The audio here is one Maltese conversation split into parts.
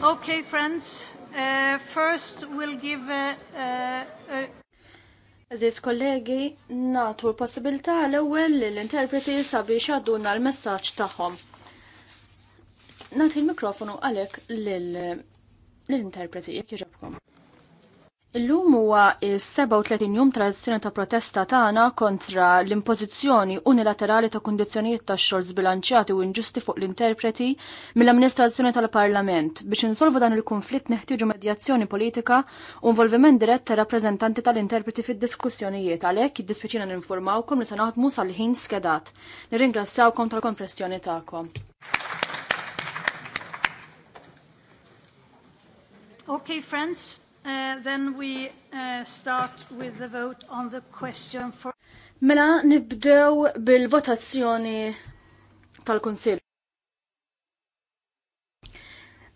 Okay, friends. Uh, first, we'll give uh, uh, a... Aziz kollegi, natu l-possibilità l-ewwel l-interpreti sabiex għadduna l-messaġġ tagħhom. Nagħti l-mikrofonu għalhekk lill-interpreti jekk Illum huwa il 37 jum tradizzjoni ta' protesta tagħna kontra l-impożizzjoni unilaterali ta' kundizzjonijiet ta' xogħol sbilanċjati u inġusti fuq l-interpreti mill-amministrazzjoni tal-Parlament biex insolvu dan il-konflitt neħtieġu medjazzjoni politika u involviment dirett ta' rappreżentanti tal-interpreti fid-diskussjonijiet għalhekk jiddispjaċina ninformawkom li se naħdmu sal-ħin skedat. Nirringrazzjawkom tal-kompressjoni tagħkom. Okay, friends, Uh, then we uh, start with the vote on the question for... Mela nibdew bil-votazzjoni tal kunsill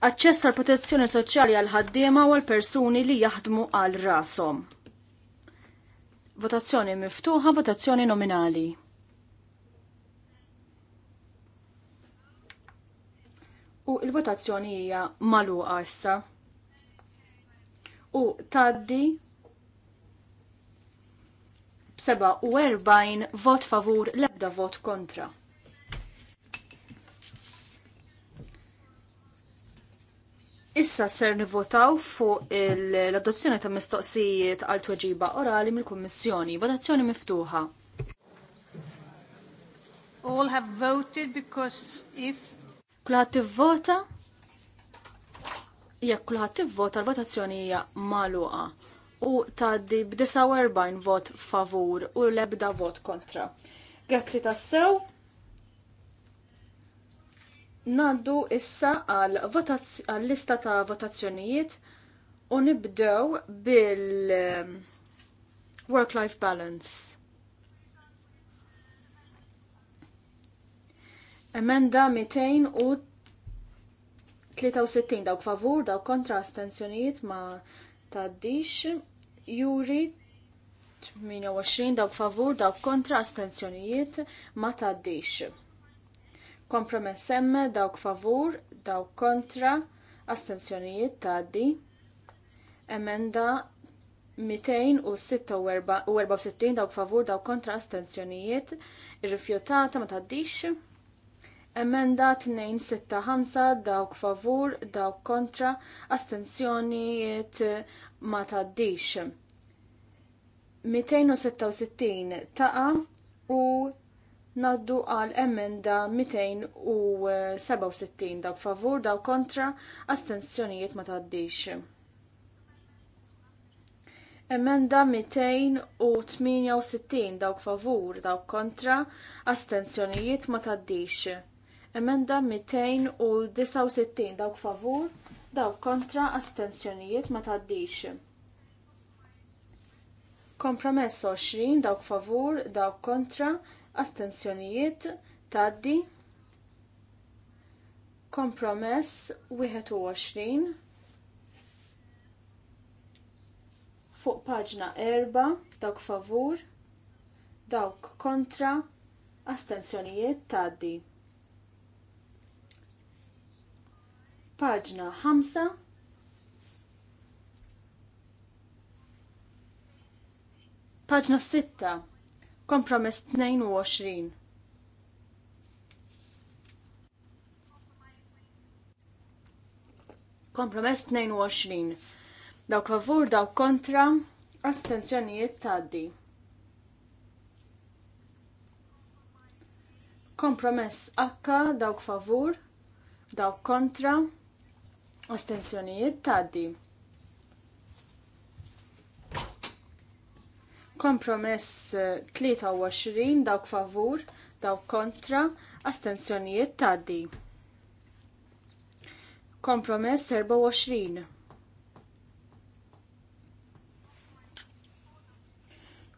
Aċċess tal protezzjoni soċjali għal ħaddiema u għal persuni li jaħdmu għal rasom. Votazzjoni miftuħa, votazzjoni nominali. U il-votazzjoni hija maluqa issa u taddi u 47 vot favur l-ebda vot kontra. Issa ser nivotaw fuq l-adozzjoni ta' mistoqsijiet għal tweġiba orali mill-Kummissjoni. Votazzjoni miftuħa. All have voted because if Kulħadd tivvota jekk kulħadd tivvota l-votazzjoni hija magħluqa u tgħaddi b'49 vot favur u l-ebda vot kontra. Grazzi tassew. Naddu issa għal lista ta' votazzjonijiet u nibdew bil um, work-life balance. Emenda 63 dawk favur, dawk kontra astensjonijiet ma taddix. Juri 28 dawk favur, dawk kontra astensjonijiet ma taddix. Kompromess emme dawk favur, dawk kontra astensjonijiet taddi. Emenda 246 dawk favur, dawk kontra astensjonijiet. Irrifjutata ma taddix Emenda 265 dawk favur, dawk kontra, astensjonijiet ma taddix. 266 taqa u naddu għal emenda 267 dawk favur, dawk kontra, astensjonijiet ma taddix. Emenda 268 dawk favur, dawk kontra, astensjonijiet ma taddix. Emenda 269 dawk favur, dawk kontra astenzjonijiet ma taddix. Kompromess 20 dawk favur, dawk kontra astenzjonijiet taddi. Kompromess 21 fuq paġna 4 dawk favur, dawk kontra astenzjonijiet taddi. Paġna 5 Paġna 6 Kompromess 22 Kompromess 22 Dawk favur, dawk kontra, astenzjonijiet taddi. kompromess akka dawk favur, dawk kontra, Astenzjonijiet taddi. Kompromess 23 eh, dawk favur, dawk kontra, astenzjonijiet taddi. Kompromess 24.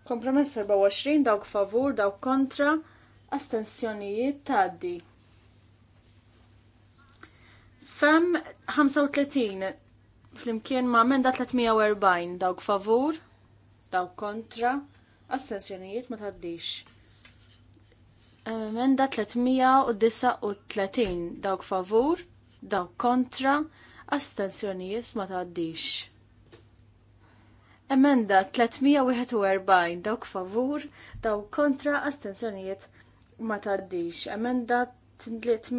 Kompromess 24 dawk favur, dawk kontra, astenzjonijiet taddi. Fem 35 flimkien ma' menda 340 dawk favur, dawk kontra, astensjonijiet ma taddix. Menda 339 dawk favur, dawk kontra, astensjonijiet ma taddix. Emenda 341 dawk favur, dawk kontra, astensjonijiet ma taddix. Emenda 342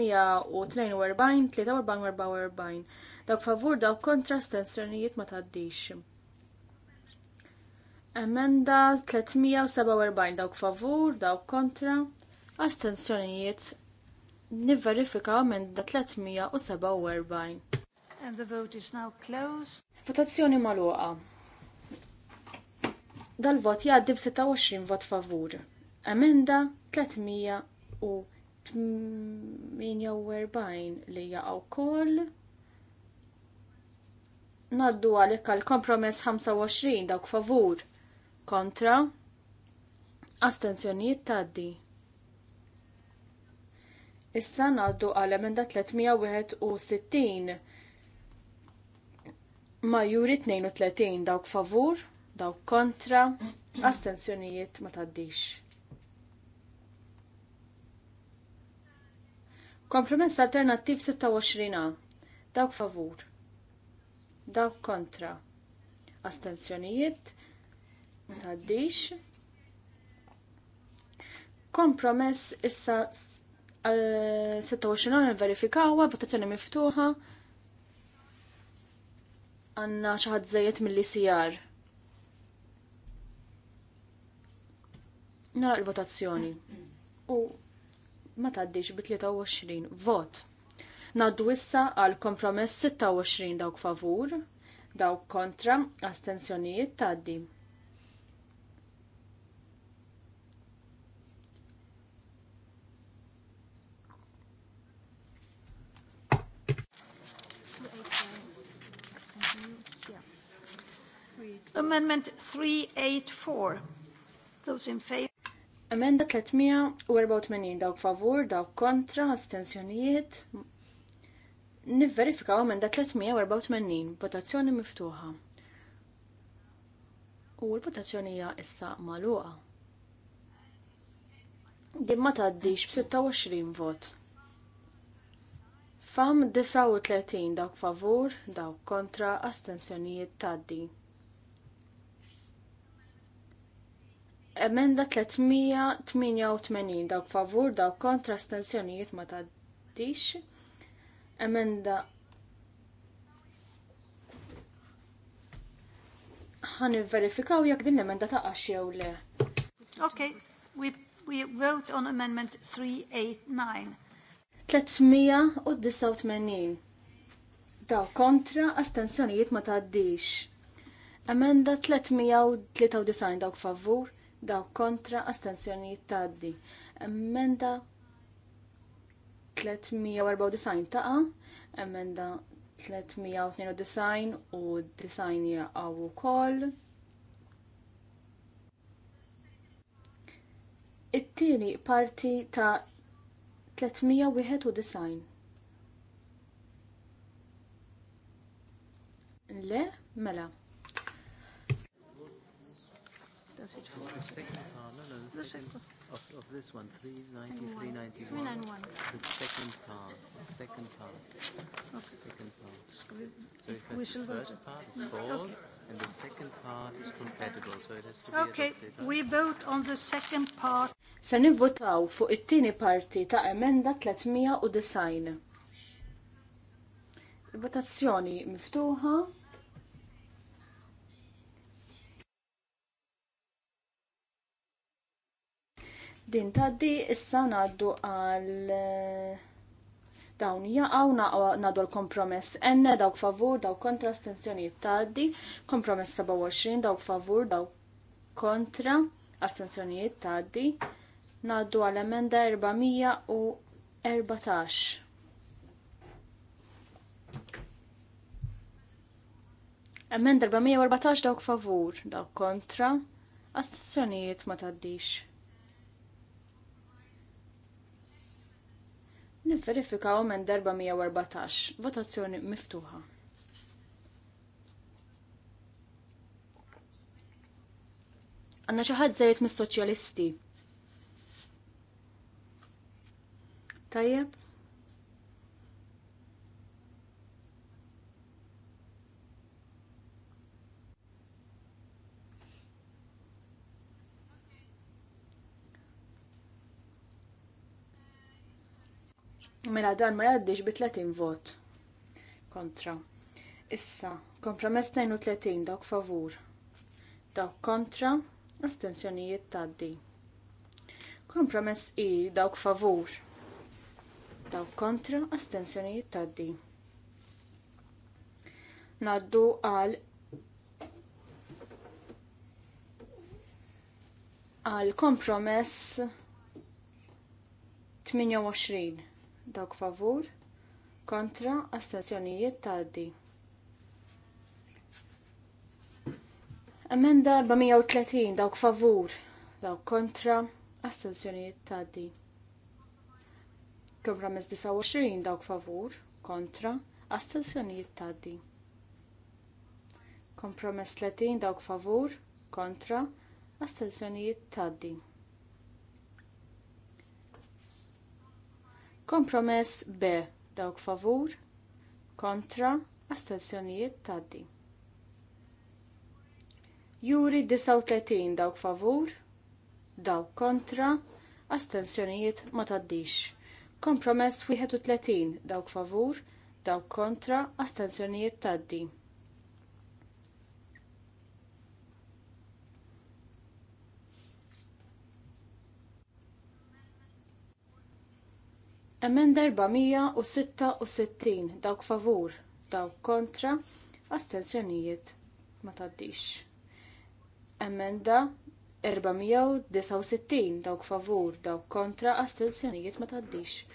344 44 Dawk favur dawk kontra stenzjonijiet ma taddix. Emenda 347 dawk favur dawk kontra astenzjonijiet nivverifika emenda 347. And the vote is now closed. Votazzjoni maluqa. Dal-vot jgħaddi b-26 vot favur. Emenda 300 u 48 li jaqaw kol. Naddu għalik għal kompromess 25 dawk favur kontra astenzjonijiet taddi. Issa naddu għal emenda 361 ma 32 dawk favur, dawk kontra, astenzjonijiet ma taddix. Kompromess alternattiv 26a. Dawk favur. Dawk kontra. Astenzjonijiet. Taddix. Kompromess issa għal 26 verifikawa, votazzjoni miftuħa. Għanna ċaħad zajet mill-li sijar. Nara l-votazzjoni. U ma taddix bi 23 vot. Naddu issa għal kompromess 26 dawk favur, dawk kontra, astensjonijiet taddi. Amendment 384. Those in favor? Emenda 384 dawk favur, dawk kontra, astensjonijiet. Nivverifikaw emenda 384, votazzjoni miftuħa. U l-votazzjoni hija issa magħluqa. Din ma tgħaddix b'26 vot. Fam 39 dawk favur, dawk kontra, astensjonijiet tgħaddi. Emenda 388 dawk favur dawk kontra stanzjonijiet ma taddix. Emenda ħan verifikaw jekk din l-emenda ta' jew le. Ok, we, we vote on amendment 389. 389. Daw kontra astensjonijiet ma taddix. Emenda 393 dawk favur daw kontra astensjonijiet taddi. Emenda 394 taqa, emenda 392 u 90 jaqaw ukoll. It-tieni parti ta' 391. Le, mela it for the second No, the, the second, second of, of this one, The second part. The second part. Second part. So we shall the first vote. part is false, okay. and the second part is compatible, so it has to be Okay, adopted. we vote on the second part. Se nivvotaw fuq it-tieni parti ta' emenda 390. Il-votazzjoni miftuħa. Din taddi issa ngħaddu għal eh, dawn jaqaw naddu l-kompromess enne dawk favur dawk kontra astenzjonijiet taddi, kompromess 27 dawk favur dawk kontra astenzjoni taddi, naddu għal emenda 414. Emenda 414 dawk favur, dawk kontra, astenzjonijiet ma taddix. Nifferifikaw minn darba 114. Votazzjoni miftuħa. Għanna xaħad zejt mis-soċjalisti. Tajjeb? Mela dan ma jaddix bi 30 vot kontra. Issa, kompromess 32 dawk favur. Dawk kontra, astenzjonijiet taddi. Kompromess i dawk favur. Dawk kontra, astenzjonijiet taddi. Naddu għal għal kompromess 28 dawk favur kontra astensjonijiet tgħaddi. Emenda 430 dawk favur dawk kontra astensjonijiet tgħaddi. Kompromess 29 dawk favur kontra astensjonijiet tgħaddi. Kompromess 30 dawk favur kontra astensjonijiet tgħaddi. Kompromess B. Dawk favur, kontra, astensjonijiet taddi. Juri 39 dawk favur, dawk kontra, astensjonijiet ma taddix. Kompromess 31 dawk favur, dawk kontra, astensjonijiet taddi. Emenda 466 dawk favur, dawk kontra, astenzjonijiet ma taddix. Emenda 469 dawk favur, dawk kontra, astenzjonijiet ma taddix.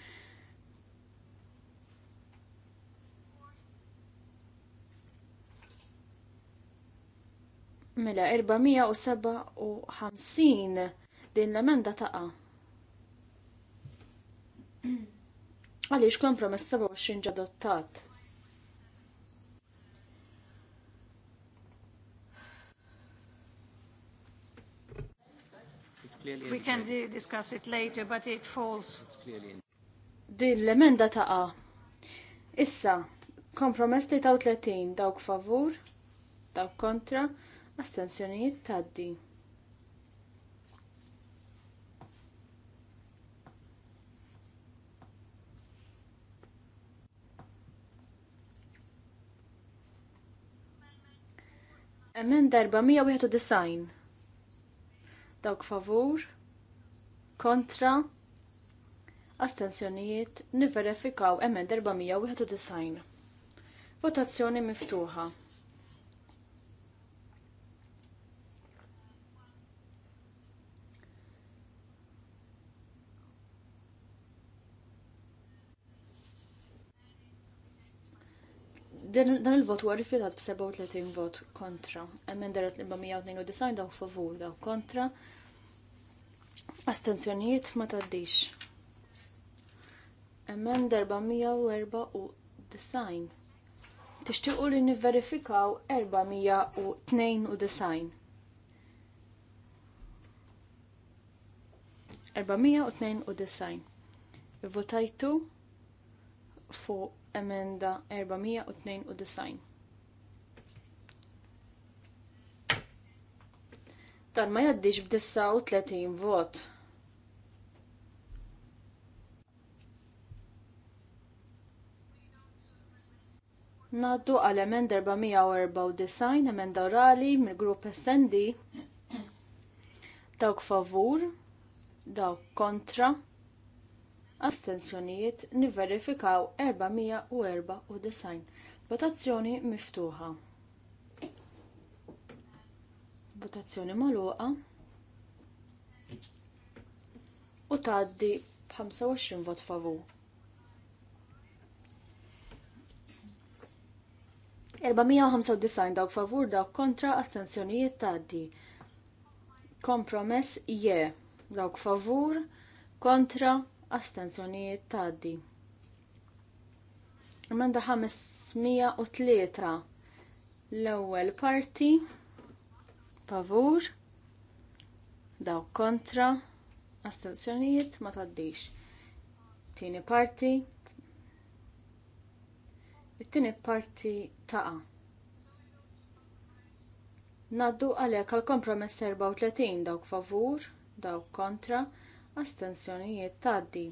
Mela 457 din l-emenda taqa' Għaliex kompromess 27 ġadottat. We can discuss it later, but it falls. Din l-emenda A. Issa, kompromess 33 dawk favur, dawk kontra, astensjonijiet taddi. Emenda design. Dawk favur, kontra, astensjonijiet, niverifikaw emenda design. Votazzjoni miftuħa. Dan il-vot huwa rifjutat b'37 vot kontra. Emenda 192 daw favur daw kontra. Astenzjonijiet ma taddix. Emenda 494. Tixtiequ li nivverifikaw 492. 492. Votajtu fuq emenda 492. Dan ma jaddix b'39 vot. Naddu għal emenda 494 emenda orali mill-grupp SND dawk favur, dawk kontra, astensjonijiet nivverifikaw 494. Votazzjoni miftuħa. Votazzjoni magħluqa. U tgħaddi 25 vot favur. 495 dawk favur dawk kontra attenzjonijiet tgħaddi. Kompromess je dawk favur kontra astenzjonijiet tgħaddi. Emenda 503 l-ewwel parti pavur daw kontra astenzjonijiet ma tgħaddix. Tini parti it-tieni parti taqa'. Naddu għalhekk għall kompromess 34 dawk favur, dawk kontra, astensjonijiet tgħaddi.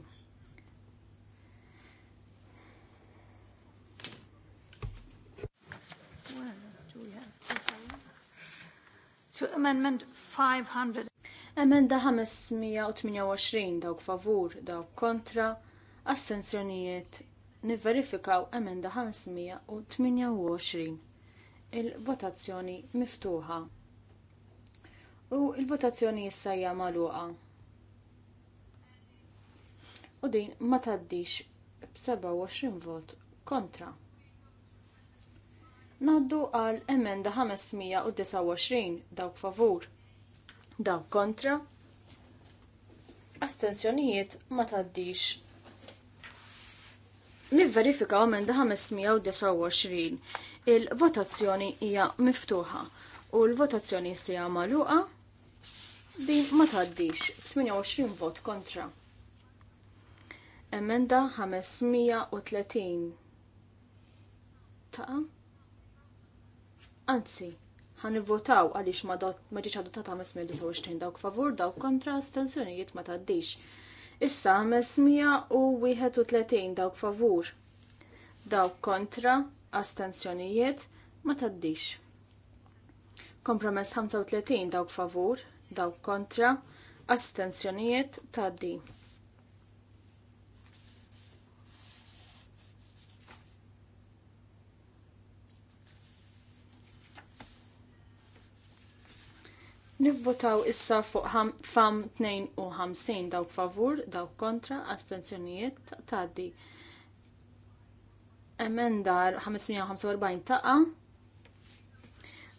To Amendment 500. Emenda 528 dawk favur, dawk kontra, astensjonijiet nivverifikaw emenda 528. Il-votazzjoni miftuħa. U il-votazzjoni jissajja maluqa u din ma taddix b'27 vot kontra. Naddu għal emenda 529 dawk favur, dawk kontra. Astenzjonijiet ma taddix. Nivverifika emenda 529. Il-votazzjoni hija miftuħa u l-votazzjoni jistija maluqa din ma taddix 28 vot kontra. Emenda 530. Ta' Anzi, ħanivvotaw għaliex ma ġiċ adottata 520 dawk favur, dawk kontra, astensjonijiet ma taddix. Issa 531 dawk favur, dawk kontra, astenzjonijiet ma taddix. Kompromess 35 dawk favur, dawk kontra, ta' taddi. Nivvotaw issa fuq fam 52 dawk favur, dawk kontra, astenzjonijiet taddi. Emenda 545 taqa.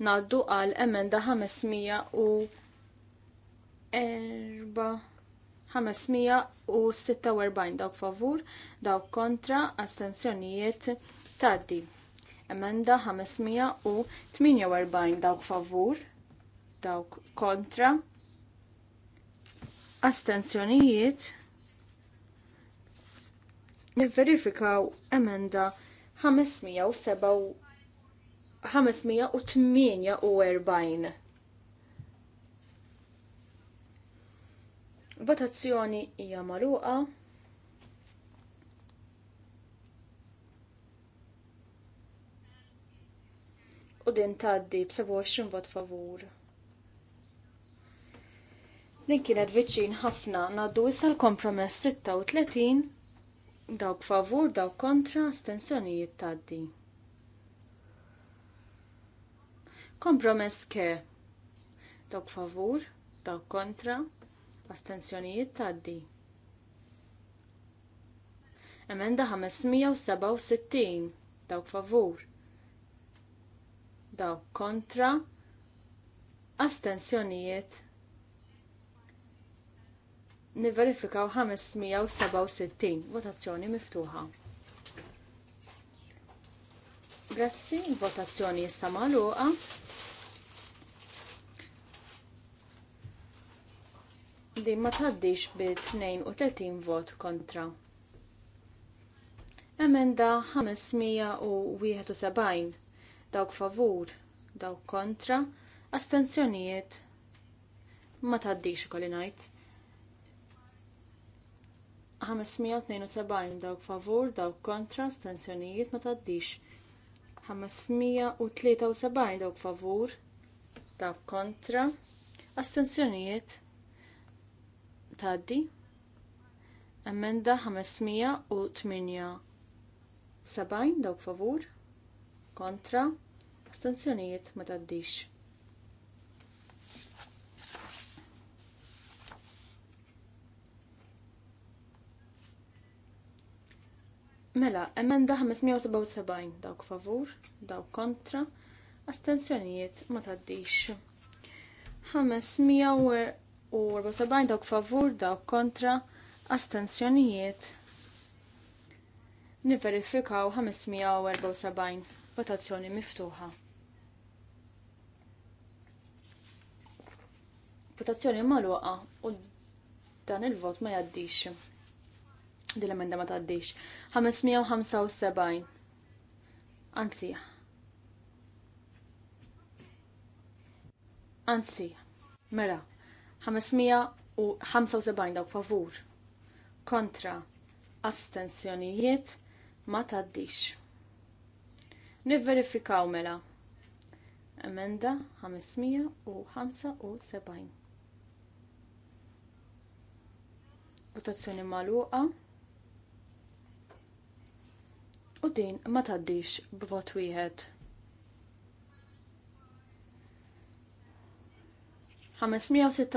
Naddu għal emenda 546 dawk favur, dawk kontra, astenzjonijiet taddi. Emenda 548 dawk favur, dawk kontra, astenzjonijiet, nivverifikaw emenda 548. Votazzjoni hija magħluqa. U din tgħaddi b'27 vot favur. Din kienet viċin ħafna naddu issa l-kompromess 36 dawk favur, dawk kontra, astensjonijiet taddi. Kompromess ke dawk favur, dawk kontra, astensjonijiet taddi. Emenda 567 dawk favur, dawk kontra, astensjonijiet niverifikaw 567 votazzjoni miftuħa. Grazzi, votazzjoni jista' magħluqa. Din ma tgħaddix bi 32 vot kontra. Emenda 571 dawk favur, dawk kontra, astenzjonijiet ma taddix kolli ngħid. 572 dawk favur, dawk kontra, stenzjonijiet ma taddix. 573 dawk favur, dawk kontra, astenzjonijiet taddi. Emenda 578 dawk favur, kontra, astenzjonijiet ma taddix. Mela, emenda 577 dawk favur, dawk kontra, astensjonijiet ma taddix. 574 dawk favur, dawk kontra, astensjonijiet. Niverifikaw 574 votazzjoni miftuħa. votazzjoni maluqa u dan il-vot ma jaddix. Din l-emenda ma taddix. 575. Anzi. Anzi. Mela. 575 dawk favur. Kontra. Astensjonijiet ma taddix. Nivverifikaw mela. Emenda 575. Votazzjoni maluqa u din ma taddix b'vot wieħed.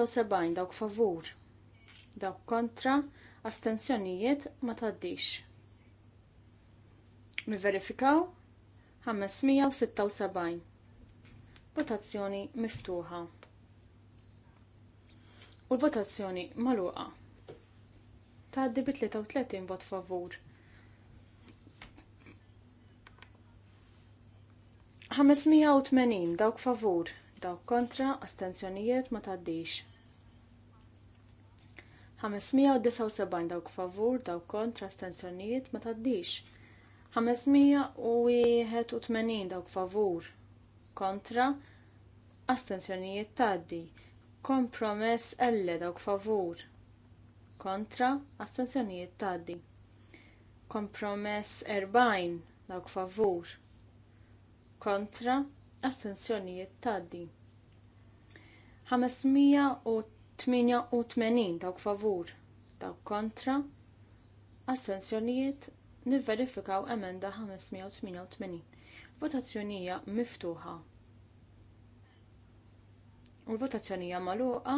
sebgħin dawk favur, dawk kontra, astenzjonijiet ma taddix. Niverifikaw 576. Votazzjoni miftuħa. U l-votazzjoni magħluqa. Tgħaddi bi 33 vot favur, 580 dawk favur, dawk kontra, astenzjonijiet ma taddix. 579 dawk favur, dawk kontra, astenzjonijiet ma taddix. 581 dawk favur, kontra, astenzjonijiet taddi. Kompromess elle dawk favur, kontra, astenzjonijiet taddi. Kompromess 40 dawk favur, kontra astensjonijiet taddi. 588 dawk favur, dawk kontra astenzjonijiet nivverifikaw emenda 588. Votazzjonija miftuħa. U l-votazzjonija magħluqa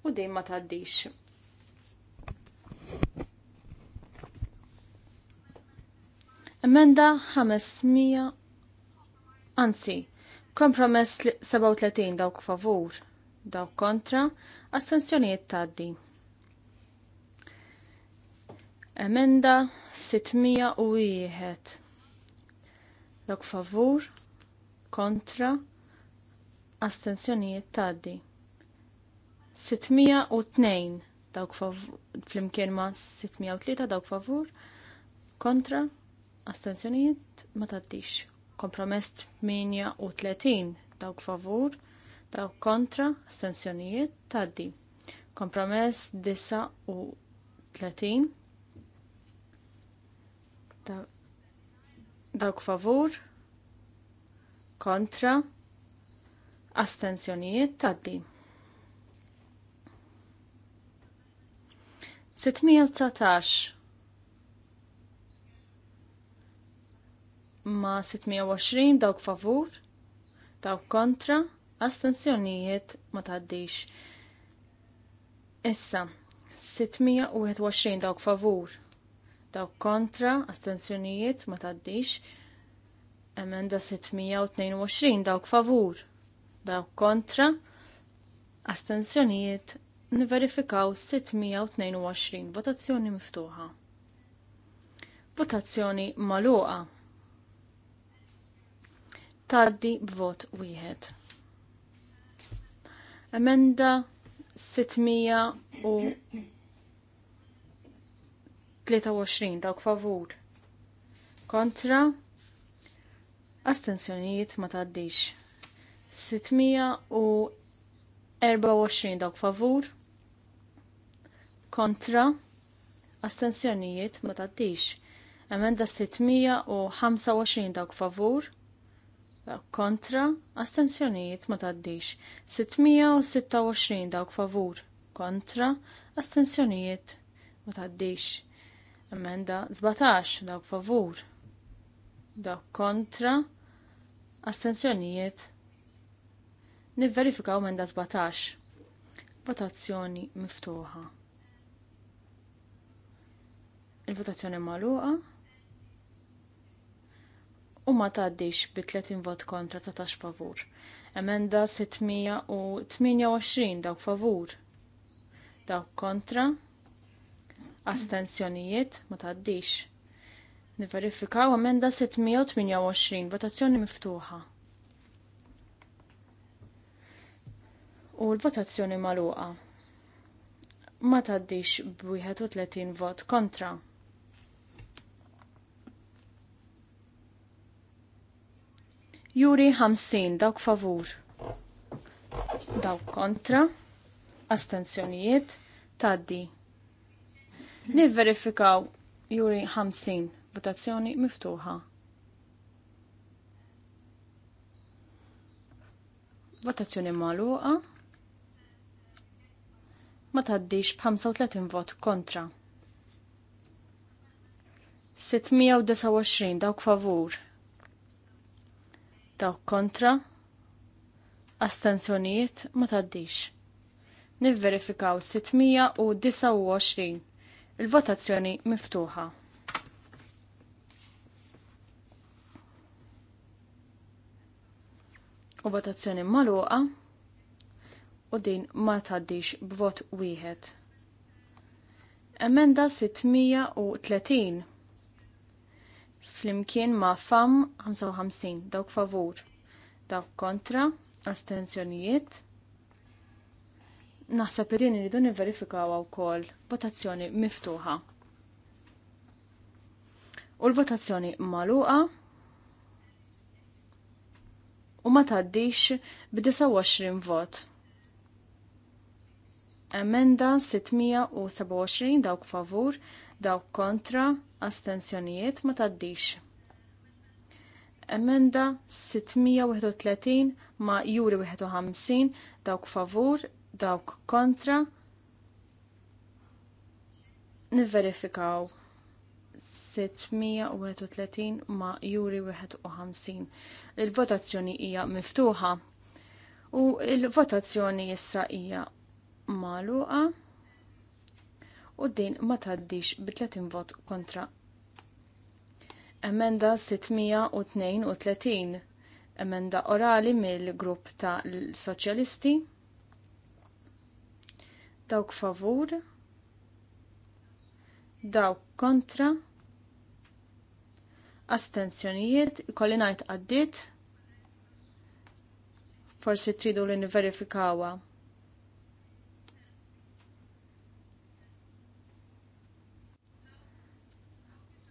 u dejjem ma tgħaddix. Emenda 500 Anzi, kompromess 37 dawk favur, dawk kontra, astensjonijiet taddi. Emenda 601. Dawk favur, kontra, astensjonijiet taddi. 602 dawk favur, flimkien ma 603 dawk favur, kontra, astensjonijiet ma taddix. Kompromess 38 dawk favur, dawk kontra, astensjonijiet taddi. Kompromess 39 dawk favur, kontra, astensjonijiet taddi. 619 ma' 620 dawk favur, dawk kontra, astenzjonijiet ma taddix. Issa, 621 dawk favur, dawk kontra, astenzjonijiet ma taddix. Emenda 622 dawk favur, dawk kontra, astenzjonijiet niverifikaw 622 votazzjoni miftuħa. Votazzjoni maluqa taddi b'vot wieħed. Emenda 23 dawk favur. Kontra astensjonijiet ma taddix. 624 dawk favur. Kontra astensjonijiet ma taddix. Emenda 625 dawk favur kontra, astenzjonijiet ma taddix. 626 dawk favur, kontra, astensjonijiet ma taddix. Emenda 17 dawk favur, dawk kontra, astensjonijiet Nivverifikaw emenda 17. Votazzjoni miftuħa. Il-votazzjoni magħluqa u ma tgħaddix bi 30 vot kontra 19 favur. Emenda 628 dawk favur. Dawk kontra. astenzjonijiet ma tgħaddix. Niverifikaw emenda 628 votazzjoni miftuħa. u l-votazzjoni magħluqa. Ma tgħaddix 31 vot kontra. Juri 50 dawk favur. Dawk kontra. Astenzjonijiet taddi. Nivverifikaw juri 50 votazzjoni miftuħa. Votazzjoni maluqa. Ma taddix b'35 vot kontra. 629 dawk favur daw kontra, astenzjonijiet ma taddix. Nivverifikaw 629 il-votazzjoni miftuħa. U votazzjoni maluqa u din ma taddix b'vot wieħed. Emenda 630 flimkien ma' fam 55 dawk favur, dawk kontra, astenzjonijiet. Naħseb li din iridu għaw wkoll votazzjoni miftuħa. U l-votazzjoni magħluqa u ma tgħaddix b 29 vot. Emenda 627 dawk favur, dawk kontra, astensjonijiet ma taddix. Emenda 631 ma juri 51 dawk favur, dawk kontra. Niverifikaw 631 ma juri 51. Il-votazzjoni hija miftuħa u il-votazzjoni issa hija maluqa u din ma taddix bi 30 vot kontra. Emenda 632, emenda orali mill-grupp ta' l-Soċjalisti. Dawk favur, dawk kontra, astenzjonijiet, kolli ngħid forsi tridu li niverifikawa.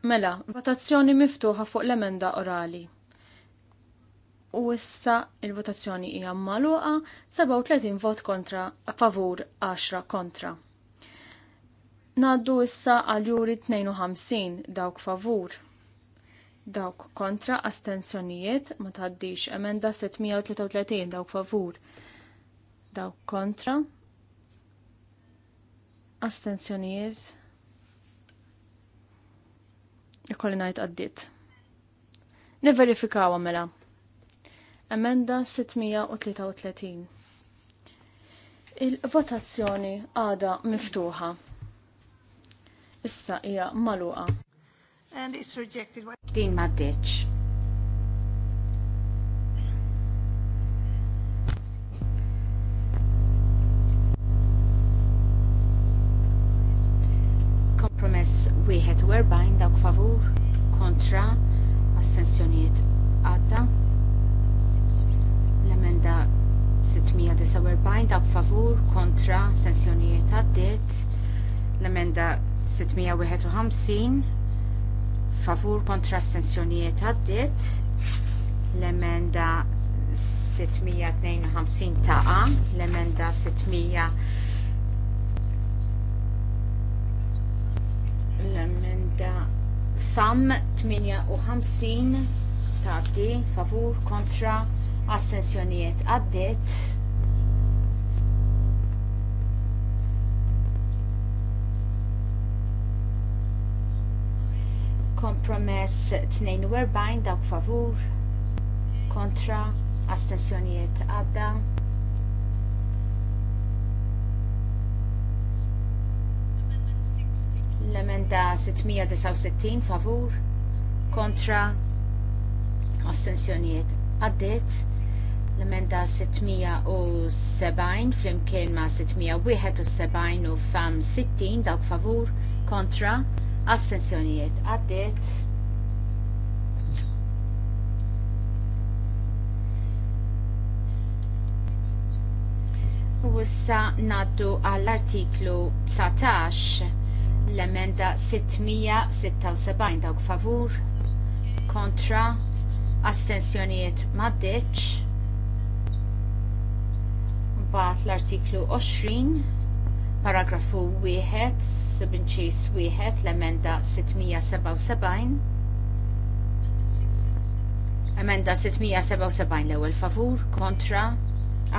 Mela, votazzjoni miftuħa fuq l-emenda orali. U issa il-votazzjoni hija magħluqa 37 vot kontra favur 10 kontra. Naddu issa għal juri 52 dawk favur. Dawk kontra astenzjonijiet ma tgħaddix emenda 633 dawk favur. Dawk kontra astenzjonijiet ikolli ngħid għaddiet. Niverifikaw għamela. Emenda 633. Il-votazzjoni għada miftuħa. Issa hija maluqa. And it's rejected. Din ma 41 dawk favur kontra assenzjonijiet għadda l-emenda 649 dawk favur kontra assenzjoniet għaddiet l-emenda 651 favur kontra assenzjoniet għaddiet l-emenda 652 taqa l-emenda 600 l-emenda fam 58 tardi favur kontra astensjonijiet għaddit kompromess 42 dak favur kontra astensjonijiet għadda L-emenda 669 favur kontra astensjonijiet għaddit. L-emenda 670 flimkien ma' 671 u fam 60 dawk favur kontra astensjonijiet għaddit. U issa naddu għall-artiklu 19 l-emenda 676 dawk favur kontra astensjonijiet maddeċ bat l-artiklu 20 paragrafu 1 subinċis 1 l-emenda 677 emenda 677 l-ewel favur kontra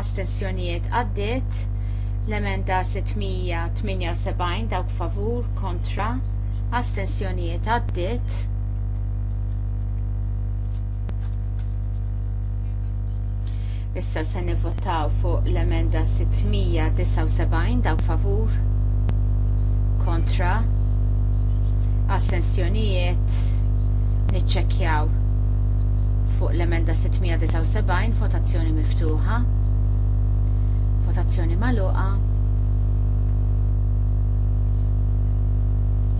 astensjonijiet għaddiet L-emenda 678 dawk favur kontra astensjonijiet għaddit. Issa se nivvotaw fuq l-emenda 679 dawk favur kontra astensjonijiet niċċekkjaw fuq l-emenda 679 votazzjoni miftuħa votazzjoni magħluqa.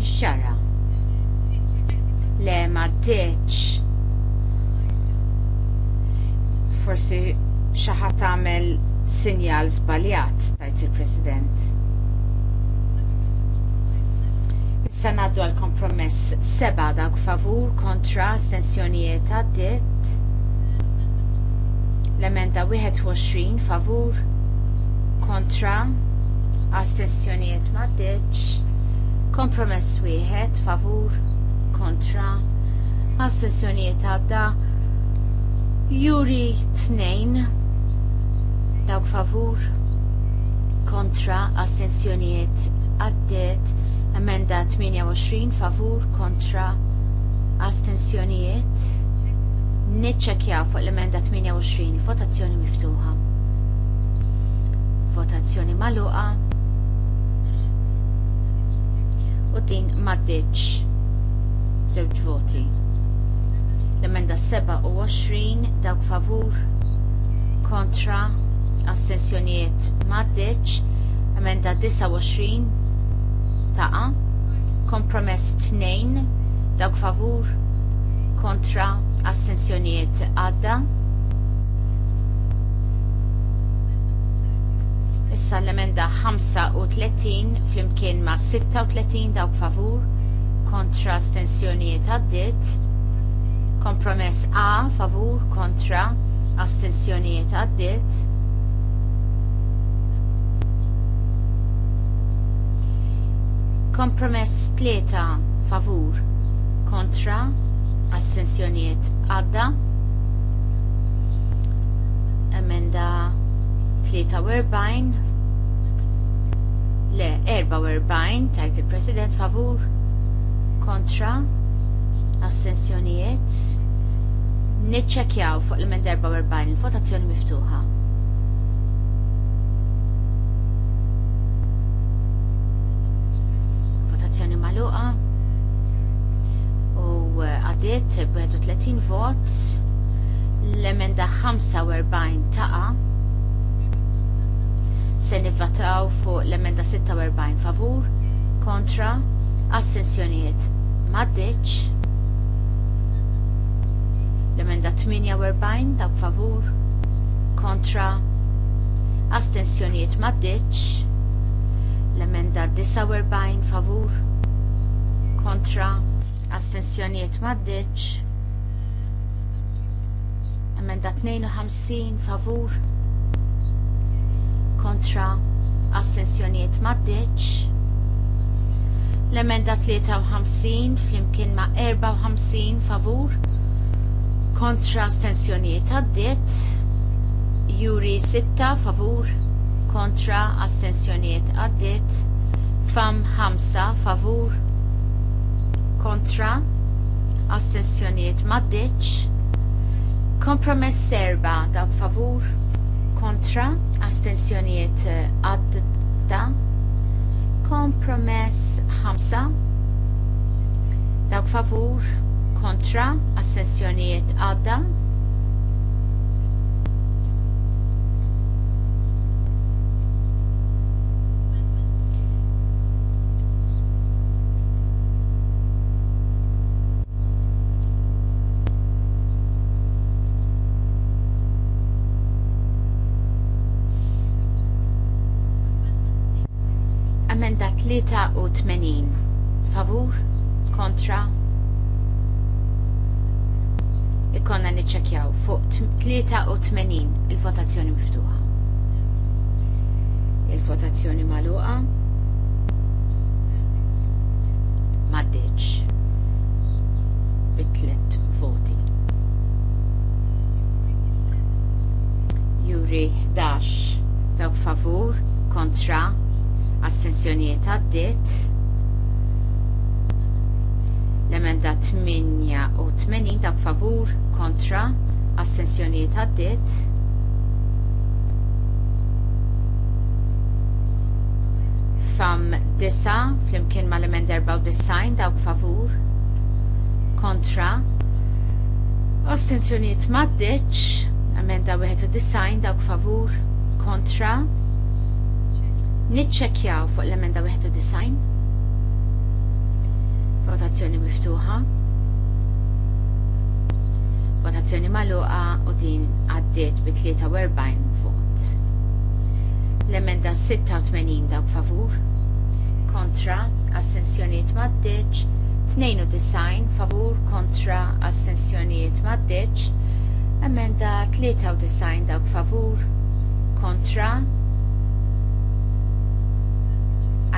Xara. Le ma deċ. Forsi xaħat għamel tagħmel sinjal żbaljat tajt il-President. Issa ngħaddu għal kompromess seba' dawk favur kontra sensjonijiet għaddiet l-emenda 21 favur kontra astensjonijiet maddeċ kompromess wieħed favur kontra astensjonijiet għadda juri tnejn dawk favur kontra astensjonijiet għaddiet emenda 28 favur kontra astensjonijiet niċċekjaw fuq l-emenda 28 votazzjoni miftuħa votazzjoni maluqa u din maddiċ zewġ voti. L-emenda 27 dawk favur kontra astensjonijiet maddiċ, emenda 29 taqa, kompromess 2 dawk favur kontra astensjonijiet għadda, sal l-emenda 35 flimkien ma' 36 dawk favur kontra astensjonijiet għaddit. Kompromess A favur kontra astensjonijiet għaddit. Kompromess 3 favur kontra astensjonijiet għadda. Emenda 43 Le, 44 tajt il-President favur kontra assenzjonijiet niċċekjaw fuq l mend 44 il-votazzjoni miftuħa. Votazzjoni maluqa u eh, għadiet 30 vot l-emenda 45 taqa' se nivvataw fuq l-emenda 46 favur, kontra, assenzjonijiet maddeċ, l-emenda 48 dak favur, kontra, astensjonijiet maddeċ, l-emenda 49 favur, kontra, astensjonijiet maddeċ, emenda 52 favur, kontra assenzjoniet maddeċ. L-emenda 53 flimkien ma' 54 favur kontra astensjoniet għaddiet. Juri 6 favur kontra astensjoniet għaddiet. Fam 5 favur kontra astensjoniet maddeċ. Kompromess serba dawk favur kontra astensjonijiet eh, għadda kompromess ħamsa dawk favur kontra astensjonijiet għadda 83 favur kontra ikonna niċċekjaw fuq 83 il-votazzjoni miftuħa. Il-votazzjoni magħluqa maddeċ bitlet voti. Juri 11 dawk favur kontra Astenzjonijiet għaddit. L-emenda 88 dak favur kontra astenzjonijiet għaddit. Fam 9 flimkien ma l-emenda 94 dawk favur kontra Ostenzjoniet maddeċ, Emenda 91 dawk favur kontra Niċċekjaw fuq l-emenda 91. Votazzjoni miftuħa. Votazzjoni magħluqa u din għaddiet bi 43 vot. L-emenda 86 dawk favur. Kontra, assenzjoniet maddeċ, 92 favur kontra assenzjonijiet maddeċ, emenda 93 dawk favur kontra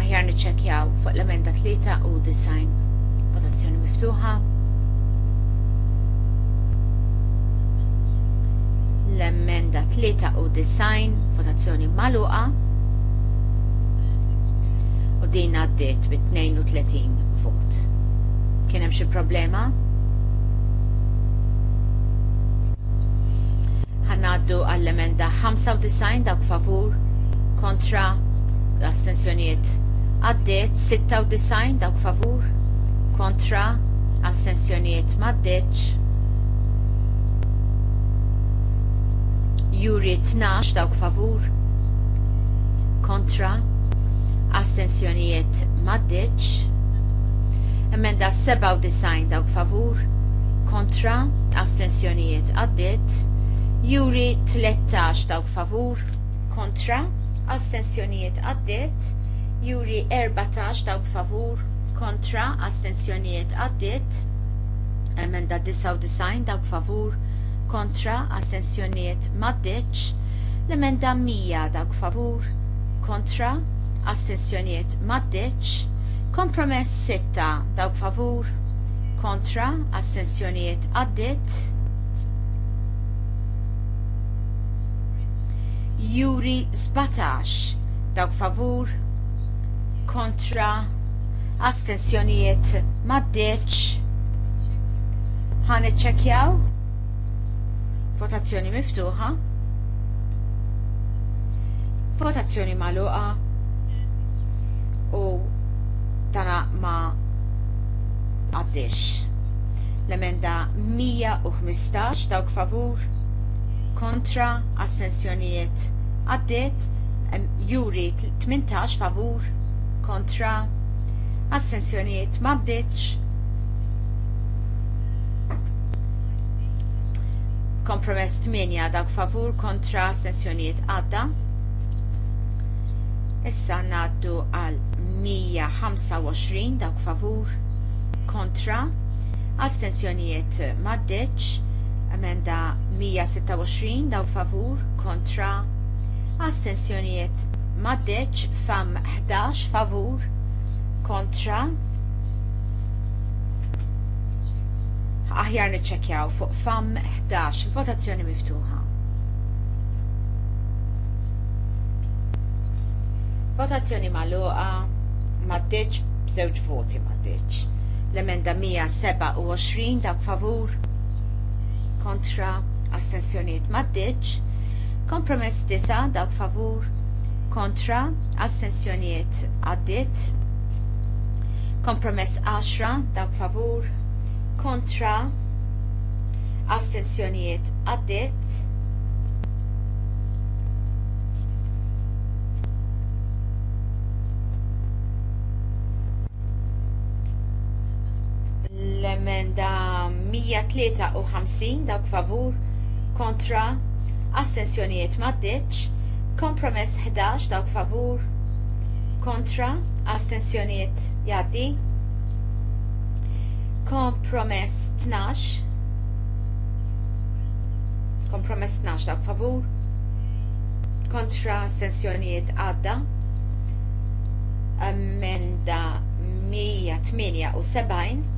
aħjar niċċekjaw fuq l-emenda 3 u design. Votazzjoni miftuħa. L-emenda 3 u design, votazzjoni maluqa. U din għaddiet bi 32 vot. Kien hemm xi problema? Ħanaddu għall-emenda 95 dawk favur kontra astensjonijiet għaddiet 96 dawk favur kontra astensjonijiet maddeċ juri 12 dawk favur kontra astensjonijiet maddeċ emenda 97 dawk favur kontra astensjonijiet għaddiet juri 13 dawk favur kontra astensjonijiet għaddiet, juri 14 dawk favur kontra astensjonijiet għaddiet, emenda 99 dawk favur kontra astensjonijiet maddeċ, l-emenda 100 dawk favur kontra astensjonijiet maddeċ, kompromess 6 dawk favur kontra astensjonijiet għaddiet, Juri 17 dawk favur kontra astensjonijiet maddeċ ħan iċċekjaw votazzjoni miftuħa votazzjoni maluqa u tana ma għaddix l-emenda 115 dawk favur kontra astensjonijiet għaddiet juri 18 favur kontra astensjonijiet maddiċ kompromess 8 dak favur kontra astensjonijiet għadda Issa naddu għal 125 dak favur kontra astensjonijiet maddeċ Emenda 126 daw favur kontra astensjonijiet maddeċ fam 11 favur kontra aħjar niċċekjaw fuq fam 11 votazzjoni miftuħa. Votazzjoni maluqa maddeċ b'żewġ voti maddeċ. L-emenda 127 dak favur kontra astensjoniet maddiċ, kompromess disa dawk favur kontra astensjoniet għaddit, kompromess 10 dawk favur kontra astensjoniet għaddit, l-emenda 153 dawk favur kontra assenzjonijiet maddiċ, kompromess 11 dawk favur kontra astensjonijiet jaddi, kompromess 12 kompromess 12 dak favur kontra astensjonijiet għadda emenda 178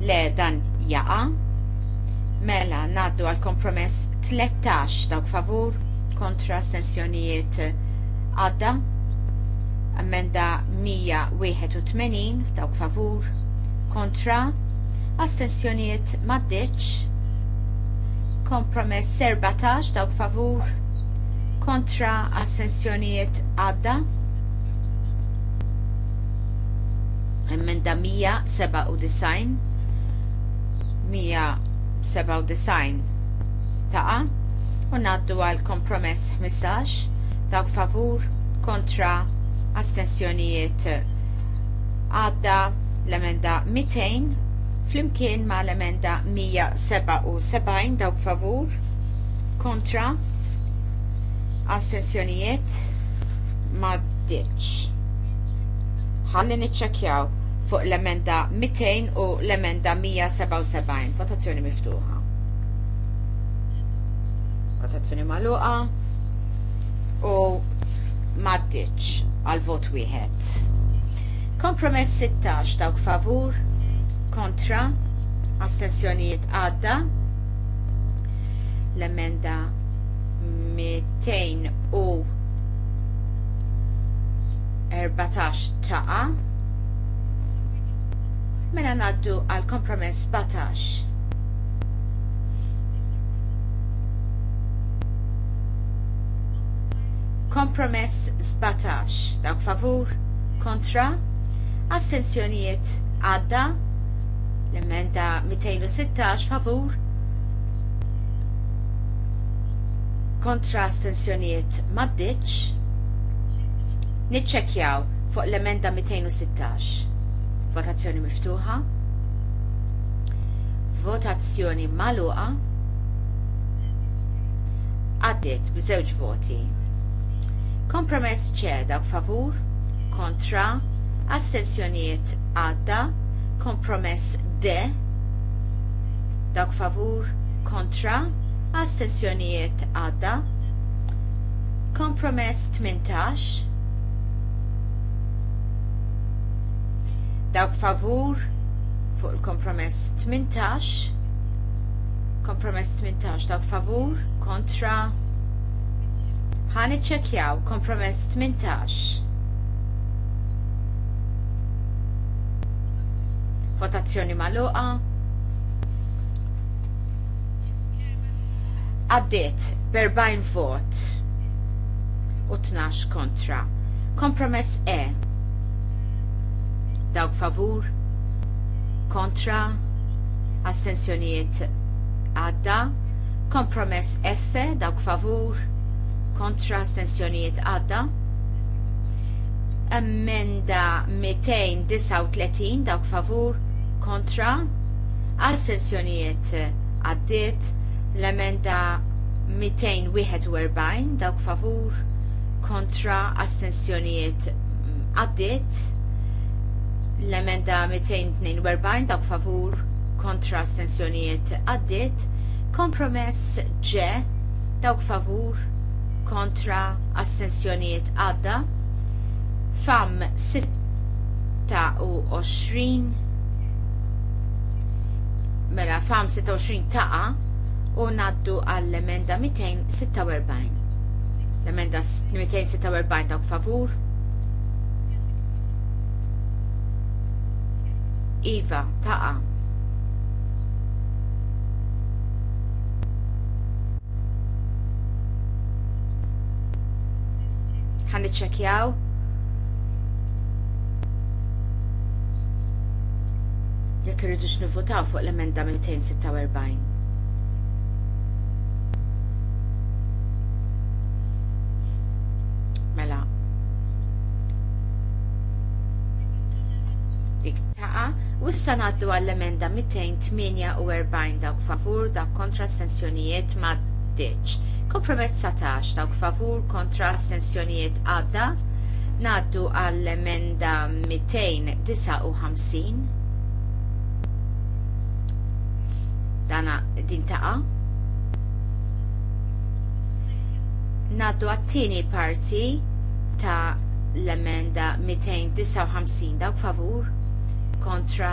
Le dan jaqa. Mela naddu għal kompromess 13 dawk favur kontra astensjonijiet għadda. Ammenda 181 dawk favur kontra astensjonijiet maddiċ. Kompromess 14 dawk favur kontra astensjonijiet għadda. Ammenda 197 197 taqa u naddu għal kompromess 15 dawk favur kontra astensjonijiet għadda l-emenda 200 flimkien ma l-emenda 177 dawk favur kontra astensjonijiet ma Ħalli niċċekjaw fuq l-emenda 200 u l-emenda 177. Votazzjoni miftuħa. Votazzjoni maluqa u maddiċ għal vot wieħed. Kompromess 16 dawk favur, kontra, astensjonijiet għadda, l-emenda 200 u 14 taqa' Mela naddu għal kompromess batax. Kompromess 17. Dawk favur, kontra, astensjonijiet għadda, l-emenda 216 favur, kontra astensjonijiet maddiċ, nitċekjaw fuq l-emenda 216. Votazzjoni miftuħa. Votazzjoni maluqa. għaddit b'żewġ voti. Kompromess ċeda favur, kontra, astensjonijiet għadda, kompromess de, dak favur, kontra, astensjonijiet għadda, kompromess 18, Dawk favur fuq il-kompromess 18. Kompromess 18 dawk favur kontra. Ħan ċekjaw kompromess 18. Votazzjoni maluqa. Għaddiet berbajn vot u 12 kontra. Kompromess E dawk favur, kontra, astensjonijiet għadda, kompromess F, dawk favur, kontra, astensjonijiet għadda, emmenda 239 dawk favur, kontra, astensjonijiet għaddit, l-emenda 241 dawk favur, kontra, astensjonijiet għaddit, L-emenda 242 dak favur kontra stensjonijiet għaddit. Kompromess ġe dawk favur kontra astensjonijiet għadda. Fam 26 mela fam 26 taqa u naddu għall-emenda 246. L-emenda 246 dawk favur Iva, taqa. Ħan iċċekjaw. Jekk irridux nivvotaw fuq l-emenda 246. tilqa u issa ngħaddu għall-emenda 248 dawk favur dak kontra astensjonijiet m'għaddiċ. Kompromess 19 dawk favur kontra astensjonijiet għadda naddu għall-emenda 259 dana din taqa Ngħaddu għat-tieni parti ta' l-emenda 259 dawk favur kontra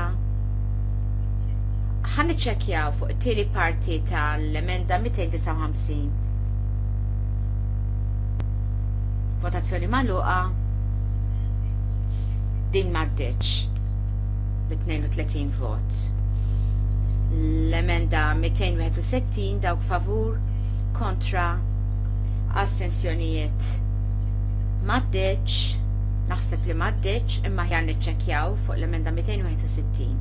ħan iċċekjaw fuq it-tieni parti tal-emenda 259. Votazzjoni magħluqa din m'għaddiċ b 32 vot. L-emenda 261 dawk favur kontra astensjonijiet m'għaddiċ Naħseb li maddeċ imma ħjar niċċekjaw fuq l-emenda 261.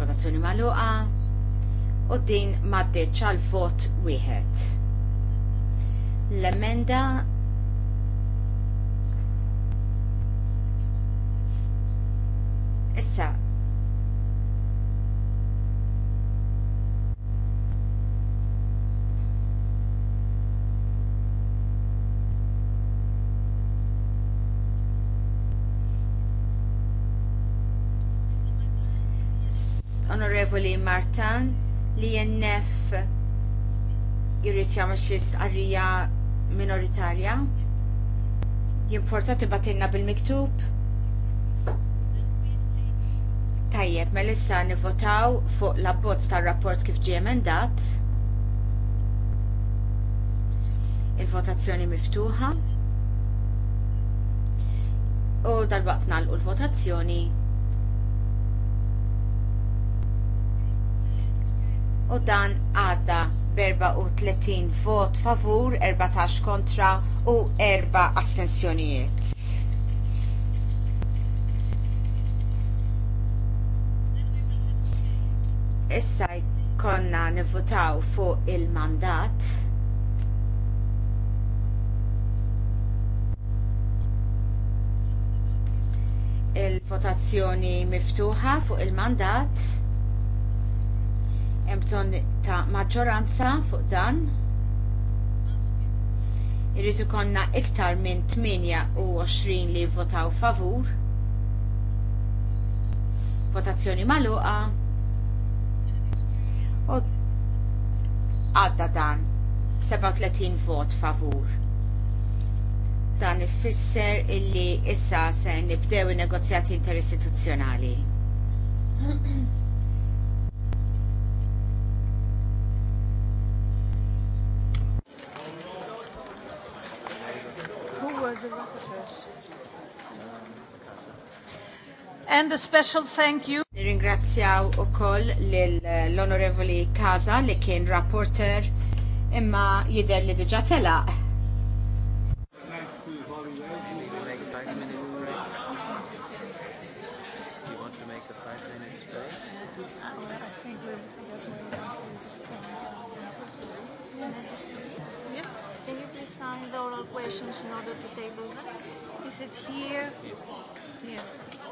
Votazzjoni maluqa u din maddeċ għal vot wieħed. L-emenda Issa, l-Onorevoli Martan li jennef jirrit jagħmel xi stqarrija minoritarja. Jimportati batinna bil-miktub. Tajjeb, Melissa issa nivvotaw fuq l-abbozz tar-rapport kif ġie emendat. Il-votazzjoni miftuħa. U dal-waqt nagħlqu l-votazzjoni u dan għadda b-34 vot favur, 14 kontra u 4 astensjonijiet. Issa konna nivvotaw fuq il-mandat. Il-votazzjoni miftuħa fuq il-mandat. Hemm bżonn ta' maġġoranza fuq dan. Irrid ikonna iktar minn 28 li votaw favur. Votazzjoni magħluqa. għadda dan 37 vot favur dan ifisser illi issa se nibdew in negozjati interistituzzjonali. and a special thank you. Ringrazzjaw u koll eh, l-Onorevoli Kaza li kien rapporter imma jider li diġa telaq. Can you sign the oral questions in order to table them? Is it here? Here.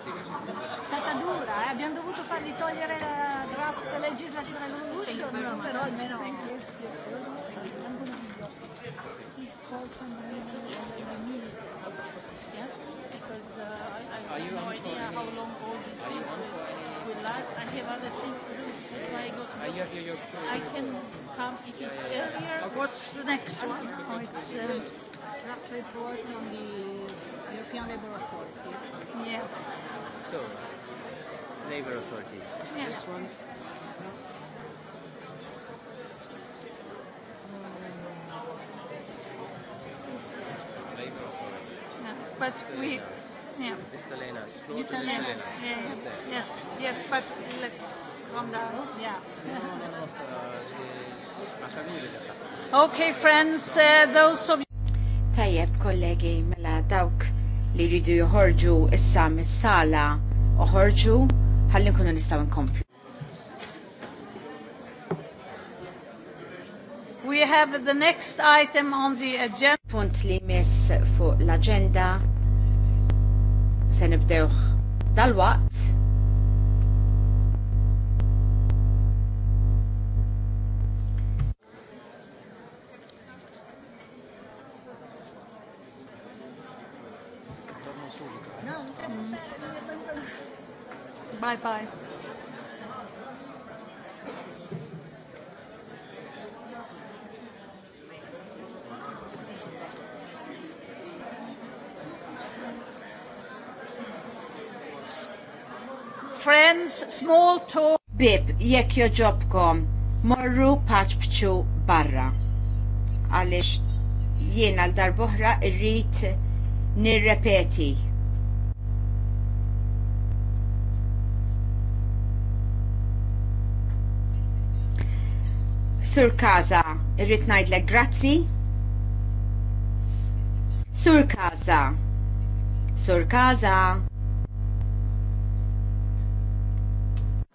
stata dura, eh? abbiamo dovuto fargli togliere la draft legislativa dell'Evolution, però almeno... Are you on for any, how long all this are you on for any will last? I have other things to do. That's why I go to are you, you're, you're, I can come if yeah, it's yeah, earlier. What's the next one? Oh, it's um, draft report on the European Labour Authority. Yeah. So, labor Authority. Yeah. This one? But Mr. we... Lenas. Yeah. Mr. Lenas. Floor Mr. Mr. Lenas. Lenas. Yeah, yes. yes, yes, but let's calm down. Yeah. no, Okay, friends, uh, those of you... Tayeb, kollegi, mela dawk li jridu joħorġu issa mis-sala oħorġu ħalli nkunu nistgħu nkomplu. We have the next item on the agenda. Punt li mis fuq l-agenda se nibdewh dal-waqt Bye bye. Friends, small talk. Bib, jekk joġobkom, morru paċbċu barra. Għalix jien għal darboħra irrit nirrepeti Sur Kaza, irrit ngħidlek grazzi. Sur Kaza. Sur Kaza.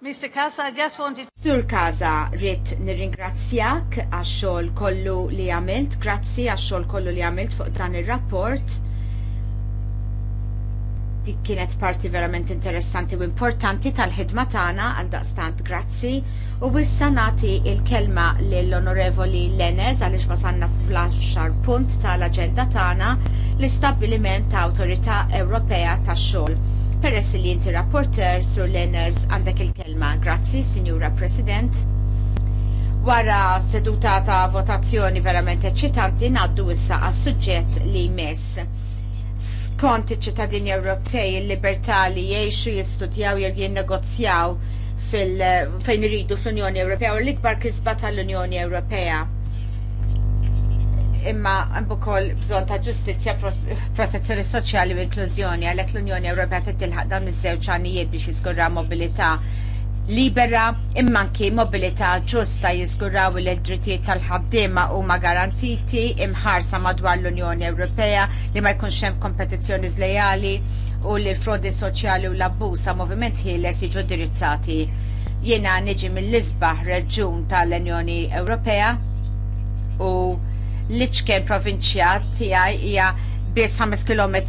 Mr. Casa, I just wanted... Sur Casa, rrit nirringrazzjak għax-xogħol kollu li għamilt, grazzi għax-xogħol kollu li għamilt fuq dan ir rapport kienet parti verament interessanti u importanti tal-ħidma tagħna għal daqstant grazzi u issa nagħti l kelma lill-Onorevoli Lenez għaliex wasanna fl-10 punt tal-aġenda tagħna l-istabbiliment ta' Awtorità Ewropea tax-xogħol. Peress li inti rapporter sur Lenez għandek il-kelma. Grazzi, Sinjura President. Wara seduta ta' votazzjoni verament eċċitanti ngħaddu issa għas-suġġett li jmiss skont iċ-ċittadini Ewropej il-libertà li jgħixu, jistudjaw jew jinnegozjaw fejn iridu fl-Unjoni Ewropea u l-ikbar kisba tal-Unjoni Ewropea. Imma hemm ukoll bżonn ta' ġustizzja, protezzjoni soċjali u inklużjoni għalhekk l-Unjoni Ewropea tittilħaq dawn iż-żewġ għanijiet biex jiżgurra mobilità libera immanki mobilità ġusta jiżguraw li l-drittijiet tal-ħaddiema huma garantiti imħarsa madwar l-Unjoni Ewropea li ma jkunx hemm kompetizzjoni żlejali u li l-frodi soċjali u l-abbuż ta' moviment ħieles jiġu dirizzati. Jiena niġi mill-isbaħ reġjun tal-Unjoni Ewropea u l-iċken provinċja tiegħi hija biss 5 km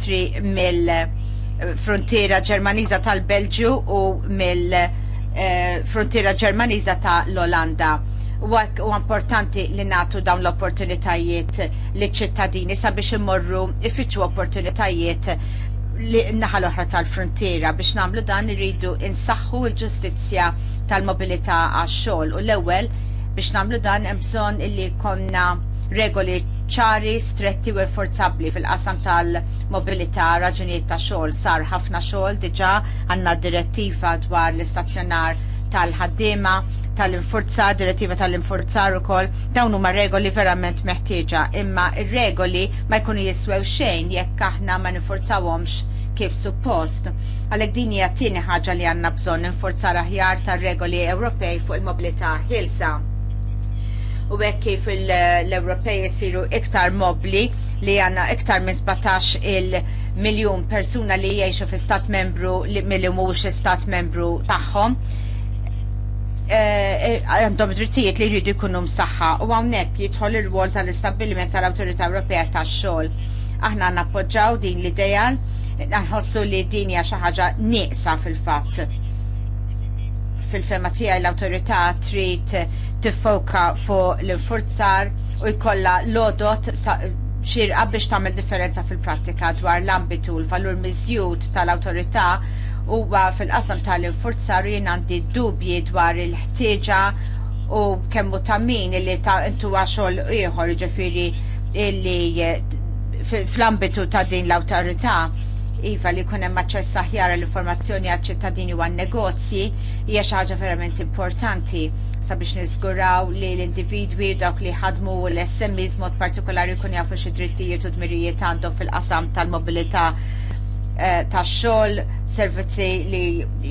mill-frontiera Ġermaniża tal-Belġju u mill- Eh, frontiera ġermaniża ta' l-Olanda. U importanti li natu dawn l-opportunitajiet li ċittadini sabiex immorru ifittxu opportunitajiet li naħa l-oħra tal-frontiera biex namlu dan irridu insaħħu l-ġustizzja tal-mobilità għax-xogħol u l-ewwel biex namlu dan hemm bżonn li konna regoli ċari, stretti u forzabli fil-qasam tal-mobilità raġunijiet ta' xogħol sar ħafna xogħol diġà għandna direttiva dwar l-istazzjonar tal-ħaddiema tal-infurzar, direttiva tal-infurzar ukoll, dawn huma regoli verament meħtieġa, imma ir-regoli ma jkunu jiswew xejn jekk aħna ma ninfurzawhomx kif suppost. Għalhekk din hija tieni ħaġa li għandna bżonn ninfurzar aħjar tar-regoli Ewropej fuq il-mobilità ħilsa u hekk kif l-Ewropej jisiru iktar mobli li għanna iktar minn 17 il-miljon persuna li jgħixu fi stat membru li milli mhux stat membru tagħhom. Eh, eh, għandhom drittijiet li jridu jkunu msaħħa u hawnhekk jidħol ir-rwol tal-istabbiliment tal-Awtorità Ewropea tax-xogħol. Aħna nappoġġaw din l-idea nħossu li din hija xi ħaġa nieqsa fil-fatt fil-fema tiegħi l-awtorità trid tiffoka fuq l-infurzar u jkollha lodot xirqa biex tagħmel differenza fil-prattika dwar l-ambitu l-valur miżjud tal-awtorità huwa fil-qasam tal-infurzar u jien għandi dubji dwar il-ħtieġa u kemmu ta' min li ta' intu għaxol ieħor ġifiri illi fl-ambitu ta' din l-awtorità Iva li kunem maċċess aħjar l-informazzjoni għal ċittadini u għan negozji hija xi ħaġa verament importanti sabiex niżguraw li l-individwi dawk li ħadmu l smis mod partikolari kun jafu xi drittijiet u dmirijiet għandhom fil-qasam tal-mobilità eh, tax-xogħol, servizzi li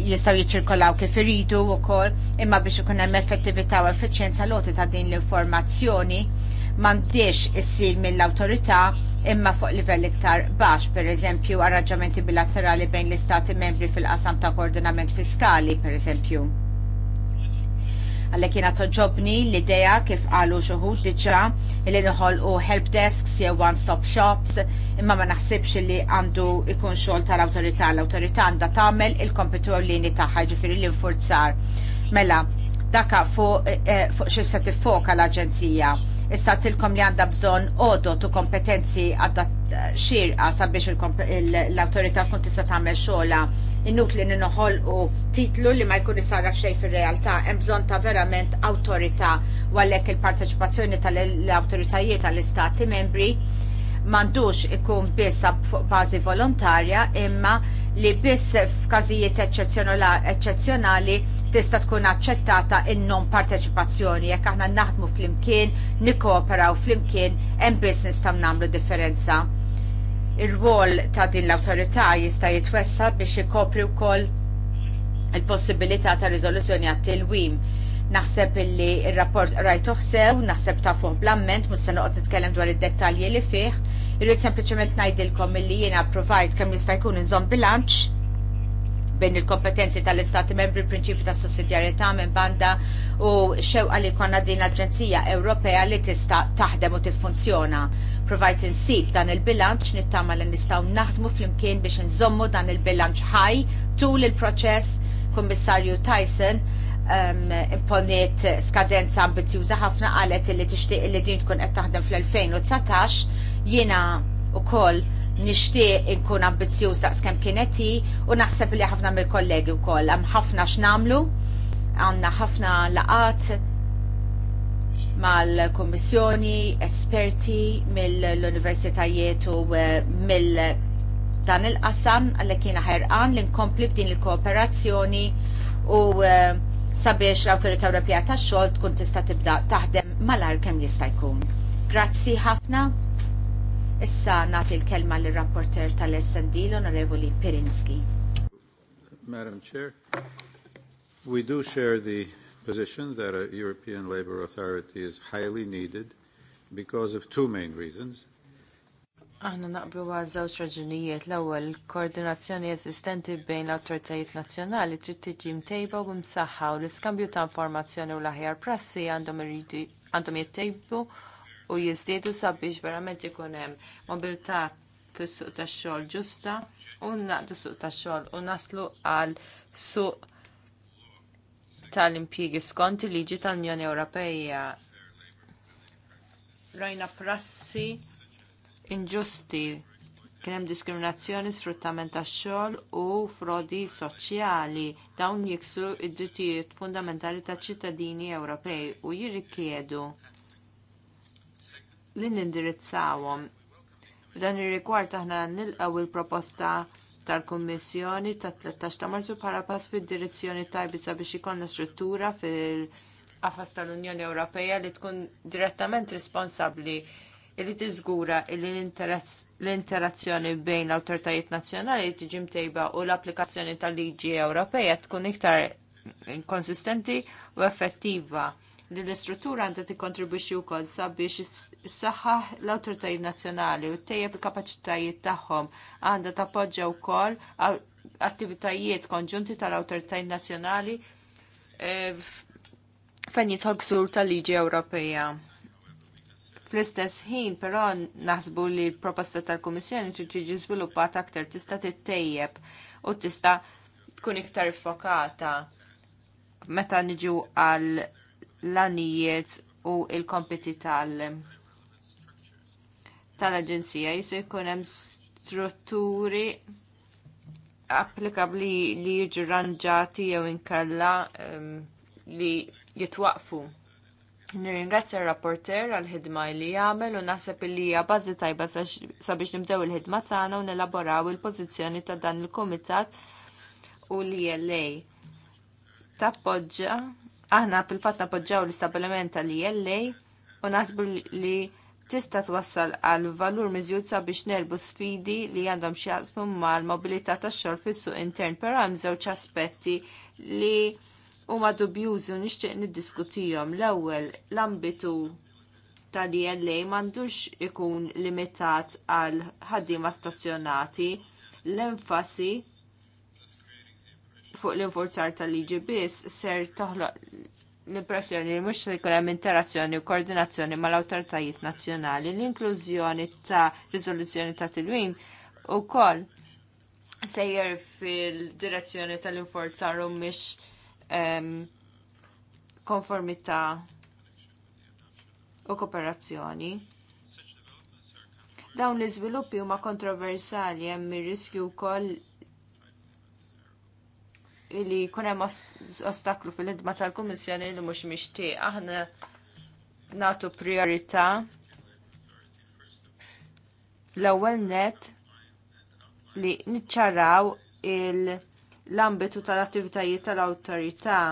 jistgħu jiċirkolaw kif iridu wkoll imma biex ikun hemm effettività u effiċjenza loti ta' din l-informazzjoni m'għandix issir mill-awtorità imma fuq livell iktar baxx, pereżempju arranġamenti bilaterali bejn l-istati membri fil-qasam ta' koordinament fiskali, pereżempju għalli kiena toġobni l-ideja kif għalu xuħud diġa li nħol u help desks jew one-stop shops imma ma naħsibx li għandu ikun xol tal autorita l autorita għanda tamel il-kompetu lini taħħa ġifiri l-infurzar. Mela, daka fuq fu, eh, fu xil l-Aġenzija Issa tilkom li għandha bżonn odo u kompetenzi għadda xirqa sabiex l-autorità tkun tista' tagħmel xogħla inutli li u titlu li ma jkun isarraf xejn fir-realtà hemm bżonn ta' verament awtorità u għalhekk il-parteċipazzjoni tal-awtoritajiet tal-istati membri mandux ikun biss fuq bażi volontarja imma li biss f'każijiet eċċezzjonali tista' tkun aċċettata in-non parteċipazzjoni jekk aħna naħdmu flimkien, nikkooperaw flimkien hemm biss nistgħu nagħmlu differenza. Ir-rwol ta' din l-awtorità jista' jitwessa biex ikopri wkoll il-possibilità ta' riżoluzzjoni għat-tilwim naħseb illi ir rapport rajtuħ sew, naħseb ta' fuq blamment, mus se noqgħod nitkellem dwar id-dettalji li fih, Irrid sempliċement ngħidilkom milli jiena provajt kemm jista' jkun inżomm bilanċ bejn il-kompetenzi tal-Istati membri prinċipju ta' sussidjarjetà minn banda u xewqa li konna din l-Aġenzija Ewropea li tista' taħdem u tiffunzjona. Provajt insib dan il-bilanċ nittama li nistgħu naħdmu flimkien biex nżommu dan il-bilanċ ħaj tul il-proċess Kummissarju Tyson um, imponiet skadenza ambizjuża ħafna qalet li tixtieq li din tkun qed taħdem fl-2019 Jiena wkoll nixtieq inkun ambizzjuż daqskemm kienet hi u naħseb li ħafna mill-kollegi wkoll hemm ħafna x'namlu, għandna ħafna laqat mal-Kommissjoni, esperti mill-universitajiet u eh, mill dan il-qasam għalhekk jiena ħerqan li nkompli b'din il-kooperazzjoni u eh, sabiex l-Awtorità Ewropea tax-xogħol tkun tista' tibda taħdem malar kemm jista' jkun. Grazzi ħafna. Issa nagħti l-kelma l rapporter tal-SND l-Onorevoli Pirinski. Madam Chair, we do share the position that a European Labour Authority is highly needed because of two main reasons. Aħna naqbu għal żewġ raġunijiet. L-ewwel, koordinazzjoni eżistenti bejn l-awtoritajiet nazzjonali trid tiġi mtejba u msaħħa u l-iskambju ta' informazzjoni u l-aħjar prassi għandhom għandhom jittejbu u jiżdiedu sabiex verament ikun hemm mobilità fis-suq xogħol ġusta u naqdu suq tax-xogħol u naslu għal suq tal-impjiegi skont il-liġi tal-Unjoni Ewropeja. Rajna prassi inġusti kien hemm diskriminazzjoni, sfruttament tax-xogħol u frodi soċjali. Dawn jiksu d drittijiet fundamentali taċ ċittadini Ewropej u jirrikjedu li nindirizzawhom. Dan ir-rigward aħna nilqgħu il-proposta tal-Kummissjoni tat-13 ta' Marzu bħala pass fid-direzzjoni tajbi sabiex ikollna struttura fil-qafas tal-Unjoni Ewropea li tkun direttament responsabbli li tiżgura li l-interazzjoni bejn l-awtoritajiet nazzjonali li tiġi mtejba u l-applikazzjoni tal-liġi Ewropea tkun iktar konsistenti u effettiva Li l-istruttura għandha tikkontribwixxi wkoll sabiex saħħaħ l-awtoritajiet nazzjonali u tejjeb il-kapaċitajiet tagħhom għandha tappoġġja wkoll attivitajiet konġunti tal-awtoritajiet nazzjonali eh, fejn jidħol ksur tal-liġi Ewropea. Fl-istess ħin, però naħsbu li l-proposta tal-Kummissjoni trid tiġi żviluppata aktar tista' tittejjeb u tista' tkun iktar fokata meta niġu għal l-anijiet u il-kompiti tal-Aġenzija. Tal Jisu jkun hemm strutturi applikabli li jiġu ranġati jew inkella um, li jitwaqfu. Nirringrazzja r-rapporter għal-ħidma li jagħmel u naħseb li hija bażi tajba sabiex nibdew il-ħidma tagħna u nelaboraw il-pożizzjoni ta' dan il-kumitat u l-ELA. Tappoġġa Aħna pil-pat napoġġaw l-istabilment tal-ILA u nasbu li tista' twassal għal valur miżjud biex nerbu sfidi li għandhom xjaqsmu mal-mobilità tax-xogħol fis-suq intern, però hemm żewġ aspetti li huma dubjużi u nixtieq niddiskutihom. L-ewwel l-ambitu tal-ILA m'għandux ikun limitat għal ħaddiema stazzjonati l-enfasi fuq l-infurzar tal-liġi biss ser toħloq l-impressjoni li mhux li jkun hemm interazzjoni u koordinazzjoni mal-awtoritajiet nazzjonali l-inklużjoni ta' Rizoluzzjoni ta' u ukoll sejjer fil-direzzjoni tal-infurzar u mhix ehm, konformità u kooperazzjoni. Dawn l-iżviluppi huma kontroversali hemm ir-riskju wkoll li kunem ostaklu fil-ħidma tal-Kummissjoni li mhux mixtieq aħna nagħtu priorità l-ewwel net li niċċaraw l-ambitu tal-attivitajiet tal-awtorità.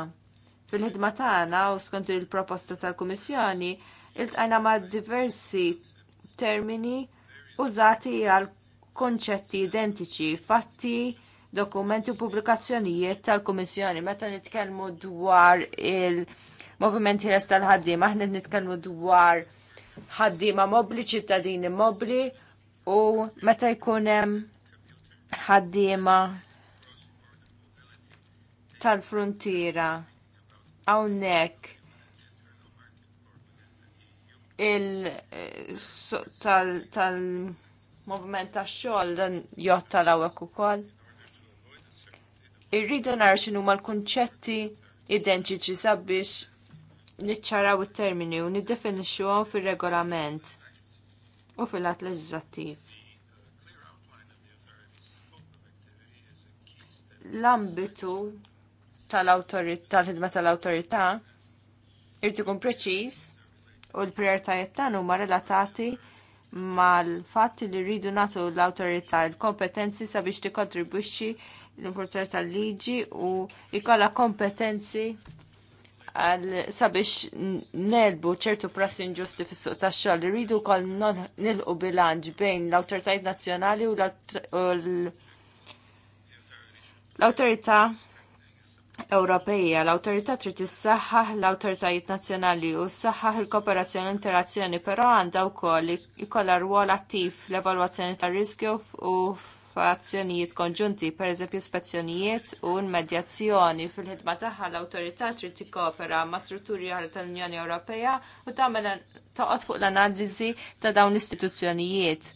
Fil-ħidma tagħna u skont il-proposta tal-Kummissjoni iltqajna ma' diversi termini użati għal konċetti identiċi, fatti, dokumenti u pubblikazzjonijiet tal-Kummissjoni meta nitkellmu dwar il-movimenti Rest tal-ħaddim, aħna nitkellmu dwar ħaddiema mobli, ċittadini mobli u meta jkun hemm ħaddiema tal-frontiera hawnhekk il eh, tal-movement tal, tal xogħol dan jotta l-għawek ukoll irridu nara x'inhu l-kunċetti identiċi sabiex niċċaraw it-termini u niddefinixxuhom fir-regolament u fil għat leġislattiv. L-ambitu tal-ħidma tal-awtorità irid ikun preċiż u l-prijoritajiet tagħna huma relatati mal-fatt li rridu nagħtu l-awtorità l-kompetenzi sabiex tikkontribwixxi l-importer tal-liġi u jikolla kompetenzi għal sabiex nelbu ċertu prassi inġusti fis suq tax xogħol kol wkoll nilqu bilanġ bejn l-awtoritajiet nazzjonali u l-awtorità Ewropeja, l-awtorità trid issaħħaħ l-awtoritajiet nazzjonali u s-saħħaħ il-kooperazzjoni interazzjoni, però għandha wkoll ikollha rwol attiv fl-evalwazzjoni tar-riskju u f'azzjonijiet konġunti, pereżempju spezzjonijiet u l-medjazzjoni fil-ħidma tagħha l-awtorità trid tikkopera ma' strutturi oħra tal-Unjoni Ewropea u tagħmel toqgħod fuq l-analiżi ta' dawn l-istituzzjonijiet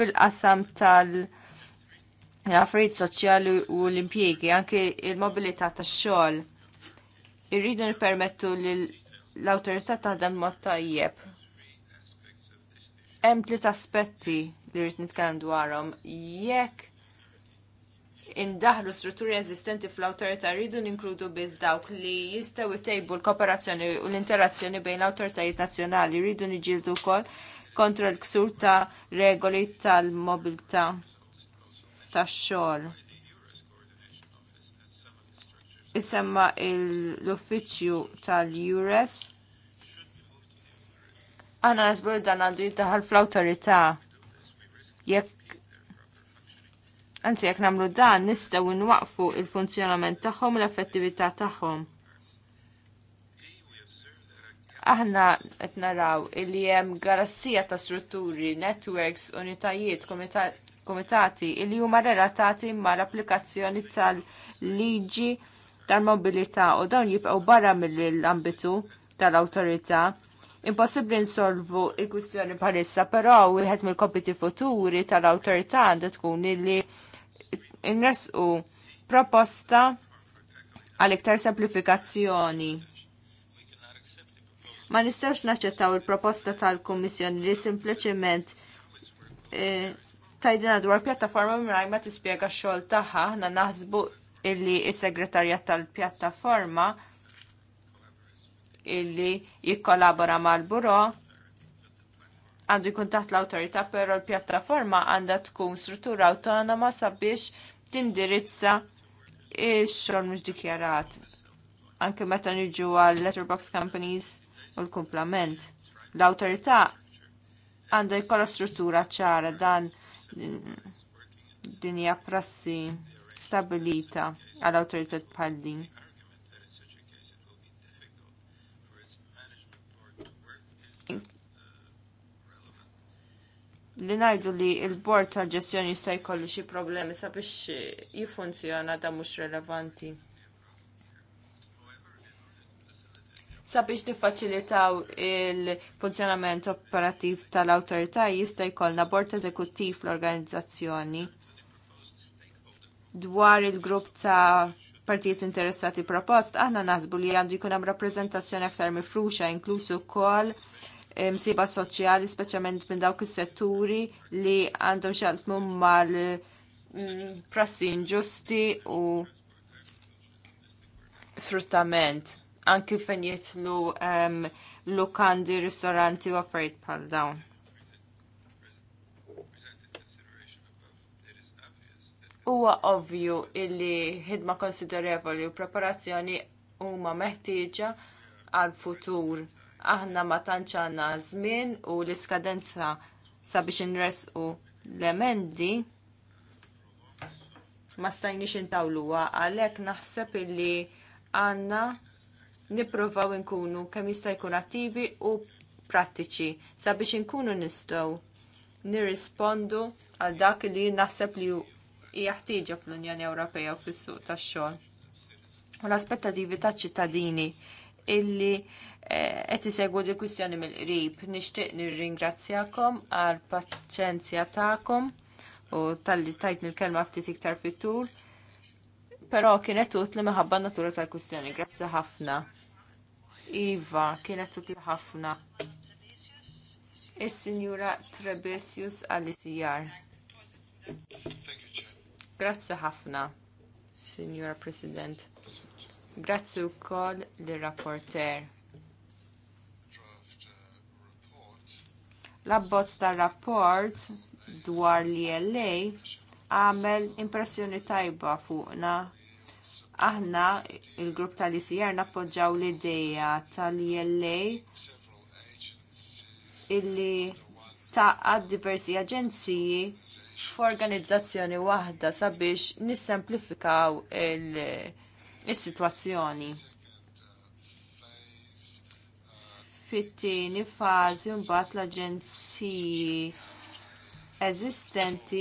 fil-qasam tal- l-affarijiet soċjali u l-impjiegi, anke il-mobilità tax-xogħol. Irridu nippermettu lill l-autorità taħdem mod tajjeb Hemm tliet aspetti li rrid nitkellem dwarhom. Jekk indaħlu strutturi eżistenti fl-awtorità rridu ninkludu biss dawk li jistgħu jtejbu l-kooperazzjoni u l-interazzjoni bejn l-awtoritajiet nazzjonali rridu niġildu wkoll kontra l-ksur ta' regoli tal-mobilità tax-xogħol. Isemma l-uffiċċju tal-Jures Għana nasbu dan għandu jittaħal fl autorita Jek. Anzi, jekk namlu dan, nistaw nwaqfu il-funzjonament tagħhom u l-effettività tagħhom. Aħna qed naraw li hemm garassija ta' strutturi, networks, unitajiet, komitati li huma relatati mal-applikazzjoni tal-liġi tal-mobilità u dawn jibqgħu barra mill-ambitu tal-awtorità Impossibbli nsolvu il-kwistjoni bħalissa, però wieħed mill-kompiti futuri tal-awtorità għandha tkun illi nresqu proposta għal iktar semplifikazzjoni. Ma nistgħux naċċettaw il-proposta tal-Kummissjoni li sempliċement e, tajdina dwar pjattaforma mraj ma tispjega x-xogħol tagħha, aħna naħsbu illi s-segretarjat tal-pjattaforma illi jikkolabora mal-buro għandu jkun taħt l-autorità, però l-pjattaforma għandha tkun struttura autonoma sabiex tindirizza il xogħol mhux dikjarat. Anke meta niġu għal letterbox companies u l-kumplament. L-autorità għandha jkollha struttura ċara dan din hija prassi stabilita għal awtoritet bħal din. li najdu li il-bord tal-ġestjoni jista' jkollu xi problemi sabiex jifunzjona da mhux relevanti. Sabiex niffaċilitaw il-funzjonament operativ tal-awtorità jista' jkollna bord eżekuttiv l-organizzazzjoni dwar il-grupp ta' partijiet interessati propost, aħna nasbu li għandu jkun hemm rappreżentazzjoni aktar mifruxa, inklusu wkoll msiba soċjali, speċjalment minn dawk is-setturi li għandhom xaqsmu mal mm, prassi inġusti u sfruttament. Anki fejn jitlu um, lukandi, ristoranti u affarijiet bħal dawn. Huwa ovvju illi ħidma konsiderevoli u preparazzjoni huma meħtieġa għal futur aħna ma tanċana zmin żmien u l-iskadenza sabiex inresqu l-emendi ma stajniex intawluha għalhekk naħseb illi għandna nippruvaw nkunu kemm jista' jkun attivi u prattiċi sabiex inkunu nistgħu nirrispondu għal dak li naħseb li hija fl-Unjoni Ewropea u fis-suq tax-xogħol. U l-aspettativi taċ-ċittadini illi Eh, qed isegwu di kwistjoni mill-qrib. Nixtieq nirringrazzjakom għal paċenzja tagħkom u tal-li tajt mill-kelma ftit iktar fit-tul. Però kienet utli minħabba natura tal-kwistjoni. Grazzi ħafna. Iva, kienet utli ħafna. Is-Sinjura Trebesius għall isijar Grazzi ħafna, Sinjura President. Grazzi wkoll l rapporter L-abbozz tar-rapport dwar l ila għamel impressjoni tajba fuqna. Aħna, il-grupp tal-ICR, nappoġġaw l-ideja tal-ELA illi taqqad diversi aġenziji f'organizzazzjoni waħda sabiex nissemplifikaw il-situazzjoni. fit-tieni fażi mbagħad l-aġenziji eżistenti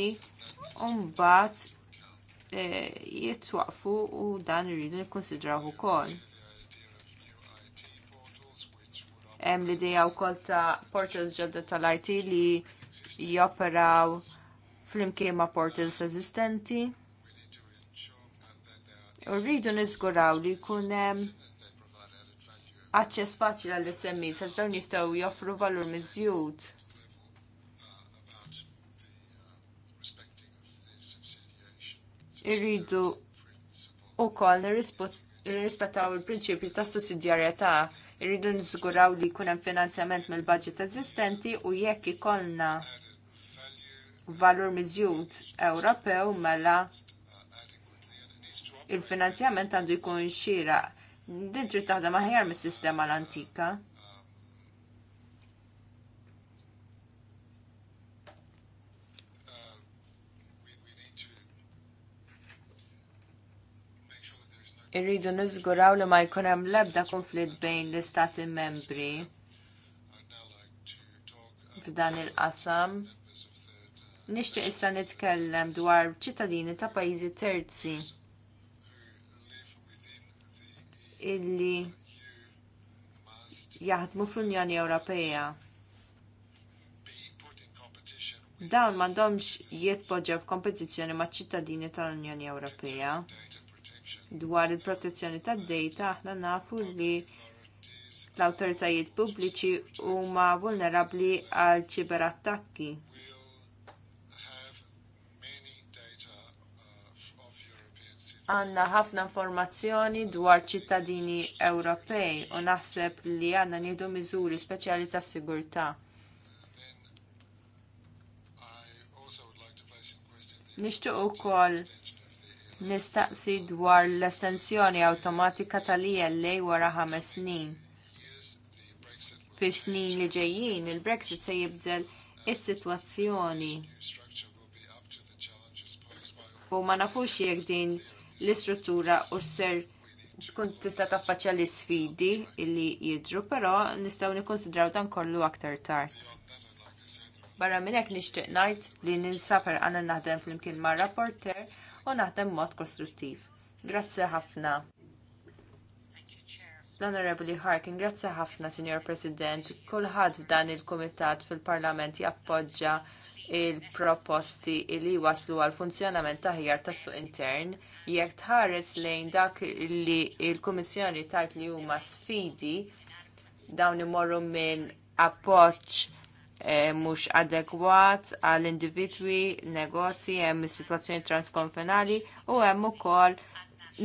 mbagħad eh, jitwaqfu u dan irridu nikkonsidraw ukoll. Hemm l-idea wkoll ta' portals ġodda tal-IT li joperaw flimkien ma' portals eżistenti. U rridu niżguraw li jkun hemm aċċess faċli għall smi għax dawn jistgħu joffru valur miżjud. Irridu koll nirrispettaw il-prinċipju ta' sussidjarjetà, irridu niżguraw li jkun hemm finanzjament mill-budget eżistenti u jekk ikollna valur miżjud Ewropew mela il-finanzjament għandu jkun xieraq Diġri taħdem aħjar mis-sistema l-antika. irridu nizguraw li ma jkun hemm l-ebda konflitt bejn l-istati membri f'dan il-qasam. Nixtieq issa nitkellem dwar ċittadini ta' pajjiżi terzi illi jaħdmu fl-Unjoni Ewropea. Dawn m'għandhomx jitpoġġew f'kompetizzjoni maċ ċittadini tal-Unjoni Ewropea. Dwar il-protezzjoni tad data aħna nafu li l-awtoritajiet pubbliċi huma vulnerabbli għal ċiberattakki. għandna ħafna informazzjoni dwar ċittadini Ewropej u naħseb li għandna nidu miżuri speċjali ta' sigurtà. u ukoll nistaqsi dwar l-estensjoni awtomatika tal-ILA wara ħames snin. Fi snin li ġejjin, il-Brexit se jibdel is-sitwazzjoni. U ma nafux jekk din l-istruttura u ser tkun tista' taffaċċja l-isfidi li jidru, però nistgħu nikkonsidraw dan kollu aktar tard. Barra minn hekk nixtieq ngħid li ninsaper għandna naħdem flimkien ma' rapporter u naħdem mod kostruttiv. Grazzi ħafna. L-Onorevoli Harkin, grazzi ħafna, Signor President, kulħadd f'dan il-Kumitat fil-Parlament jappoġġa il-proposti li waslu għal funzjonament taħjar tas suq intern jekk tħares lejn dak li il-Kummissjoni tajt li huma sfidi dawn imorru minn appoġġ eh, mhux adekwat għall individwi negozji hemm is-sitwazzjoni transkonfinali u hemm ukoll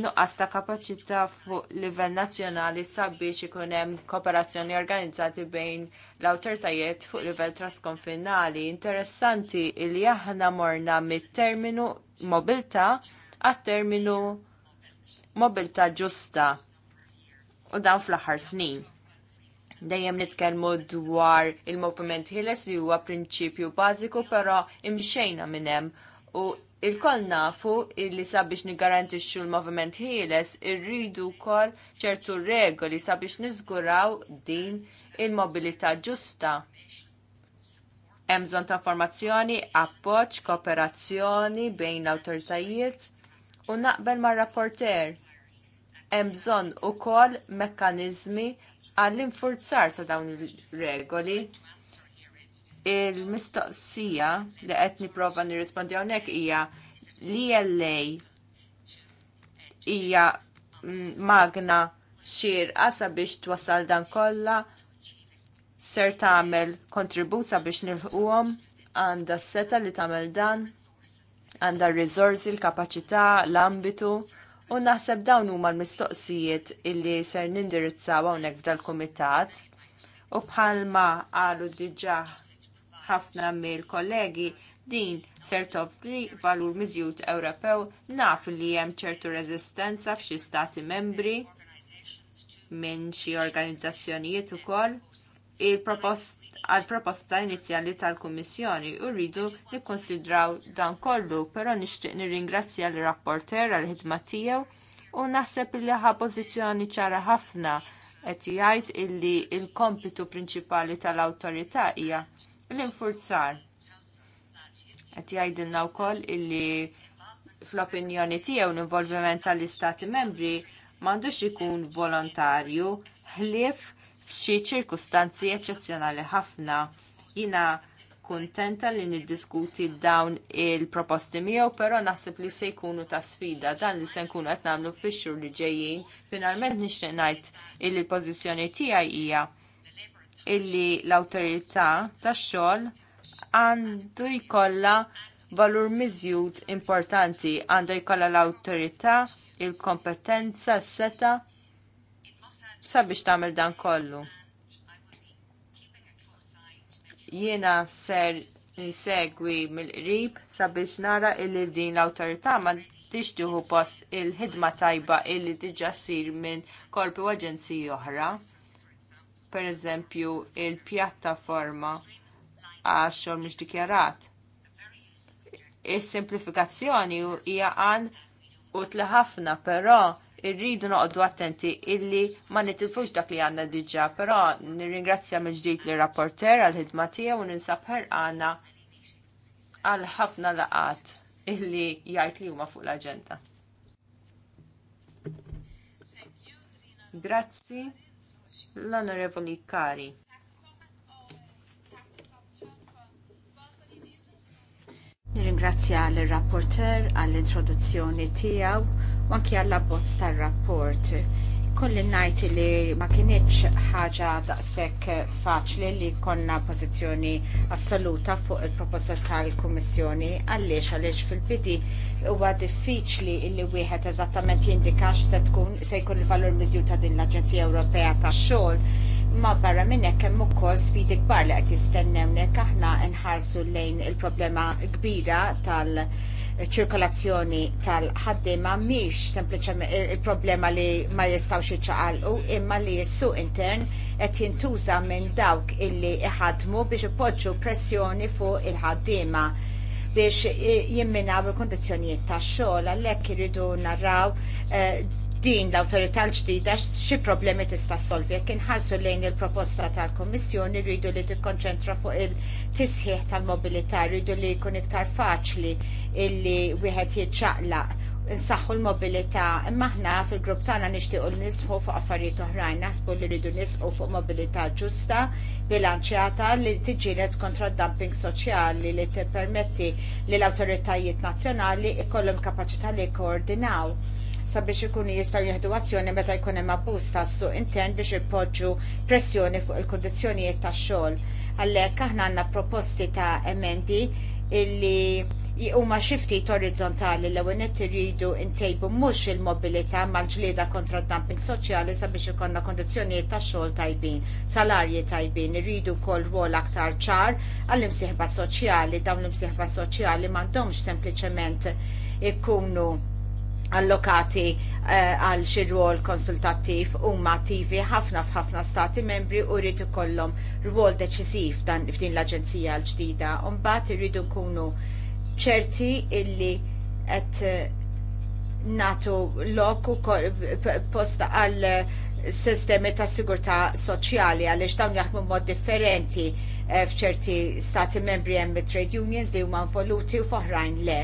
nuqqas ta' kapaċità fuq livell nazzjonali sabiex ikun hemm kooperazzjoni organizzati bejn l-awtoritajiet fuq livell trasconfinali. Interessanti li aħna morna mit-terminu mobilità għat-terminu mobilità ġusta u dan fl-aħħar snin. Dejjem nitkellmu dwar il-movement ħieles li huwa prinċipju bażiku però imxejna minn hemm u il-koll nafu illi sabiex nigarantixxu l-moviment ħieles irridu wkoll ċertu regoli sabiex niżguraw din il-mobilità ġusta. Hemm bżonn ta' informazzjoni, appoġġ, kooperazzjoni bejn l-awtoritajiet u naqbel mar-rapporter. Hemm bżonn ukoll mekkaniżmi għall-infurzar ta' dawn ir regoli Il-mistoqsija li qed nipprova nirrispondi hawnhekk hija li LA hija mm, magna xirqa sabiex twassal dan kollha ser tagħmel kontribut sabiex nilħquhom għandha s-seta li tagħmel dan għandha r-riżorsi, l-kapaċità, l-ambitu u naħseb dawn huma l-mistoqsijiet illi ser nindirizzaw hawnhekk f'dal-kumitat u bħalma qalu diġà ħafna mill-kollegi din ser valur miżjud Ewropew naf li hemm ċertu reżistenza f'xi stati membri minn xi organizzazzjonijiet ukoll għal-proposta inizjali tal-Kummissjoni u rridu nikkonsidraw dan kollu, però nixtieq nirringrazzja l rapporter għal ħidma tiegħu u naħseb li ħa pożizzjoni ċara ħafna qed jgħid illi l-kompitu prinċipali tal-awtorità hija l-infurzar. Qed jgħidilna wkoll illi fl-opinjoni tiegħu l-involviment tal-istati membri m'għandux ikun volontarju ħlief f'xi ċirkustanzi eċċezzjonali ħafna. Jina kuntenta li niddiskuti dawn il-proposti miegħu, però naħseb li se jkunu ta' sfida dan li se nkunu qed nagħmlu fix-xhur li ġejjin. Finalment nixtieq ngħid il pożizzjoni tiegħi hija illi l-awtorità tax-xogħol għandu jkollha valur miżjud importanti, għandu jkollha l-awtorità, il-kompetenza, s-seta sabiex tagħmel dan kollu. Jiena ser insegwi mill-qrib sabiex nara illi din l-awtorità ma tixtieħu post il-ħidma tajba illi diġà ssir minn korpi u aġenziji oħra per eżempju il-pjattaforma għax xogħol dikjarat. Is-simplifikazzjoni hija għan u ħafna, però irridu noqogħdu attenti illi ma nitilfux dak li għandna diġà, però nirringrazzja mill-ġdid li rapporter għal-ħidma tiegħu u ninsab ħerqana għal ħafna laqat illi jgħid li huma fuq l-aġenda. Grazzi l-Onorevoli Kari. Nirringrazzja l-rapporter għall-introduzzjoni tiegħu u anke għall-abbozz tar-rapport kolli najt li ma kienieċ ħaġa daqsek faċli li konna pozizjoni assoluta fuq il-proposta tal-Kummissjoni għalliex għalliex fil-bidi huwa diffiċli li wieħed eżattament jindikax se tkun se jkun il-valur miżju ta' din l-Aġenzija Ewropea tax-xogħol ma barra minn hekk hemm ukoll sfidi kbar li qed jistennewnek aħna nħarsu lejn il-problema kbira tal- ċirkolazzjoni tal-ħaddiema mhix sempliċement il-problema li ma jistgħux jiċċaqalqu imma li s-suq intern qed jintuża minn dawk illi iħadmu biex ipoġġu pressjoni fuq il-ħaddiema biex jimminaw il kundizzjonijiet tax xogħol għalhekk iridu naraw eh, din l-autorità l-ġdida xi problemi tista' solvi. Jekk inħarsu lejn il-proposta tal kummissjoni rridu li tikkonċentra fuq il-tisħiħ tal-mobilità, rridu li jkun iktar faċli illi wieħed jiċċaqlaq insaħħu l-mobilità, imma aħna fil-grupp tagħna nixtiequ li nisħu fuq affarijiet oħrajn, naħsbu li rridu nisqu fuq mobilità ġusta, bilanċjata li tiġġieled kontra d dumping soċjali li tippermetti li l-awtoritajiet nazzjonali ikollhom kapaċità li jkoordinaw sabiex ikunu jistgħu jihdu azzjoni meta jkun hemm abbuż tassu suq intern biex ipoġġu pressjoni fuq il-kundizzjonijiet tax-xogħol. Għalhekk aħna għandna proposti ta' emendi illi huma xi ftit orizzontali l ewwel iridu ntejbu mhux il-mobilità mal-ġlieda kontra d dumping soċjali sabiex ikonna kondizzjonijiet tax-xogħol tajbin, salarji tajbin, Iridu kol rwol aktar ċar għall-imsieħba soċjali, dawn l-imsieħba soċjali m'għandhomx sempliċement ikunu allokati eh, għal xi rwol konsultattiv huma attivi ħafna f'ħafna stati membri u rrid ikollhom rwol deċiżiv dan f'din l-aġenzija l-ġdida. u Mbagħad irridu nkunu ċerti illi qed eh, natu lok eh, posta għal sistemi ta' sigurtà soċjali għaliex dawn jaħdmu mod differenti f'ċerti stati membri hemm trade unions li huma involuti u f'oħrajn le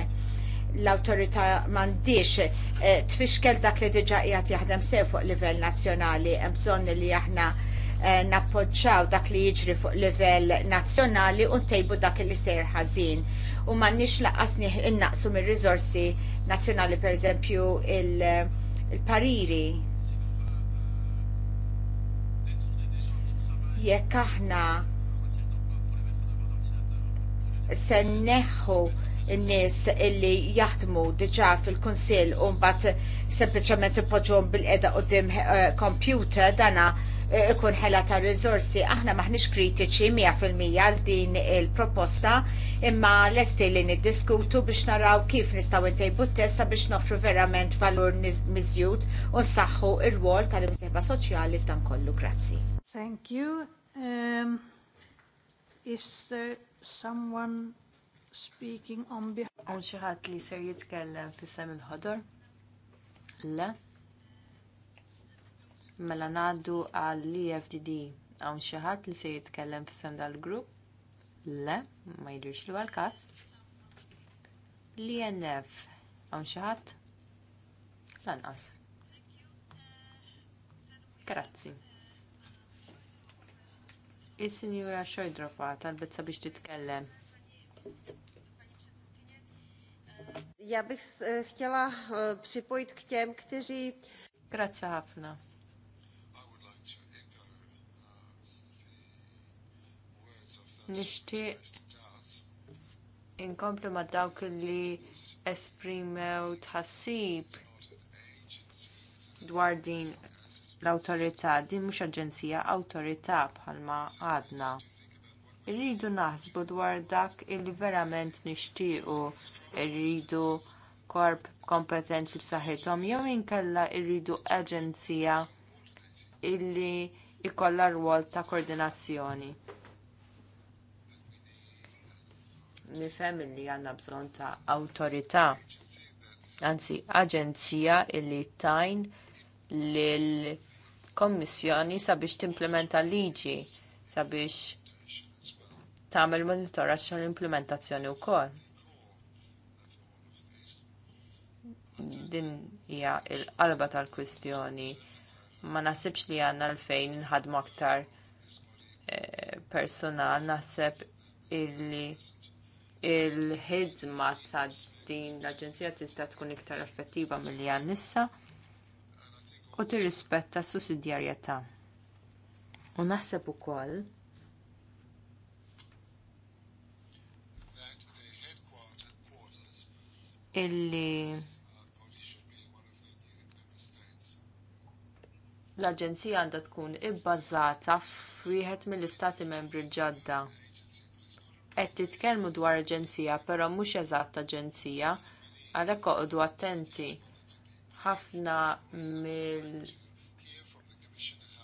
l awtorità m'għandix eh, tfixkel dak li diġà qiegħed jaħdem sew fuq livell nazzjonali, hemm bżonn li aħna eh, nappoġġaw dak li jiġri fuq livell nazzjonali u ntejbu dak li ser ħażin. U m'għandniex laqqas innaqsu mir-riżorsi nazzjonali pereżempju il-pariri. Jekk aħna se neħħu n-nies illi jaħdmu diġa fil-Kunsill u mbagħad sempliċement ipoġġhom bil-qeda qudiem kompjuter eh, dana eh, ikun ħela ta' riżorsi. Aħna maħniex kritiċi 100% għal din il-proposta imma lesti li niddiskutu biex naraw kif nistgħu ntejbu t-tessa biex nofru verament valur miżjud u nsaħħu r wol tal-imsieħba soċjali f'dan kollu. Grazzi. Thank you. Um, is there someone speaking on behalf. Għun xaħat li ser jitkellem fissem il-ħodor? Le? Mela naddu għal l-EFDD. Għun xaħat li ser jitkellem fissem dal-grupp? Le? Ma jidirx li għal-kaz? L-INF. E Għun xaħat? Lanqas. Grazzi. Is-Sinjura Xojdrofa talbet sabiex titkellem. Ja bych eh, chtěla eh, připojit k těm, kteří... Grazie ħafna. Nishtiq inkomplu ma dawk li esprimew tħassib dwar din l-autorità, din mhux aġenzija, awtorità bħalma għadna. Irridu naħsbu dwar dak il verament nixtiequ, irridu korp kompetenzi b'saħħithom jew inkella rridu aġenzija illi ikollha rwol ta' koordinazzjoni. Nifhem li għandna bżonn ta' awtorità, anzi aġenzija illi tajn lill-Kommissjoni sabiex timplementa liġi sabiex tagħmel monitoraġġ tal-implementazzjoni wkoll. Din hija l-qalba tal-kwistjoni. Ma naħsibx li għandna l-fejn nħadmu aktar eh, personal naħseb illi il-ħidma ta' din l-Aġenzija tista' tkun iktar effettiva milli għan nissa u tirrispetta s sussidjarjetà. U naħseb ukoll illi l-Aġenzija għandha tkun ibbażata f'wieħed mill-Istati Membri ġodda. Qed titkellmu dwar aġenzija, però mhux eżatt aġenzija, għalhekk oqgħdu attenti. Ħafna mill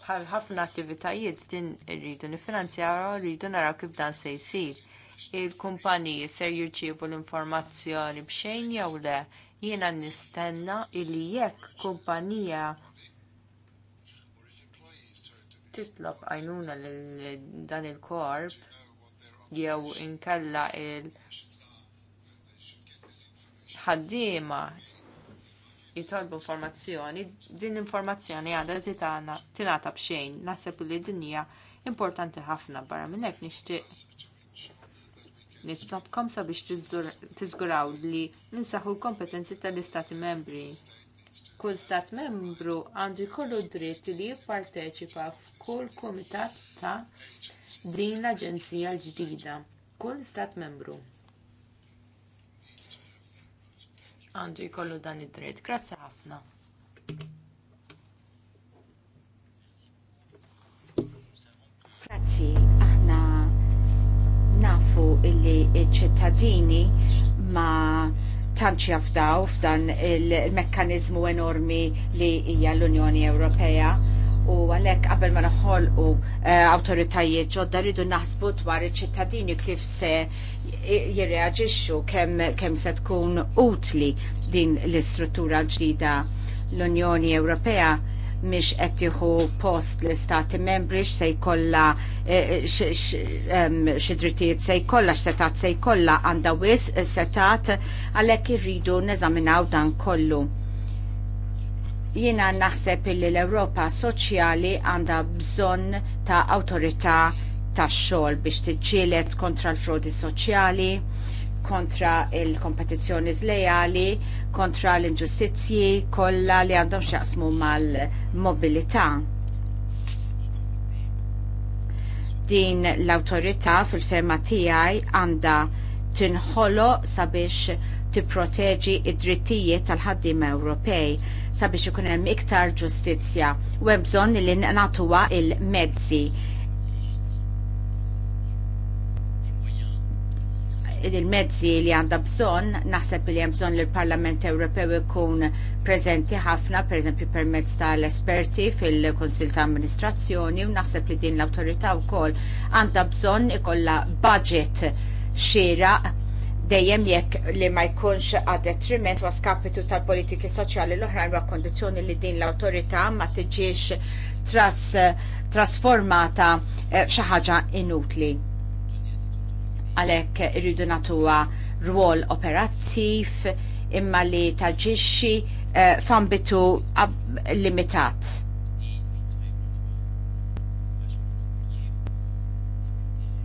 bħal ħafna attivitajiet din irridu nifinanzjaw rridu naraw kif dan se jsir il-kumpaniji ser jirċievu l-informazzjoni b'xejn jew le jiena nistenna li jekk kumpanija titlob għajnuna lil dan il-korp jew inkella il ħaddiema jitolbu informazzjoni, din l-informazzjoni għadha tingħata b'xejn. Naħseb li din hija importanti ħafna barra minn hekk nixtieq Nitlobkom sabiex tiżguraw li ninsaħu l-kompetenzi tal-Istati membri. Kull stat membru għandu jkollu dritt li jipparteċipa f'kull kumitat ta' din l-Aġenzija l-ġdida. Kull stat membru. Għandu jkollu dan id-dritt. Grazzi ħafna. Grazzi. Nafu illi ċittadini ma tantx jafdaw f'dan il-mekkanizmu enormi li hija l-Unjoni Ewropea u għalek qabel ma naħolqu u eh, autoritajiet ġodda rridu naħsbu dwar iċ-ċittadini kif se jirreagġixxu kemm kemm se tkun utli din l-istruttura l-ġdida l-Unjoni Ewropea miex qed jieħu post l-istati membri x'se jkollha eh, eh, xi drittijiet se jkollha x'setat se jkollha għandha wis eh, setat għalhekk irridu neżaminaw dan kollu. Jiena naħseb illi l-Ewropa soċjali għandha bżonn ta' awtorità tax xogħol biex tiġġieled kontra l-frodi soċjali kontra il-kompetizzjoni zlejali, kontra l-inġustizzji kollha li għandhom x'jaqsmu mal-mobilità. Din l-awtorità fil-ferma tiegħi għandha tinħolo sabiex tipproteġi id-drittijiet tal-ħaddim Ewropej sabiex ikun hemm iktar ġustizzja u hemm bżonn li nagħtuha il-mezzi il-mezzi li għandha bżonn, naħseb li hemm bżonn li l-Parlament Ewropew ikun preżenti ħafna, pereżempju permezz tal-esperti fil kunsill ta' Amministrazzjoni, u naħseb li din l-awtorità wkoll għandha bżonn ikollha budget xieraq dejjem jekk li ma jkunx għad detriment wa skapitu tal-politiki soċjali l-oħrajn wa kondizzjoni li din l-awtorità ma tiġix tras, trasformata eh, xi ħaġa inutli għalhekk irridu nagħtuha rwol operattiv imma li taġixxi uh, f'ambitu limitat.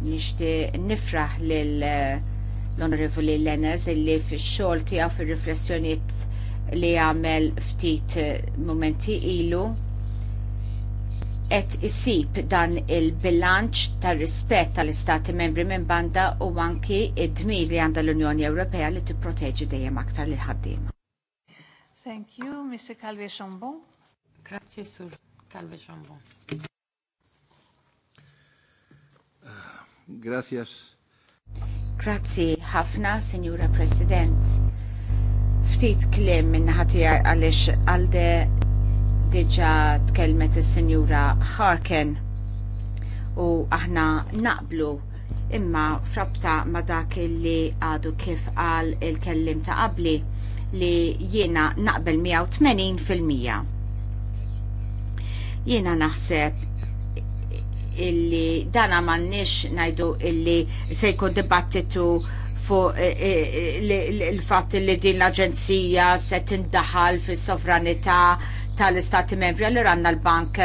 Nixti nifraħ lil eh, l-Onorevoli Lenez illi fix-xogħol tiegħu fir-riflessjonijiet li għamel ftit eh, momenti ilu qed isib dan il-bilanċ tar rispett tal-Istati membri minn banda u anki id-dmir li għandha l-Unjoni Ewropea li tipproteġi dejjem aktar lil ħaddiema. Thank you, Mr. Calvi Chambon. Grazie, Sur Calvi Chambon. Grazie. Grazie ħafna, Signora President. Ftit kliem ħati għalix għalde diġa tkelmet il-Sinjura Harken u aħna naqblu imma frabta ma dak li għadu kif għal il-kellim ta' qabli li jiena naqbel 180%. Jiena naħseb illi dana mannix najdu illi se jkun dibattitu fuq eh, eh, eh, il fat li din l-Aġenzija se tindaħal fis sovranità tal-Istati membri, allura għanna l-Bank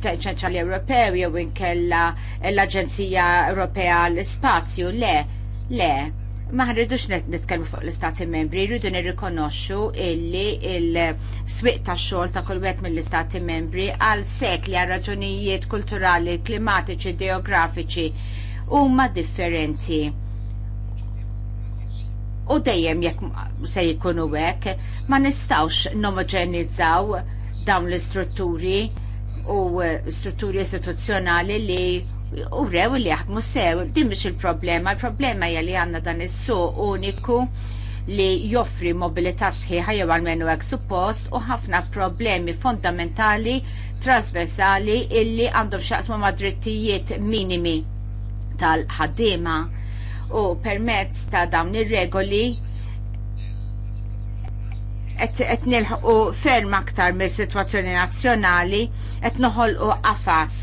ċentrali Ewropew jew inkella l-Aġenzija Ewropea l-Spazju, le, le, ma rridux nitkellmu fuq l-Istati membri, rridu nirrikonoxxu illi il-swieq ta' xogħol ta' kull wieħed mill-Istati membri għal sekli għal raġunijiet kulturali, klimatiċi, geografiċi huma differenti. U dejjem jekk se jkunu hekk ma nistgħux nomogenizzaw dawn l-istrutturi u eh, strutturi istituzzjonali li u rew li jaħdmu sew, din mhix il-problema, il-problema hija li għandna dan is-suq uniku li joffri mobilità sħiħa jew għalmenu hekk suppost u ħafna problemi fondamentali trasversali illi għandhom xaqsmu ma' drittijiet minimi tal-ħaddiema u permezz ta' dawn ir-regoli qed nilħu ferm aktar mill-sitwazzjoni nazzjonali qed noħolqu qafas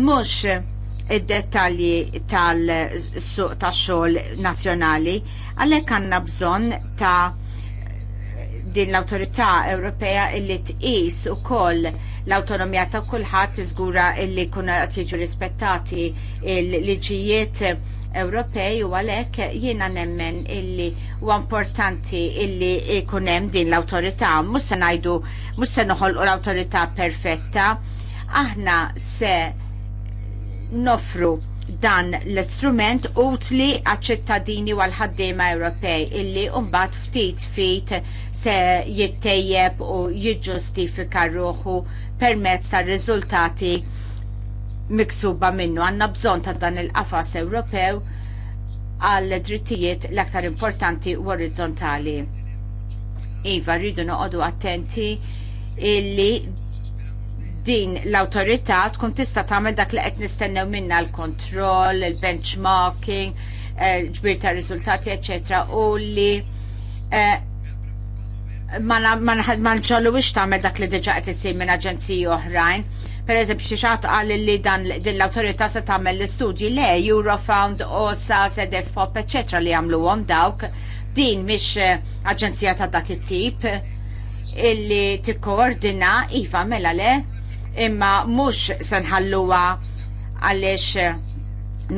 mhux id-dettalji tal-suq tax-xogħol nazzjonali għalhekk għandna bżonn ta' din l-Awtorità Ewropea illi tqis ukoll l-autonomija ta' kulħadd iżgura illi kuna qed jiġu rispettati l-liġijiet il Ewropej u għalhekk jiena nemmen illi huwa importanti illi jkun hemm din l-awtorità, mhux se ngħidu mhux se noħolqu l-awtorità perfetta. Aħna se nofru dan l-istrument utli għal-ċittadini u għal-ħaddiema Ewropej illi umbat ftit fit se jittejjeb u jiġġustifika ruħu permezz tar riżultati miksuba minnu għanna bżon ta' dan il-qafas Ewropew għal drittijiet l-aktar importanti u orizzontali. Iva, rridu noqodu attenti illi din l-autorità tkun tista' tagħmel dak li qed nistennew minna l-kontroll, il-benchmarking, ġbir ta' riżultati, eċetera, u li eh, ma nħallu tagħmel dak li diġà qed isir minn aġenziji oħrajn per eżempju xi xaħat qal li dan din l-awtorità se tagħmel l-istudji le Eurofound, OSA, SEDEFOP, eċetera li jagħmluhom dawk. Din mhix eh, aġenzija ta' dak it-tip illi tikkoordina iva mela le imma mhux se nħalluha għaliex eh,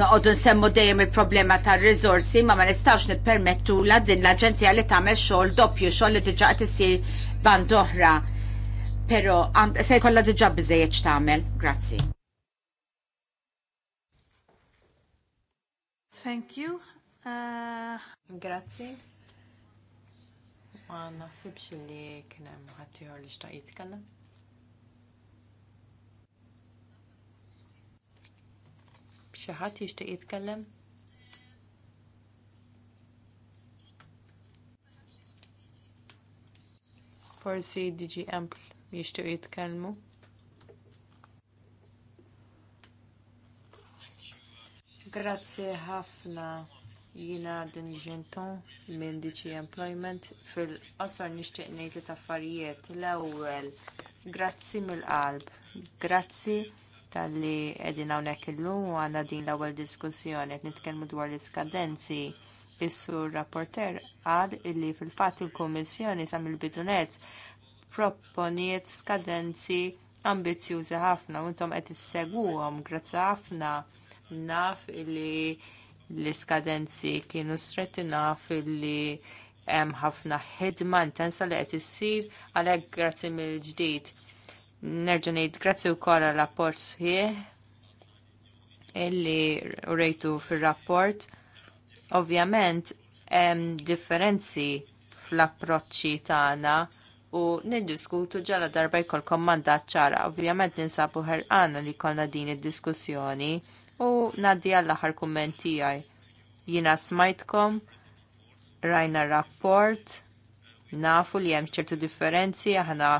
noqogħdu nsemmu dejjem il-problema tar-riżorsi ma ma nistgħux nippermettu la din l-aġenzija li tagħmel xogħol doppju xogħol li diġà qed isir band oħra pero se jkollha diġà biżejjed x'tagħmel. Grazzi. Thank you. Uh, Grazzi. Ma naħsibx li kien hemm ħadd li xtaq jitkellem. Xi ħadd jixtieq jitkellem? forsi DGM jishtiq jitkellmu. Grazzi ħafna jina din ġenton minn DC Employment fil-qosor nixtieq ngħid li affarijiet l-ewwel grazzi mill-qalb, grazzi tal-li edin hawnhekk illum u għanna din l-ewwel diskussjoni qed nitkellmu dwar l-iskadenzi. Is-sur rapporter qal illi fil-fatt il-Kummissjoni sa mill-bidunet proponiet skadenzi ambizjużi ħafna u intom qed isseguhom grazzi ħafna naf li l-iskadenzi kienu stretti naf illi hemm ħafna ħidma intensa li qed issir għalhekk grazzi mill-ġdid. Nerġa' ngħid grazzi wkoll għal rapport sħiħ illi rejtu fir-rapport. Ovvjament hemm differenzi fl-approċċi tagħna u niddiskutu ġala darba jkollkom kommandat ċara. Ovvjament ninsabu ħerqana li kollna din id-diskussjoni u naddi għall aħar kummenti għaj. Jina smajtkom, rajna rapport, nafu li hemm ċertu differenzi, aħna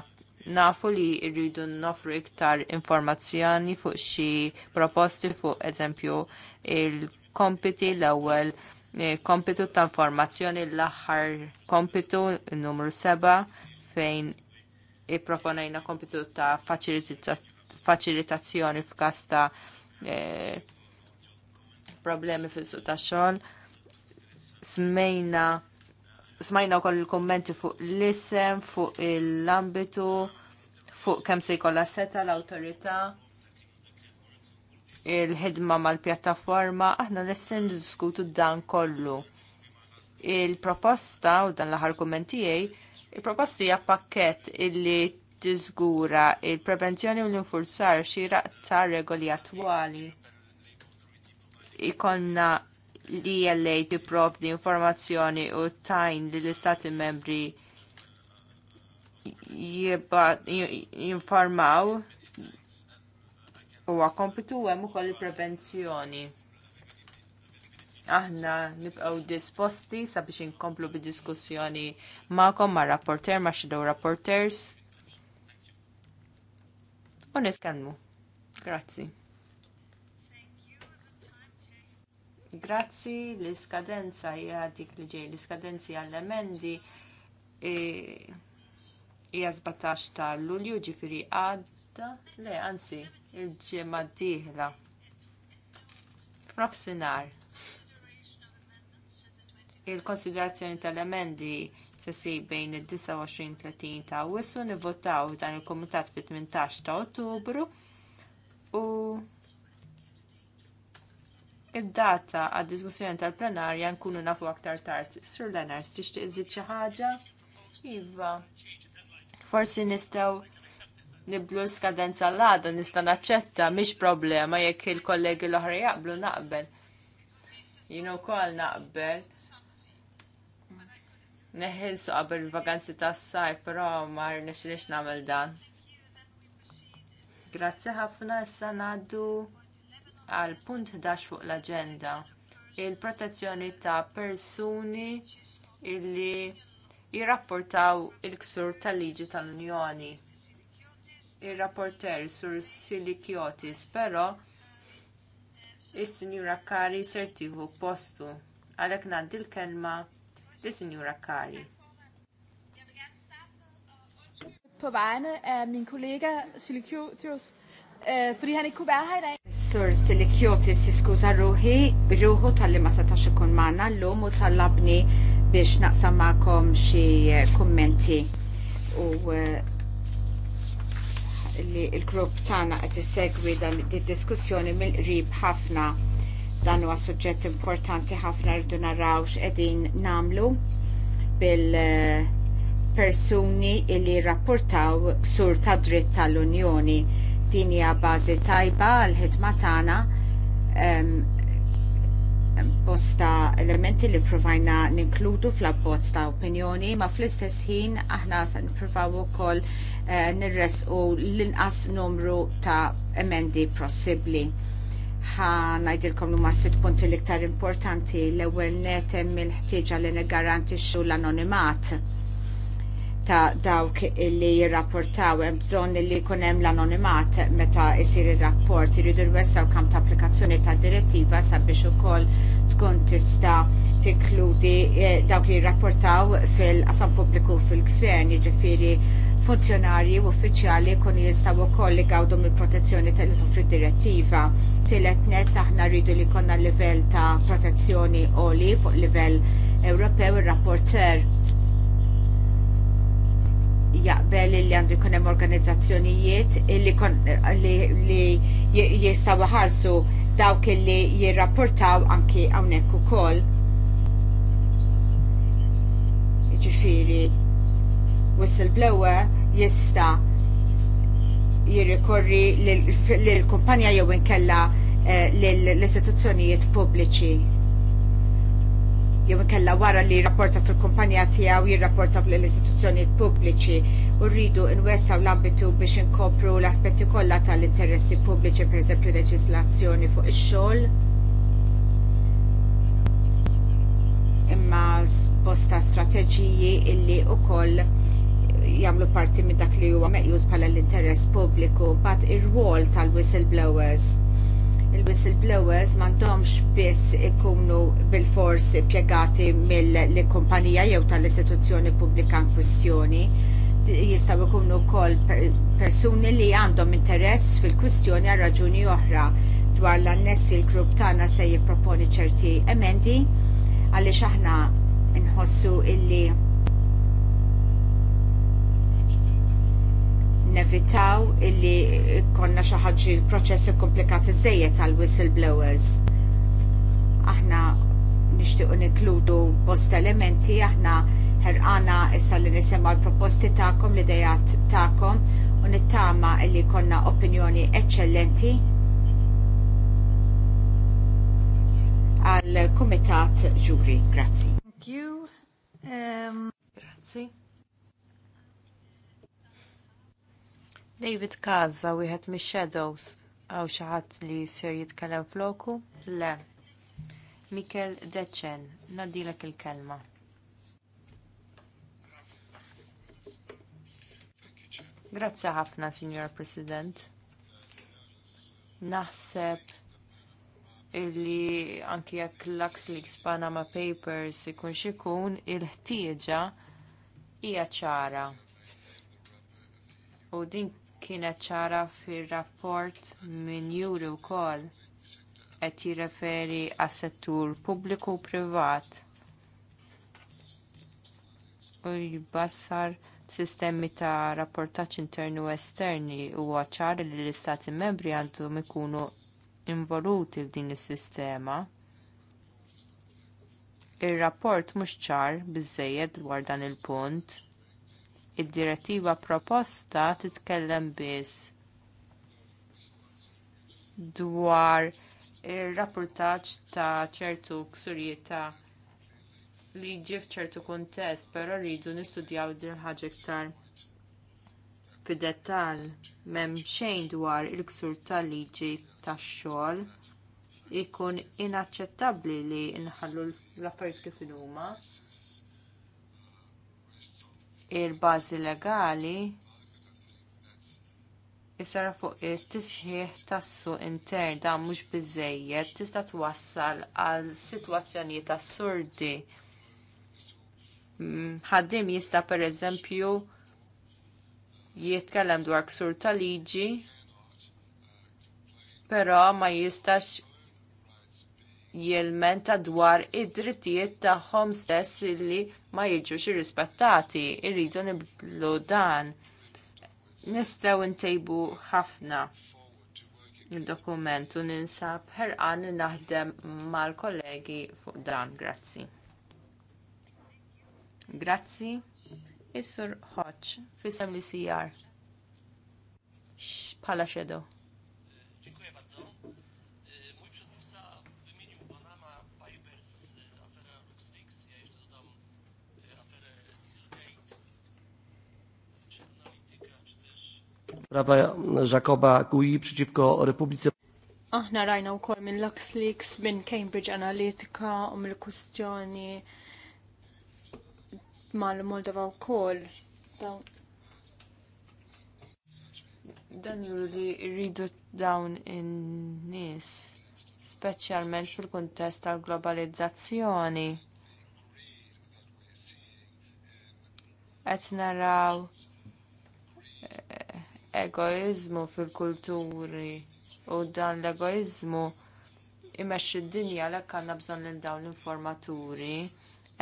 nafu li rridu nofru iktar informazzjoni fuq xi proposti fuq eżempju il-kompiti l-ewwel eh, kompitu ta' informazzjoni l-aħħar kompitu numru 7 fejn i-proponajna kompitu ta' faċilitazzjoni f'kas ta' eh, problemi fis ta' xogħol. Smejna smajna u koll il-kommenti fuq l-isem, fuq l-ambitu, fuq kem se jkolla seta l-autorita, il-ħidma mal-pjattaforma, aħna l-essin diskutu dan kollu. Il-proposta u dan l-ħar kommentijaj Il-proposti hija pakket illi tiżgura il-prevenzjoni u l-infurzar xiraq ta' regoli attwali. Ikonna l-ELA tipprovdi informazzjoni u tajn li l-Istati membri jinformaw u għakompitu għem u koll prevenzjoni aħna nibqgħu disposti sabiex inkomplu bid-diskussjoni magħkom ma' rapporter ma' xidow rapporters. U nitkellmu. Grazzi. Grazzi l-iskadenza hija dik li ġej l-iskadenzi għall-emendi e, hija 17 ta' Lulju ġifieri għadda, le anzi il-ġimgħa d-dieħla. F'nofsinhar Il-konsiderazzjoni tal-emendi se sir bejn id 29 30 ta' wissu nivvotaw dan il-Komitat fit-18 ta' Ottubru u id-data għad diskussjoni tal-plenarja nkunu nafu aktar tard. Sur Lenars, tixtieq iżid xi ħaġa? Iva. Forsi nistgħu niblu l-skadenza l-għada nista' naċċetta mhix problema jekk il-kollegi l-oħra jaqblu naqbel. Jien ukoll naqbel neħilsu qabel il-vaganzi tas saj però ma rnexilix nagħmel dan. Grazzi ħafna issa ngħaddu għal punt 11 fuq l-aġenda. Il-protezzjoni ta' persuni illi jirrapportaw il-ksur tal-liġi tal-Unjoni. Ir-rapporter sur Silikiotis, però is-Sinjura Kari sertiħu postu. Għalhekk ngħaddi l-kelma li Sinjura Kari. På vegne eh, min kollega Silikiotius, eh, fordi han ikke kunne Sur Silikiotis jiskuza ruħi, ruħu tal-li ma setax ikun maħna l-lum u tal-labni biex naqsam xie eh, kommenti u li il-grupp tana għet segwi dan di diskussjoni mill rib ħafna Dan huwa suġġett importanti ħafna rridu naraw x'qegħdin namlu bil-persuni li rrappurtaw ksur ta' dritt tal-Unjoni. Din hija bażi tajba għall ħidma tagħna bosta elementi li provajna ninkludu fl-abbozz ta' opinjoni, ma fl-istess ħin aħna se nippruvaw ukoll eh, nirresqu l-inqas numru ta' emendi possibbli ħanajdilkom l-umma sitt punti l-iktar importanti l-ewel netem il-ħtieġa li negarantixxu l-anonimat ta' dawk li jirrapportaw hemm bżonn li jkun hemm l-anonimat meta jsir ir-rapport iridu rwessaw kam ta' applikazzjoni ta' direttiva sabiex ukoll tkun tista' tikkludi eh, dawk li jirrapportaw fil-qasam pubbliku fil-gvern jiġifieri funzjonarji u uffiċjali jkunu jistgħu wkoll igawdu mill-protezzjoni tal toffri direttiva. Tielet net aħna rridu li jkollna livell ta' protezzjoni oli fuq livell Ewropew ir-rapporter jaqbel li għandu jkun hemm organizzazzjonijiet li, li, li jistgħu ħarsu dawk li jirrapportaw anki hawnhekk ukoll. Ġifieri whistleblower jista jirrikorri l kumpanja jew inkella eh, l-istituzzjonijiet pubbliċi jew inkella wara li jirrapporta fil-kumpanija tiegħu jirrapporta fl-istituzzjonijiet pubbliċi u rridu nwessaw l-ambitu biex inkopru l-aspetti kollha tal-interessi pubbliċi pereżempju leġislazzjoni fuq ix-xogħol. Imma bosta strateġiji illi wkoll jagħmlu parti minn dak li huwa meqjus bħala l-interess pubbliku, bat ir-rwol tal-whistleblowers il-whistleblowers mandomx biss ikunu bil-fors pjegati mill-kumpanija jew tal-istituzzjoni pubblika in kwistjoni jistaw ikunu wkoll persuni li għandhom interess fil-kwistjoni għal raġuni oħra dwar l-annessi l-grupp tagħna se jipproponi ċerti emendi għaliex aħna nħossu illi nevitaw illi konna xaħġi proċessi komplikati zzejiet għal whistleblowers. Aħna nishtiqu nikludu bost elementi, aħna ħerqana issa li nisema l-proposti ta'kom, l-idejat ta'kom, u nittama illi konna opinjoni eccellenti għal kumitat ġuri. Grazzi. Thank you. Um... grazie. David Kaza, wieħed mis shadows għaw xaħat li ser jitkellem floku? Le. Mikel Deċen, nadilek il-kelma. Grazzi ħafna, Signor President. Naħseb illi anki jekk l-Axlix Panama Papers ikun xikun il-ħtieġa hija ċara. U din kienet ċara fir-rapport minn juri wkoll qed jirreferi għas settur pubbliku u privat u jbassar sistemi ta' rapportaġġ internu u esterni huwa ċar li l-istati membri għandhom ikunu involuti f'din is-sistema. Ir-rapport mhux ċar biżżejjed dwar dan il-punt id-direttiva proposta titkellem biss dwar ir-rapportaġġ ta' ċertu ksurijiet ta' liġi f'ċertu kuntest, però rridu nistudjaw din ħaġa iktar fid-dettall m'hemm xejn dwar il-ksur tal-liġi tax-xogħol ikun inaċċettabbli li nħallu l-affarijiet kif huma il-bażi legali jisara fuq it-tisħiħ tas-suq intern dan mhux biżżejjed tista' twassal għal sitwazzjonijiet assurdi. Mm, Ħaddiem jista' pereżempju jitkellem dwar ksur ta' liġi, però ma jistax ta' dwar id-drittijiet tagħhom stess illi ma jiġux irrispettati, irridu nibdlu dan. Nistgħu ntejbu ħafna il-dokument u ninsab ħerqan li naħdem mal-kollegi fuq dan. Grazzi. Grazzi. is Hodge, fisem li sijar. Pala xedo. Prawa Jacoba Gui przeciwko Republice. Aħna rajna wkoll minn LuxLeaks, minn Cambridge Analytica u um mill-kustjoni mal-Moldova wkoll. Dan juru li rridu dawn in-nies, speċjalment fil-kuntest tal-globalizzazzjoni. Qed naraw egoizmu fil-kulturi u dan l-egoizmu imexxi d-dinja l għandna bżonn lil dawn l-informaturi.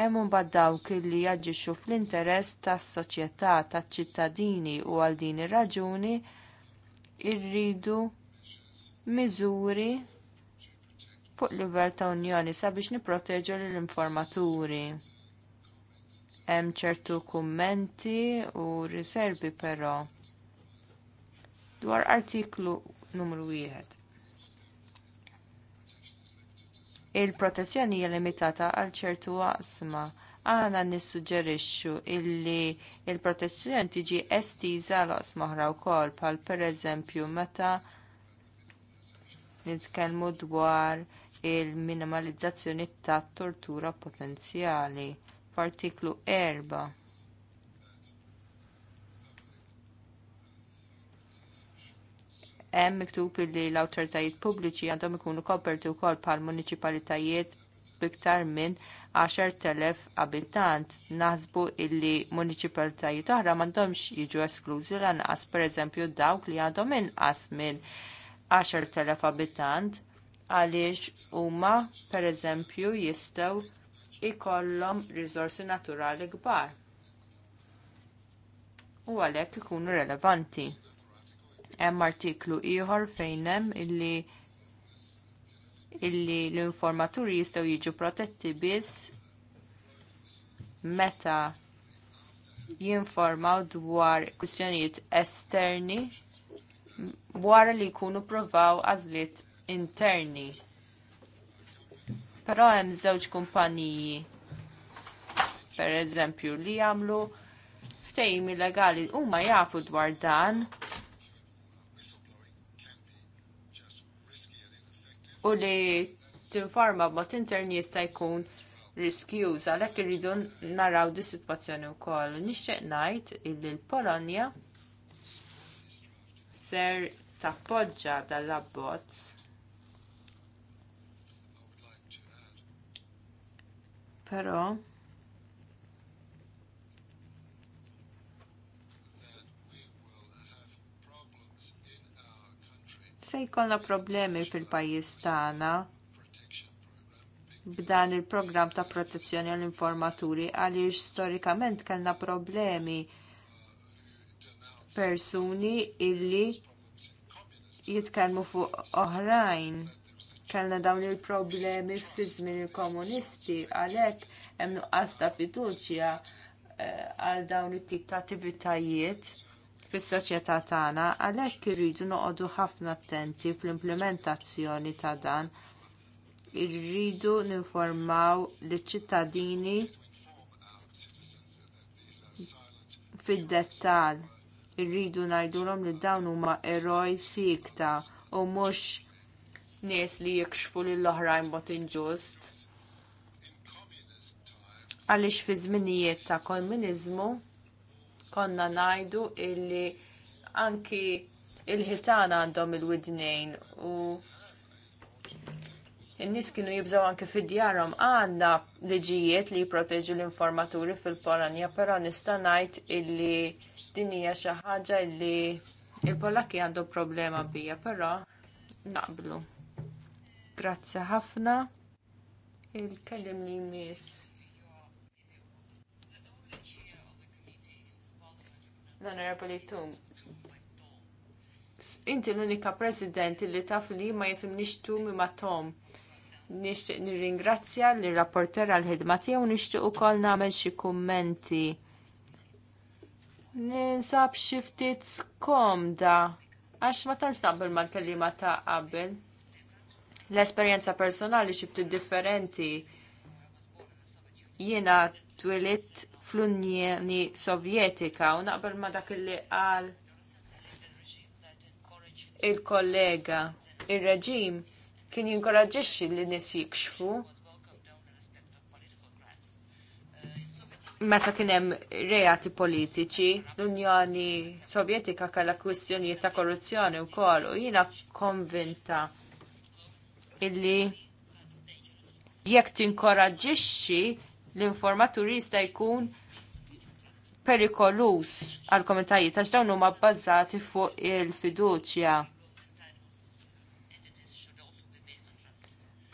Hemm imbagħad dawk li jaġixxu fl-interess tas-soċjetà taċ-ċittadini u għal din ir-raġuni irridu miżuri fuq livell ta' Unjoni sabiex nipproteġu l-informaturi. Hemm ċertu kummenti u riservi però dwar artiklu numru 1. Il-protezzjoni hija limitata għal ċertu waqsma. Għana nissuġġerixxu illi il-protezzjoni tiġi estiża loqs moħra wkoll bħal pereżempju meta nitkellmu dwar il-minimalizzazzjoni ta' tortura potenzjali f'artiklu 4 hemm miktub li l-awtoritajiet pubbliċi għandhom ikunu koperti wkoll bħal municipalitajiet biktar minn 10,000 abitant. Naħsbu illi municipalitajiet oħra m'għandhomx jiġu esklużi lanqas pereżempju dawk li għandhom inqas minn 10,000 abitant għaliex huma pereżempju jistgħu ikollhom riżorsi naturali kbar u għalhekk ikunu relevanti. Hemm artiklu ieħor fejn hemm illi illi l-informaturi jistgħu jiġu protetti biss meta jinformaw dwar kwistjonijiet esterni wara li jkunu provaw għażliet interni. Però hemm żewġ kumpaniji per eżempju li jagħmlu ftehim illegali huma jafu dwar dan u li tinforma bot intern jista' jkun riskjuż għalhekk irridu naraw di sitwazzjoni wkoll. Nixtieq ngħid illi l-Polonja ser tappoġġa dal-abbozz Però se jkollna problemi fil-pajjiż tagħna b'dan il-programm ta' protezzjoni għall informaturi għaliex storikament kellna problemi persuni illi jitkellmu fuq oħrajn kellna dawn il-problemi fi żmien il-komunisti għalhekk hemm nuqqas ta' fiduċja eh, għal dawn it-tip ta' attivitajiet fis-soċjetà tagħna għalhekk irridu noqogħdu ħafna attenti fl-implementazzjoni ta' dan. Irridu ninformaw liċ-ċittadini fid-dettall. Irridu ngħidulhom li dawn huma eroj sikta u mhux nies li jikxfu lill oħrajn bot inġust. Għaliex fi żminijiet ta' komuniżmu konna najdu illi anki il-ħitan għandhom il-widnejn u n-nis kienu jibżaw anke fid-djarom għanna liġijiet li proteġu l-informaturi fil-Polonja, pero nista' ngħid illi din hija xi ħaġa li il-Polakki għandu problema bija, però naqblu. Grazzi ħafna. Il-kellim li jmiss. l-Onorevoli Tum. Inti l-unika president li taf li ma jisimnix Tum ma Tom. Nixtieq nirringrazzja li rapporter għal ħidma tiegħu nixtieq ukoll nagħmel xi kummenti. Ninsab xi ftit skomda għax ma tantx naqbel mal-kelliema ta' qabel. L-esperjenza personali xi ftit differenti jiena twilit fl-Unjoni Sovjetika u naqbel ma dak li qal il-kollega ir-reġim kien jinkoraġġixxi li nies jikxfu meta kien hemm reati politiċi, l-Unjoni Sovjetika kellha kwistjonijiet ta' korruzzjoni wkoll u jiena konvinta illi jekk tinkoraġġixxi l-informatur jista' jkun perikolus għal kommentajiet għax dawn huma bbażati fuq il-fiduċja.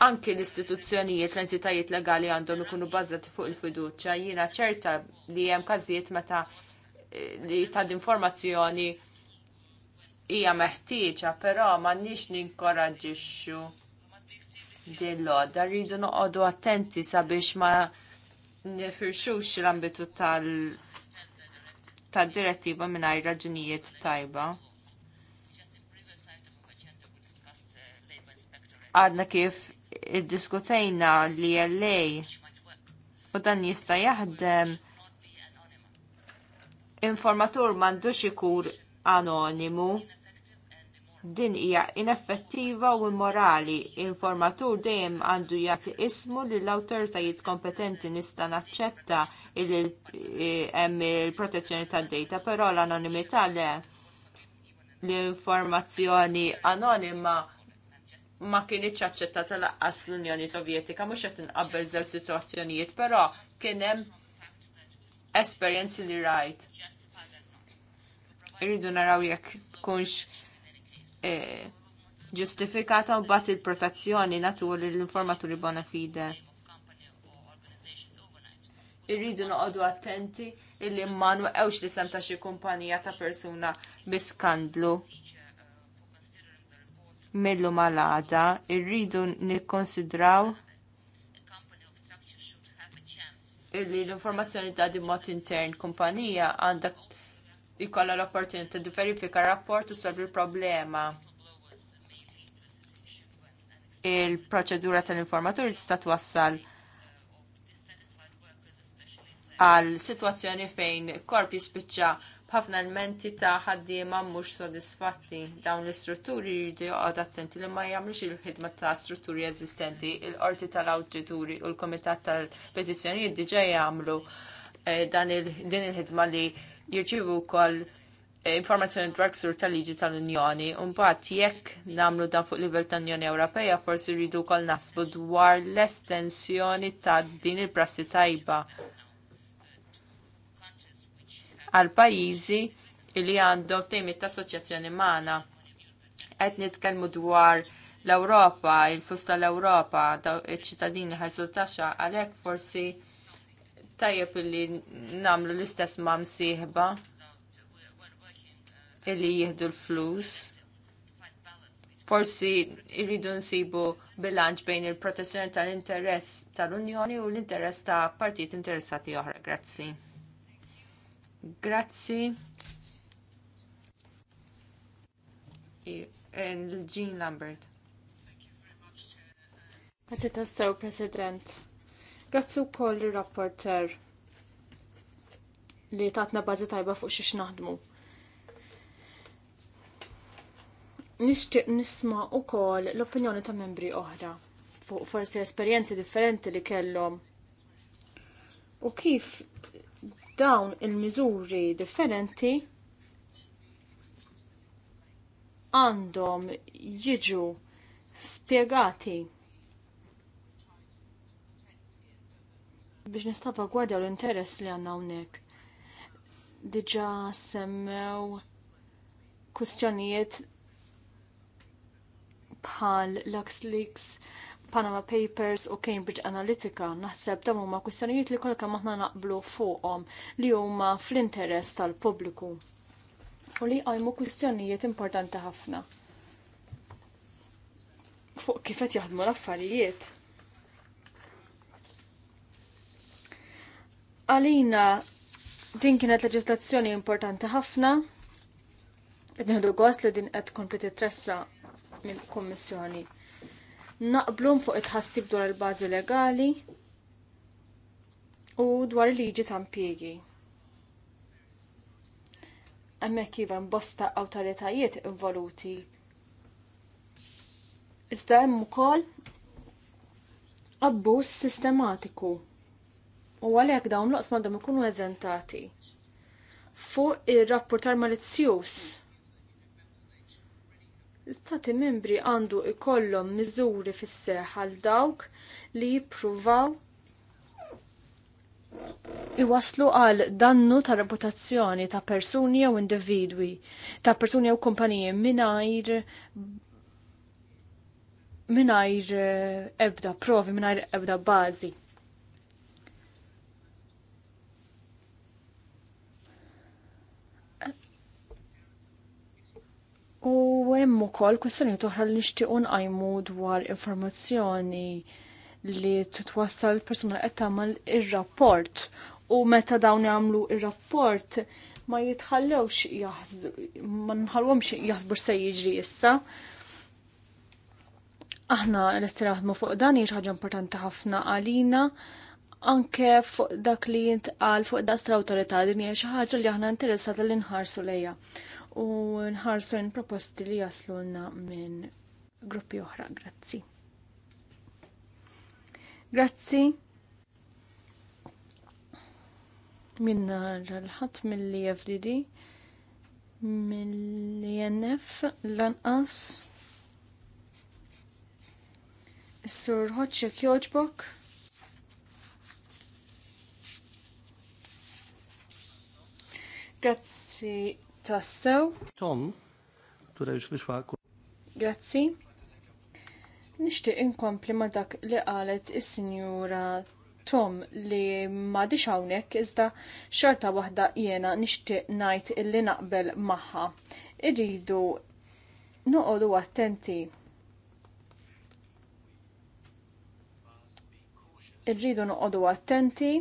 Anki l-istituzzjonijiet, l-entitajiet legali għandhom ikunu bbażati fuq il-fiduċja, jiena ċerta li hemm każijiet meta eh, li ta' informazzjoni hija meħtieġa, però m'għandniex ninkoraġġixxu din l-għodda. Rridu noqogħdu attenti sabiex ma' nifirxux l-ambitu tal- tad-direttiva mingħajr raġunijiet tajba. Għadna kif iddiskutejna li għallej u dan jista' jaħdem informatur m'għandux ikur anonimu din hija ineffettiva u immorali. Informatur dejjem għandu jagħti ismu li l awtoritajiet kompetenti nista' naċċetta eh, hemm il-protezzjoni tad-dejta, però l-anonimità le l-informazzjoni anonima ma kienitx aċċettata laqqas fl-Unjoni Sovjetika mhux qed inqabbel żew sitwazzjonijiet, però kien hemm esperjenzi li rajt. Irridu naraw jekk tkunx E, ġustifikata u bat il protazzjoni natu l-informaturi bona fide. Irridu noqodu attenti illi mmanu ewx li sem ta' xi kumpanija ta' persuna biskandlu. Millu malada, irridu nikkonsidraw illi l-informazzjoni ta' dimot intern kumpanija għandak jkollha l-opportunità di verifika rapport u solvi l-problema. Il-proċedura tal-informatur tista' twassal għal situazzjoni fejn korp jispiċċa b'ħafna elementi ta' ħaddiema mhux sodisfatti dawn l-istrutturi jridu joqgħod attenti li ma jagħmlux il-ħidma ta' strutturi eżistenti, il-qorti tal-awġituri u l-kumitat tal-petizzjonijiet diġà jagħmlu eh, dan din il-ħidma li jirċivu wkoll eh, informazzjoni dwar sur tal-liġi tal-Unjoni, un bat jekk nagħmlu dan fuq livell tal-Unjoni Ewropea forsi rridu wkoll nasbu dwar l-estensjoni ta' din il-prassi tajba għal pajjiżi li għandhom ftejmit ta' assoċjazzjoni Mana. Qed nitkellmu dwar l-Ewropa, il-fus tal-Ewropa, iċ-ċittadini ħajsu taxxa għalhekk forsi tajjeb illi namlu l-istess ma' msieħba illi jihdu l-flus. Forsi irridu nsibu bilanċ bejn il-protezzjoni tal-interess tal-Unjoni u l-interess ta' partit interessati oħra. Grazzi. Grazzi. Eh, Jean Lambert. Grazzi tassew, President. Grazzi wkoll ir-rapporter li tatna bażi tajba fuq xiex naħdmu. Nixtieq nisma' ukoll l-opinjoni ta' membri oħra fuq forsi esperjenzi differenti li kellhom u kif dawn il-miżuri differenti għandhom jiġu spiegati biex nistavagwardjaw l-interess li għandna hawnhekk. Diġà semmew kwistjonijiet bħal LuxLeaks, Panama Papers u Cambridge Analytica. Naħseb dawn huma kwistjonijiet li kolka maħna aħna naqblu fuqhom li huma fl-interess tal-pubbliku u li għajmu kwistjonijiet importanti ħafna fuq kif qed jaħdmu l-affarijiet. Għalina din kienet leġislazzjoni importanti ħafna. Nħedu gost li din qed tkun qed titressa minn kummissjoni. Naqblu fuq it-ħassib dwar il-bażi legali u dwar il-liġi ta' impjiegi. Hemmhekk iva bosta awtoritajiet involuti. Iżda hemm ukoll abbuż sistematiku u għalhekk dawn l-oqsma ikunu eżentati. Fuq ir-rapportar malizzjuż. L-Istati membri għandu ikollhom miżuri fis-seħħ għal dawk li jippruvaw iwaslu għal dannu ta' reputazzjoni ta' persuni jew individwi, ta' persuni jew kumpaniji minajr minajr ebda provi, minajr ebda bazi. U hemm ukoll kwestjoni oħra li nixtiequ nqajmu dwar informazzjoni li titwassal persuna qed tagħmel ir-rapport u meta dawn jagħmlu ir-rapport ma jitħallewx ma nħallwhomx jaħsbu se jiġri issa. Aħna l-istiraħdmu fuq dan hija ħaġa importanti ħafna għalina anke fuq dak li jintqal fuq daqs l-awtorità din hija xi ħaġa li aħna interessat li nħarsu lejha u nħarsu n-proposti li jaslunna minn gruppi oħra. Grazzi. Grazzi. Minna l-ħat mill-FDD, mill-INF, lanqas. Sur Hoċek Joġbok. Grazzi tassew. Tom, tura jux biex Grazzi. Nishtiq inkompli ma dak li qalet is-sinjura Tom li ma hawnhekk iżda xorta waħda jiena nixtieq ngħid illi naqbel magħha. Irridu noqogħdu attenti. Irridu noqogħdu attenti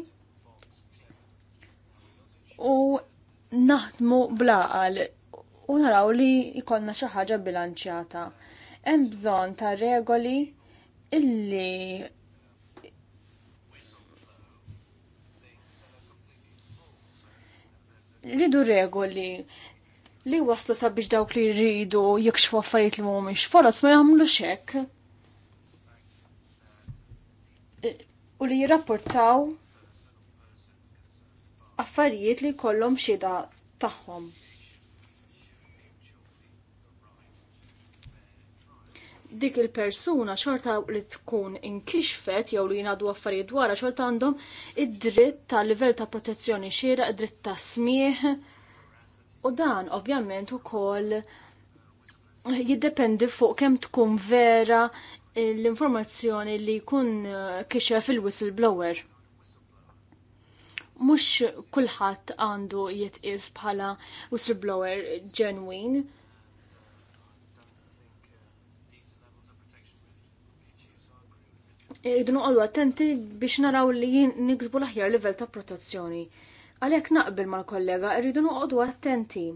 u naħdmu blaqal u naraw li jkollna xi ħaġa bilanċjata. Hemm bżonn ta' regoli illi ridu regoli li waslu sabiex dawk li jridu jikxfu affarijiet li mhumiex forz ma jagħmlux hekk. U li jirrapportaw affarijiet li kollhom xida tagħhom. dik il-persuna xorta li tkun inkixfet jew li jingħadu affarijiet dwarha xorta għandhom id-dritt ta' livell ta' protezzjoni xira, id-dritt ta' smieħ. U dan ovvjament ukoll jiddependi fuq kemm tkun vera l-informazzjoni li jkun kixef il-whistleblower mhux kulħadd għandu jitqies bħala whistleblower ġenwin. Irridu noqgħodu attenti biex naraw li jien niksbu l-aħjar livell ta' protezzjoni. Għalhekk naqbel mal-kollega irridu noqogħdu attenti.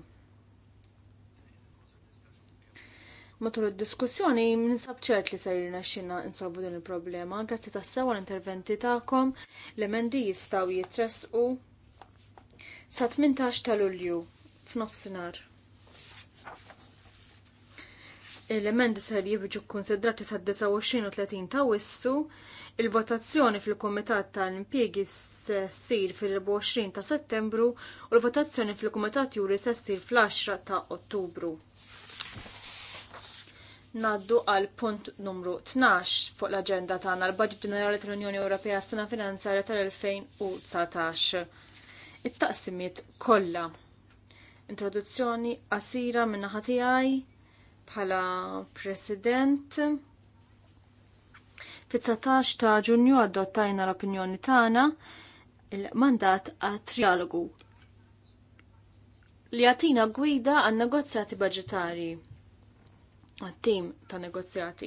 matul id-diskussjoni ninsab ċert li ser jirnexxina insolvu din il-problema. Grazzi tassew l interventi tagħkom l-emendi jistgħu u sa 18 ta' Lulju f'nofsinhar. L-emendi ser jibġu konsidrati sa' 29 u 30 ta' wissu, il-votazzjoni fil-Komitat tal-Impjegi s-sir fil-24 ta' settembru u l-votazzjoni fil-Komitat Juri s-sir fl-10 ta' ottubru. Naddu għal punt numru 12 fuq l-agenda tagħna l-Budget Ġenerali tal-Unjoni Ewropea s-sena finanzjarja tal-2019. It-taqsimiet kollha. Introduzzjoni qasira minn naħa tiegħi bħala President. Fit-19 ta' Ġunju adottajna l-opinjoni tagħna il-mandat għat trialogu li għatina gwida għan negozjati budgetari għat-tim ta' negozjati.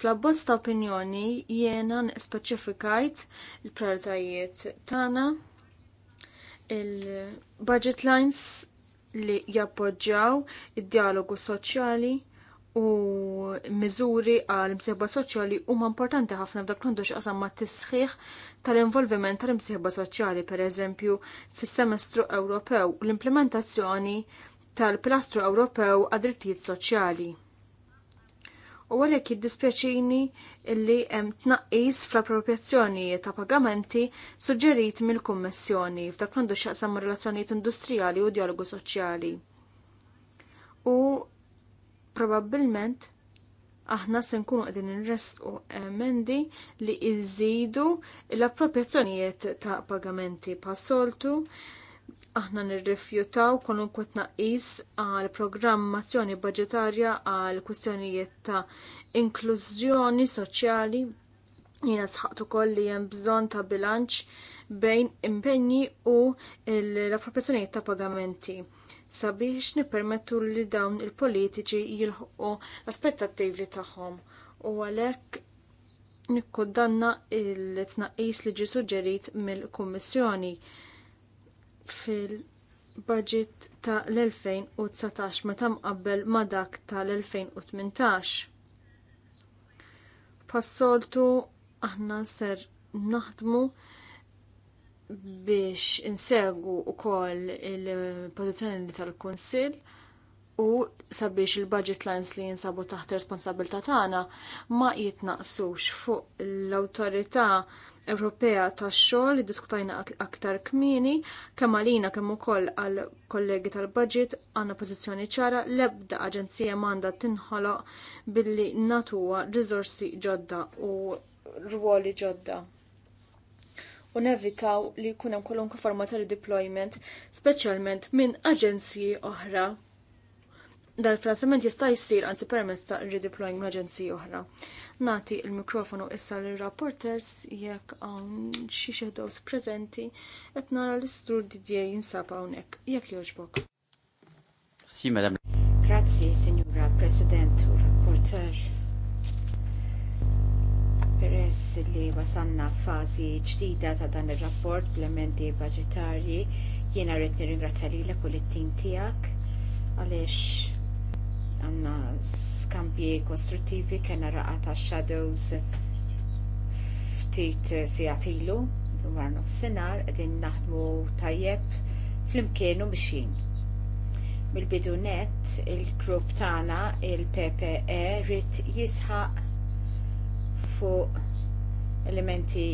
Fl-abbozz ta' opinjoni jiena speċifikajt il-prioritajiet tagħna il-budget lines li jappoġġjaw id-dialogu soċjali u miżuri għal msieħba soċjali huma importanti ħafna f'dak l-għandu ma' tisħiħ tal-involviment tal-imsieħba soċjali, pereżempju fis-semestru Ewropew u l-implementazzjoni tal-Pilastru Ewropew għad-drittijiet soċjali u għalhekk jiddispjaċini illi hemm tnaqqis fl-appropriazzjoni ta' pagamenti suġġerit mill-Kummissjoni f'dak għandu x'jaqsam relazzjonijiet industrijali u dialogu soċjali. U probabbilment aħna se nkunu qegħdin nresqu emendi li jżidu l-appropriazzjonijiet ta' pagamenti pas-soltu aħna nirrifjutaw kwalunkwe tnaqqis għal programmazzjoni budgetarja għal kwistjonijiet ta' inklużjoni soċjali jiena sħaqtu ukoll li hemm bżonn ta' bilanċ bejn impenji u l-appropriazzjonijiet ta' pagamenti sabiex nippermettu li dawn il-politiċi jilħqu l-aspettattivi tagħhom u għalhekk nikkundanna il-tnaqqis li ġie suġġerit mill-Kummissjoni fil-budget ta' l-2019 meta mqabbel ma' dak tal-2018. Passoltu aħna ser naħdmu biex insegu u koll il-pozizjoni tal-Konsil u sabiex il-budget lines li jinsabu taħt responsabilta tagħna ma jitnaqsux fuq l-autorità Ewropea tax-xogħol li diskutajna aktar kmieni, kemm għalina kemm ukoll għal kollegi tal-budget għandna pożizzjoni ċara l-ebda aġenzija m'għandha tinħoloq billi natuha riżorsi ġodda u rwoli ġodda u nevitaw li jkun hemm kwalunkwe forma ta' redeployment, speċjalment minn aġenziji oħra. Dal-finanzjament jista' jsir anzi permezz ta' redeploying aġenziji oħra. Nati il-mikrofonu issa l-rapporters jekk għan xi shadows prezenti qed nara l-istru Didier jinsab hawnhekk jekk jogħġbok. Si, madam. Grazzi, Signora President u Rapporter. Peress li wasanna fazi ġdida ta' dan ir-rapport bl-emendi budgetarji, jiena rrid nirringrazzja lilek u lit-tim tiegħek għaliex għanna skambji kostruttivi kena raqata ta' shadows ftit sijatilu l-umar nofsinar għedin naħdmu tajjeb fl-imkienu mxin. Mil-bidu net, il-grupp tana, il-PPE, rrit jisħaq fuq elementi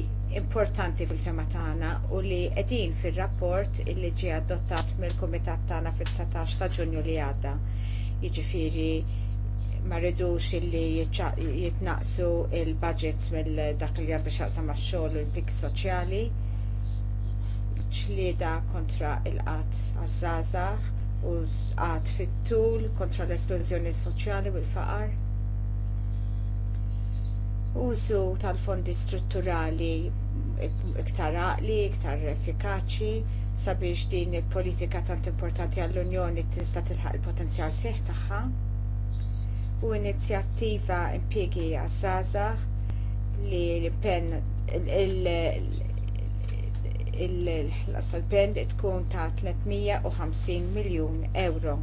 importanti fil-fema tagħna u li qegħdin fir-rapport li ġie adottat mill-Kumitat tagħna fil-19 ta' Ġunju li għadda jiġifieri ma rridux illi jitnaqsu l budgets mill dak li għandu xaqsa ma' xogħol u l-pik soċjali ċlieda kontra il-qat għazzazax u qat fit-tul kontra l-esklużjoni soċjali u l-faqar użu tal-fondi strutturali iktar għaqli, iktar effikaċi sabiex din il-politika tant importanti għall-Unjoni tista' tilħaq il-potenzjal sieħ tagħha. U inizjattiva impjiegi għażażagħ li l-pen il-pen tkun ta' 350 miljun euro.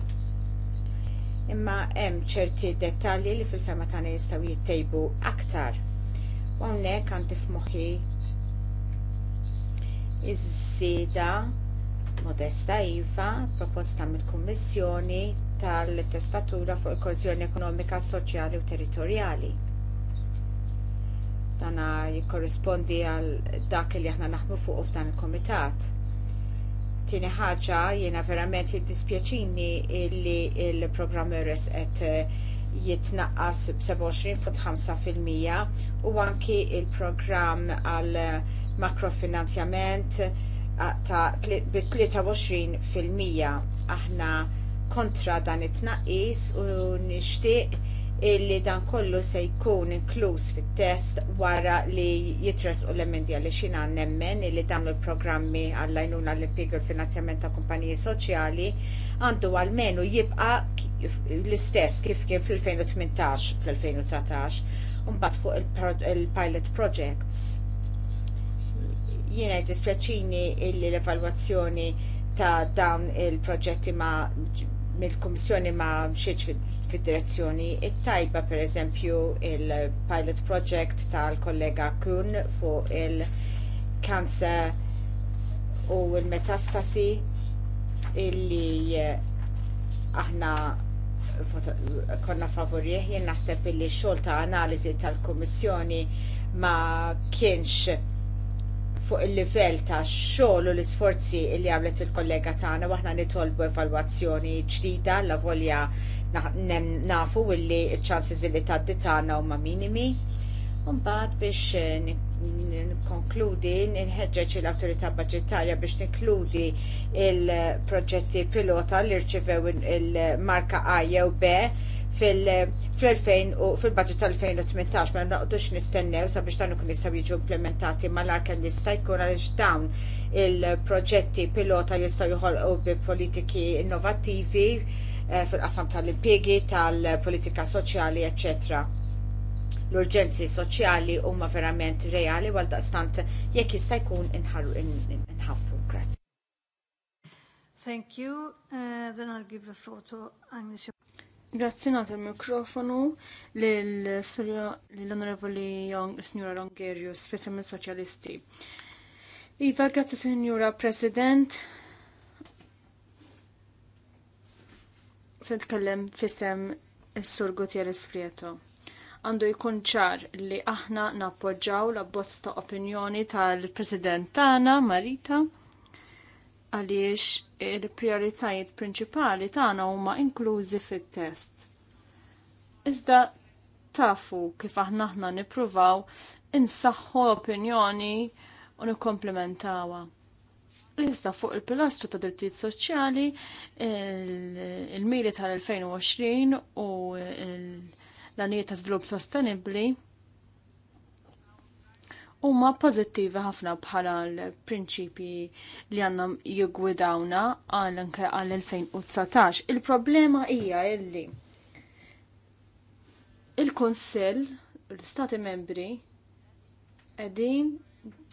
Imma hemm ċerti dettalji li fil-fema tani jistgħu jittejbu aktar. U hawnhekk għandi f'moħħi iż-żieda modesta iva proposta mill-Kummissjoni tal-testatura fuq il-kożjoni ekonomika, soċjali u territorjali. Dana jikkorrispondi għal dak li aħna naħmu fuq f'dan il kumitat Tieni ħaġa jiena verament jiddispjaċini li l programm qed eh, jitnaqqas b'27.5% u anki l programm għal makrofinanzjament ta' bi 23 fil-mija. Aħna kontra dan it-tnaqqis u nixtieq illi dan kollu se jkun inkluż fit-test wara li jitres u l-emendi għalli xina nemmen illi dawn il-programmi għallajnuna l-impiegu l-finanzjament ta' kumpaniji soċjali għandu għalmenu jibqa l-istess kif kien fil-2018 fil-2019 un bat fuq il-pilot projects Jiena dispjaċini illi l-evalwazzjoni ta' dawn il-proġetti ma' mill-Kummissjoni ma' mxieċ fid-direzzjoni it-tajba per eżempju il-pilot project tal-kollega Kun fuq il-kanser u il-metastasi illi eh, aħna konna favorieħ jien naħseb illi x ta' analiżi tal-Kummissjoni ma kienx fuq il-livell ta' xogħol u l-isforzi li għamlet il-kollega tagħna waħna nitolbu evalwazzjoni ġdida la volja nafu illi ċ-ċansiż li tgħaddi tagħna huma minimi. Mbagħad biex eh, nkonkludi nħeġġeġ l-Awtorità Baġitarja biex tinkludi il-proġetti pilota li rċivew il-marka A jew B fil-2000 u fil-budget tal-2018 ma naqdux nistennew sabiex dan ikun jistgħu jiġu implementati malar kemm jista' jkun għaliex dawn il-proġetti pilota jistgħu joħolqu bi politiki innovattivi eh, fil-qasam tal-impjegi, tal-politika soċjali, eccetera l-urġenzi soċjali huma verament reali għal daqstant jekk jista' jkun inħaffu. Grazzi. Thank you. Uh, then I'll give the floor to Agnes. Grazzi nagħti il-mikrofonu lill-Onorevoli Young, signora Longerius, Rongerius, fissem soċjalisti Iva, grazzi signora President. Se kellem fissem is-Sur Gutierrez Frieto għandu jkun ċar li aħna nappoġġaw la bozza ta' opinjoni tal-President Tana Marita għaliex il-prioritajiet prinċipali tagħna huma inklużi fit-test. Iżda tafu kif aħna aħna nippruvaw insaħħu opinjoni u nikkomplementawha. Iżda fuq il-pilastru ta' drittijiet soċjali il-miri tal-2020 u l-għanijiet ta' żvilupp sostenibbli huma pożittivi ħafna bħala l-prinċipi li għandhom jigwidawna għal anke għal 2019. Il-problema hija illi il-Kunsill, l-Stati membri qegħdin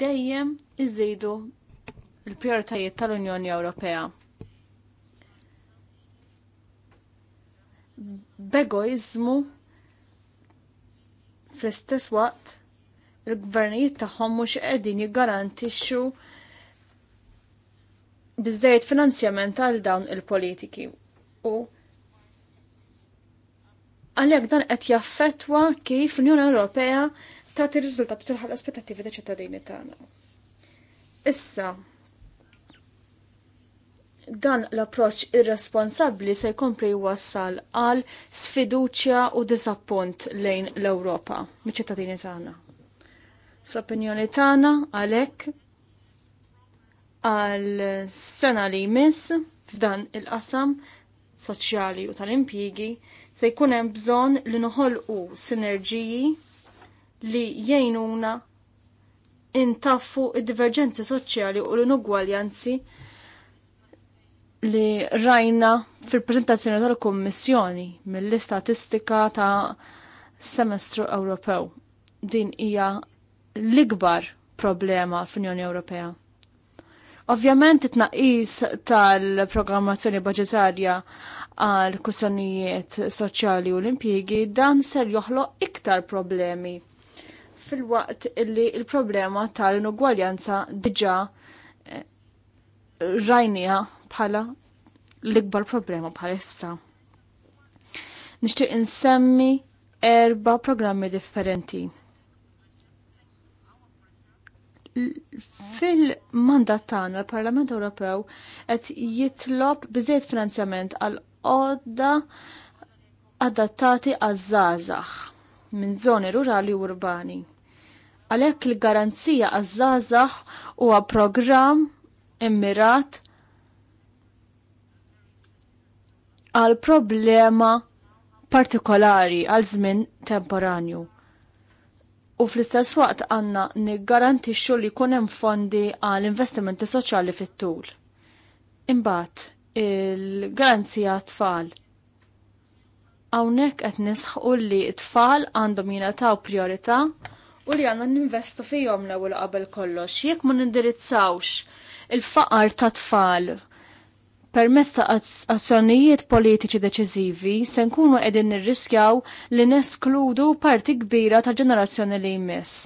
dejjem iżidu l-prijoritajiet tal-Unjoni Ewropea. Begoizmu fl-istess waqt il-gvernijiet tagħhom mhux qegħdin jiggarantixxu biżdejjed finanzjament għal dawn il-politiki. U għalhekk dan qed jaffettwa kif l-Unjoni Ewropea tagħti riżultati tilħaq l-aspettattivi ta' ċittadini tagħna. Issa, dan l-approċ irresponsabbli se jkompli jwassal għal sfiduċja u disappunt lejn l-Ewropa miċ-ċittadini tagħna. Fl-opinjoni tagħna għalhekk għal sena li jmiss f'dan il-qasam soċjali u tal-impjigi se jkun hemm bżonn li noħolqu sinerġiji li jgħinuna intaffu id-diverġenzi soċjali u l-inugwaljanzi li rajna fil-prezentazzjoni tal-Kommissjoni mill-istatistika ta' semestru Ewropew. Din hija l-ikbar problema fl-Unjoni Ewropea. Ovvjament it-naqis tal-programmazzjoni budgetarja għal kustanijiet soċjali u l-impjegi dan ser joħloq iktar problemi fil-waqt illi il-problema tal-inugwaljanza diġa eh, rajnija bħala l-ikbar problema bħalissa. Nixtieq insemmi erba programmi differenti fil-mandat tagħna l parlament Ewropew qed jitlob biżejjed finanzjament għal għodda adattati għaż-żgħażagħ minn żoni rurali u urbani. Għalhekk il-garanzija għaż-żgħażagħ huwa programm immirat għal problema partikolari għal żmien temporanju. U fl-istess waqt għanna niggarantixxu li jkun hemm fondi għal investimenti soċjali fit-tul. Imbagħad il-garanzija tfal. Hawnhekk qed nisħu li t-tfal għandhom jingħataw priorità u li għandna ninvestu fihom l-ewwel qabel kollox. Jekk ma nindirizzawx il-faqar ta' tfal permezz ta' azzjonijiet politiċi deċiżivi se nkunu qegħdin nirriskjaw li neskludu parti kbira ta' ġenerazzjoni li jmiss.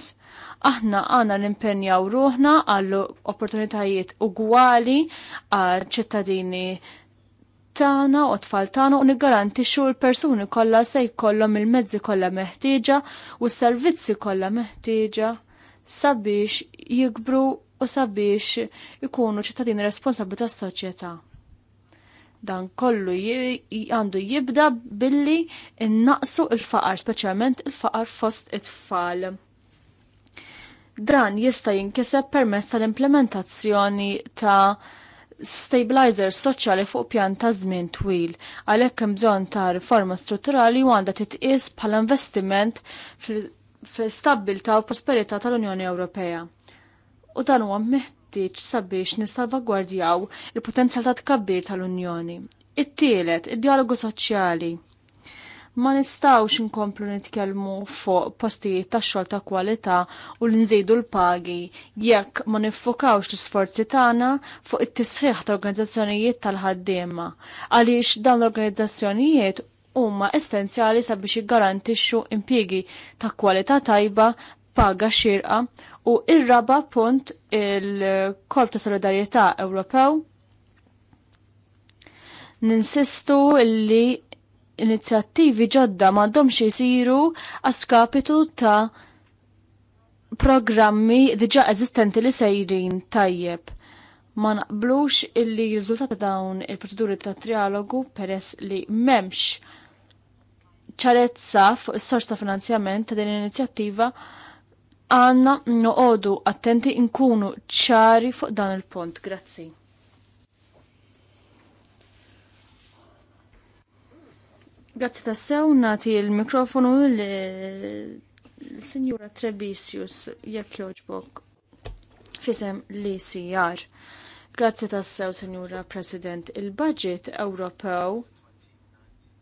Aħna għana nimpenjaw ruħna għall opportunitajiet ugwali għal ċittadini tagħna u tfal tagħna u niggarantixxu l-persuni kollha se jkollhom il-mezzi kollha meħtieġa u s-servizzi kollha meħtieġa sabiex jikbru u sabiex ikunu ċittadini responsabbli tas-soċjetà. Dan kollu għandu jibda billi innaqsu il-faqar, speċjalment il-faqar fost it-tfal. Dan jista' jinkiseb permezz tal-implementazzjoni ta' stabilizer soċjali fuq pjan ta' żmien twil, għalhekk hemm bżonn ta' riforma strutturali u għandha titqies bħala investiment fl-stabbilta u prosperità tal-Unjoni Ewropea. U dan huwa meħtieġ sabiex nissalvagwardjaw il-potenzjal ta' tkabbir tal-Unjoni. It-tielet, id-dialogu soċjali. Ma nistawx inkomplu nitkellmu fuq postijiet ta' xogħol ta' kwalità u li nżidu l-pagi jekk ma niffokawx l-isforzi tagħna fuq it-tisħiħ ta' organizzazzjonijiet tal-ħaddiema għaliex dawn l-organizzazzjonijiet huma essenzjali sabiex jiggarantixxu impjiegi ta' kwalità tajba paga xirqa U irraba raba punt il-Korp ta' Solidarjetà Ewropew ninsistu li inizjattivi ġodda m'għandhomx isiru għaskapitu ta' programmi diġa eżistenti li sejrin tajjeb. Ma naqblux illi riżultat ta' dawn il-proċeduri ta' trialogu peress li memx ċarezza fuq is-sorts ta' finanzjament ta' din l-inizjattiva għanna noqodu attenti nkunu ċari fuq dan il-pont. Grazzi. Grazzi tassew, nati il-mikrofonu l-Sinjura Trebisius, jekk joġbok, fisem li sijar. Grazzi tassew, Sinjura President, il-budget Ewropew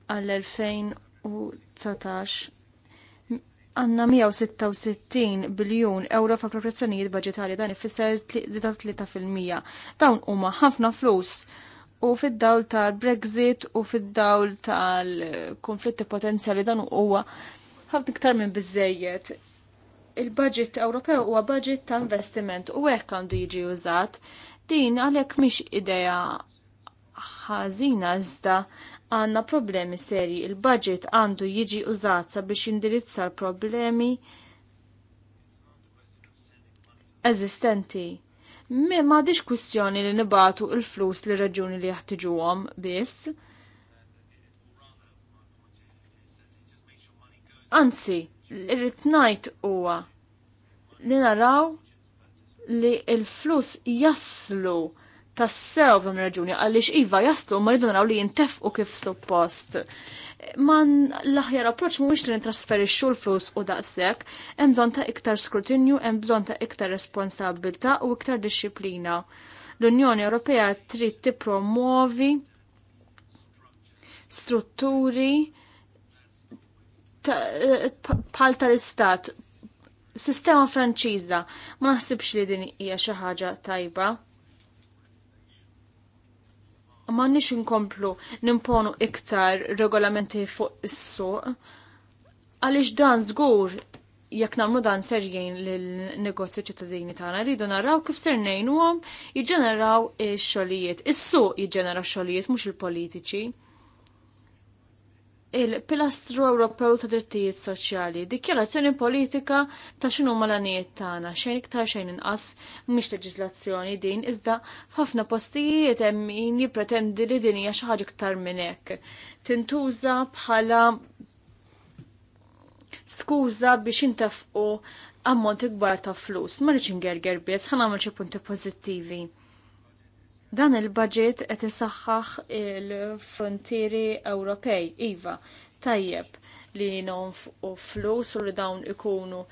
għall-2019 għanna 166 biljun euro fa' proprezzjonijiet budgetarji dan ifisser zita 3%. Dawn huma ħafna flus u fid-dawl tal-Brexit u fid-dawl tal-konflitti potenzjali dan huwa ħafna iktar minn biżejjed. Il-budget Ewropew huwa budget ta' investiment u hekk għandu jiġi użat. Din għalhekk mhix idea ħażina iżda għanna problemi seri. Il-budget għandu jiġi użat sabiex indirizza l-problemi eżistenti. Me ma diġ kwistjoni li nibatu il-flus li raġuni li jaħtiġuhom biss. Anzi, l-ritnajt huwa li naraw li il-flus jaslu tassew f'din raġuni għaliex iva jastu ma rridu naraw li jintefqu kif suppost. Man l-aħjar mu mhuwiex li trasferi xul flus u daqshekk, hemm bżonn ta' iktar skrutinju, hemm bżonn ta' iktar responsabilità u iktar disċiplina. L-Unjoni Ewropea trid tippromuovi strutturi eh, bħal tal-istat, sistema franċiża, ma naħsibx li din hija xi ħaġa tajba ma nix nkomplu nimponu iktar regolamenti fuq is-suq. Għaliex dan żgur jekk nagħmlu dan serjejn lill-negozju ċittadini tagħna rridu naraw kif ser ngħinuhom jiġġeneraw ix xogħlijiet Is-suq jiġġenera x-xogħlijiet mhux il-politiċi il-pilastru Ewropew ta' drittijiet soċjali, dikjarazzjoni politika ta' xinu malanijiet tagħna, xejn iktar xejn inqas mhix leġiżlazzjoni din iżda f'ħafna postijiet hemm min jippretendi li din hija xi ħaġa iktar minn hekk. Tintuża bħala skuża biex intefqu ammont ikbar ta' flus, ma rridx ingerger biss, ħanagħmel xi punti pożittivi Dan il-budget qed isaħħaħ il-frontieri Ewropej, iva, tajjeb li u flus u li dawn ikunu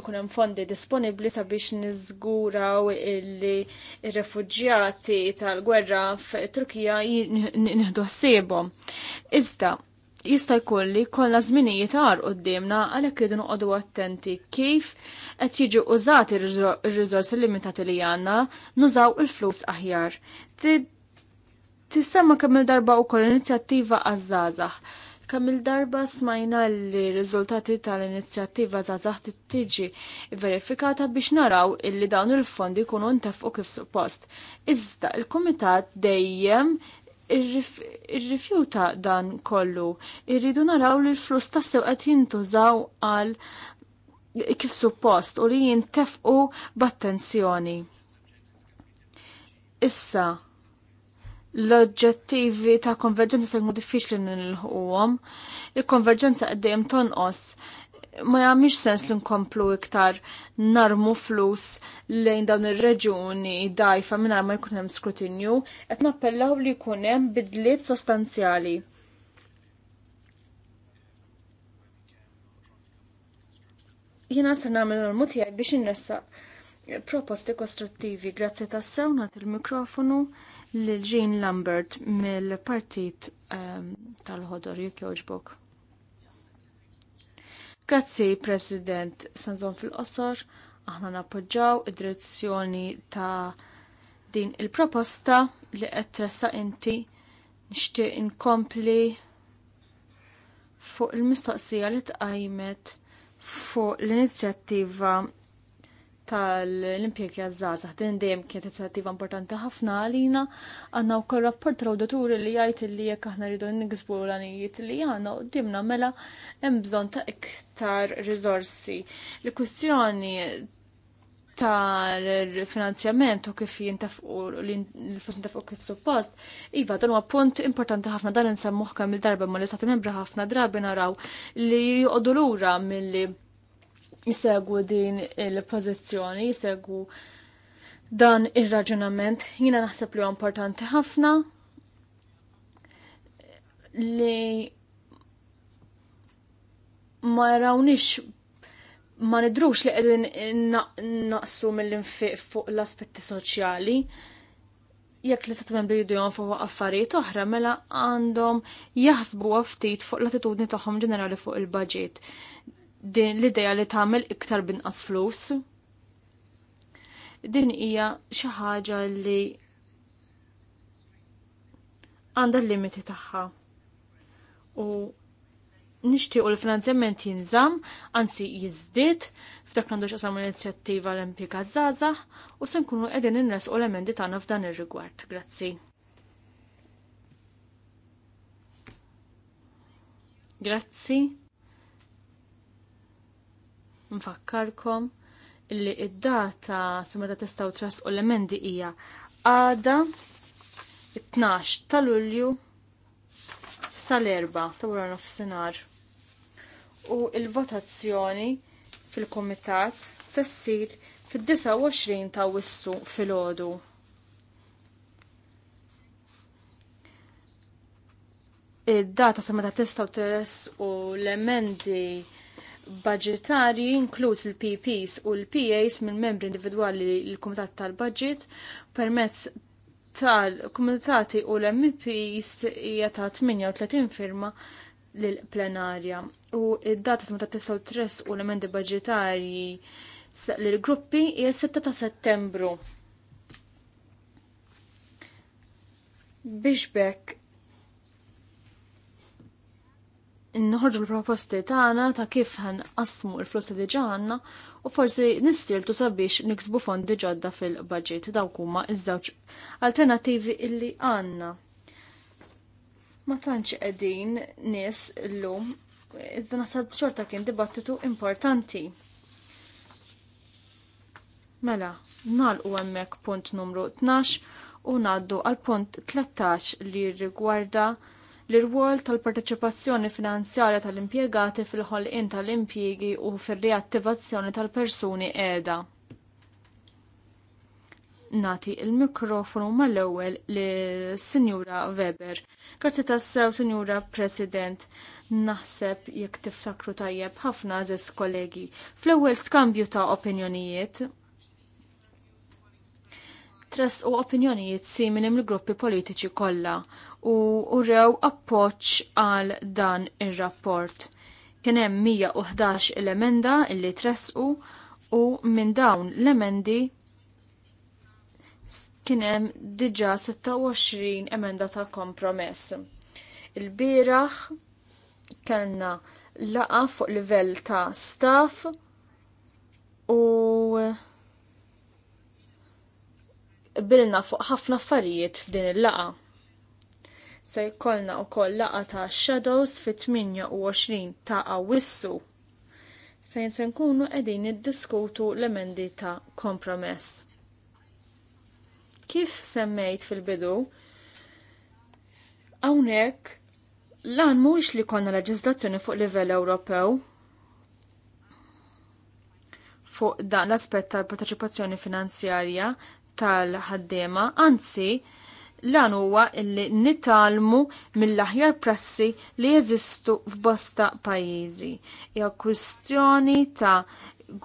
ikun hemm fondi disponibbli sabiex niżguraw li r-refuġjati tal-gwerra f'Turkija nieħdu ħsiebhom. Iżda jista' jkolli kollha żminijiet għar qudiemna għalhekk idu noqogħdu attenti kif qed jiġu użati r-riżorsi limitati li għandna nużaw il-flus aħjar. Tissemma kemm il-darba wkoll inizjattiva għaż Kam Kemm il-darba smajna li r-riżultati tal-inizjattiva żgħażagħ tittiġi verifikata biex naraw illi dawn il-fondi jkunu ntefqu kif suppost. Iżda il-Kumitat dejjem irrifjuta dan kollu. Irridu naraw li l-flus tassew qed jintużaw għal kif suppost u li jintefqu b'attenzjoni. Issa, l-oġġettivi ta' konverġenza se jkunu diffiċli nilħuhom. Il-konverġenza qegħdejjem tonqos ma jagħmilx sens li nkomplu iktar narmu flus lejn dawn ir-reġuni dajfa mingħajr ma jkun hemm skrutinju, qed nappellaw li jkun hemm bidliet sostanzjali. Jiena ser nagħmel l tiegħi biex innessaq proposti kostruttivi grazzi tassew nagħti il-mikrofonu lil Jean Lambert mill-Partit ehm, tal-Ħodor jekk jogħġbok. Grazzi, President Sanzon fil-qosor, aħna nappoġġaw id-direzzjoni ta' din il-proposta li qed tressa inti nixtieq inkompli fuq il-mistoqsija li tqajmet fuq l-inizjattiva tal-impjegi jazzazah Din dejjem kienet inizjattiva importanti ħafna għalina. Għandna wkoll rapport rawdaturi li jgħid li jekk aħna rridu niksbu l-għanijiet li għandna qudiemna mela hemm bżonn ta' iktar riżorsi. l kwistjoni tal-finanzjament u kif jintafqu l-flus jintafqu kif suppost, iva dan huwa punt importanti ħafna dan insemmuh kemm il-darba ma li ta' membri ħafna drabi naraw li jqogħdu lura milli jisegwu din il-pozizjoni, jisegwu dan ir-raġunament. Jina naħseb li importanti ħafna li ma rawnix ma nidrux li qegħdin naqsu mill-infiq fuq l-aspetti soċjali jekk li tatmen jom fuq affarijiet oħra mela għandhom jaħsbu ftit fuq l-attitudni tagħhom ġenerali fuq il-budget din l-ideja li tagħmel iktar binqas flus. Din hija xi ħaġa li għandha l-limiti tagħha. U nixtiequ l-finanzjament jinżamm, anzi jiżdied, f'dak għandu x'qasam l-inizjattiva l Olimpika żgħażagħ u se nkunu qegħdin inresqu l-emendi tagħna f'dan ir-rigward. Grazzi. Grazzi. Nfakkarkom illi id-data sa meta tras trasqu l-emendi hija għada 12 ta' Lulju sal-erba ta' wara nofsinhar. U il-votazzjoni fil-komitat se ssir fid-29 ta' Wissu filgħodu. Id-data sema meta tistgħu tras u l-emendi budgetari inkluż il-PPs u l-PAs minn membri individwali l-Kumitat tal-Budget permezz tal-Kumitati u l-MPs hija ta' 38 firma lill-plenarja u id-data meta tistgħu tress u l-emendi budġetarji lill-gruppi hija 6 ta' Settembru. Biex bekk nħorġu l-proposti tagħna ta' kif ħan qasmu l-flus li ġanna u forsi nistiltu sabiex niksbu fondi ġodda fil-budget dawk huma iż-żewġ alternattivi illi għandna. Ma tantx qegħdin nies llum iżda naħseb xorta kien dibattitu importanti. Mela, nalqu hemmhekk punt numru 12 u ngħaddu għal punt 13 li rigwarda L-irwol tal-parteċipazzjoni finanzjarja tal-impjegati fil-ħolqien tal-impjiegi u fir reattivazzjoni tal-persuni qiegħda. Nati il-mikrofonu mal-ewwel li Sinjura Weber. Grazzi tassew, Sinjura President naħseb jekk tiftakru tajjeb ħafna żis kollegi. Fl-ewwel skambju ta' opinjonijiet, trest u opinjonijiet si minn il-gruppi politiċi kollha u urew appoġġ għal dan ir-rapport. Kien hemm 111 l-emenda illi tresqu u minn dawn l-emendi kien hemm diġà 26 emenda ta' kompromess. Il-bieraħ kellna laqa fuq livell ta' staff u bilna fuq ħafna affarijiet f'din il-laqa se jkollna wkoll laqa ta' Shadows fit-28 ta' Awwissu fejn se nkunu qegħdin diskutu l-emendi ta' kompromess. Kif semmejt fil-bidu, hawnhekk lan mhuwiex li konna leġizlazzjoni fuq livell Ewropew fuq dan l-aspett tal-parteċipazzjoni finanzjarja tal-ħaddiema, anzi, lan huwa illi nitalmu mill-aħjar prassi li jeżistu f'bosta pajjiżi. Hija kwistjoni ta'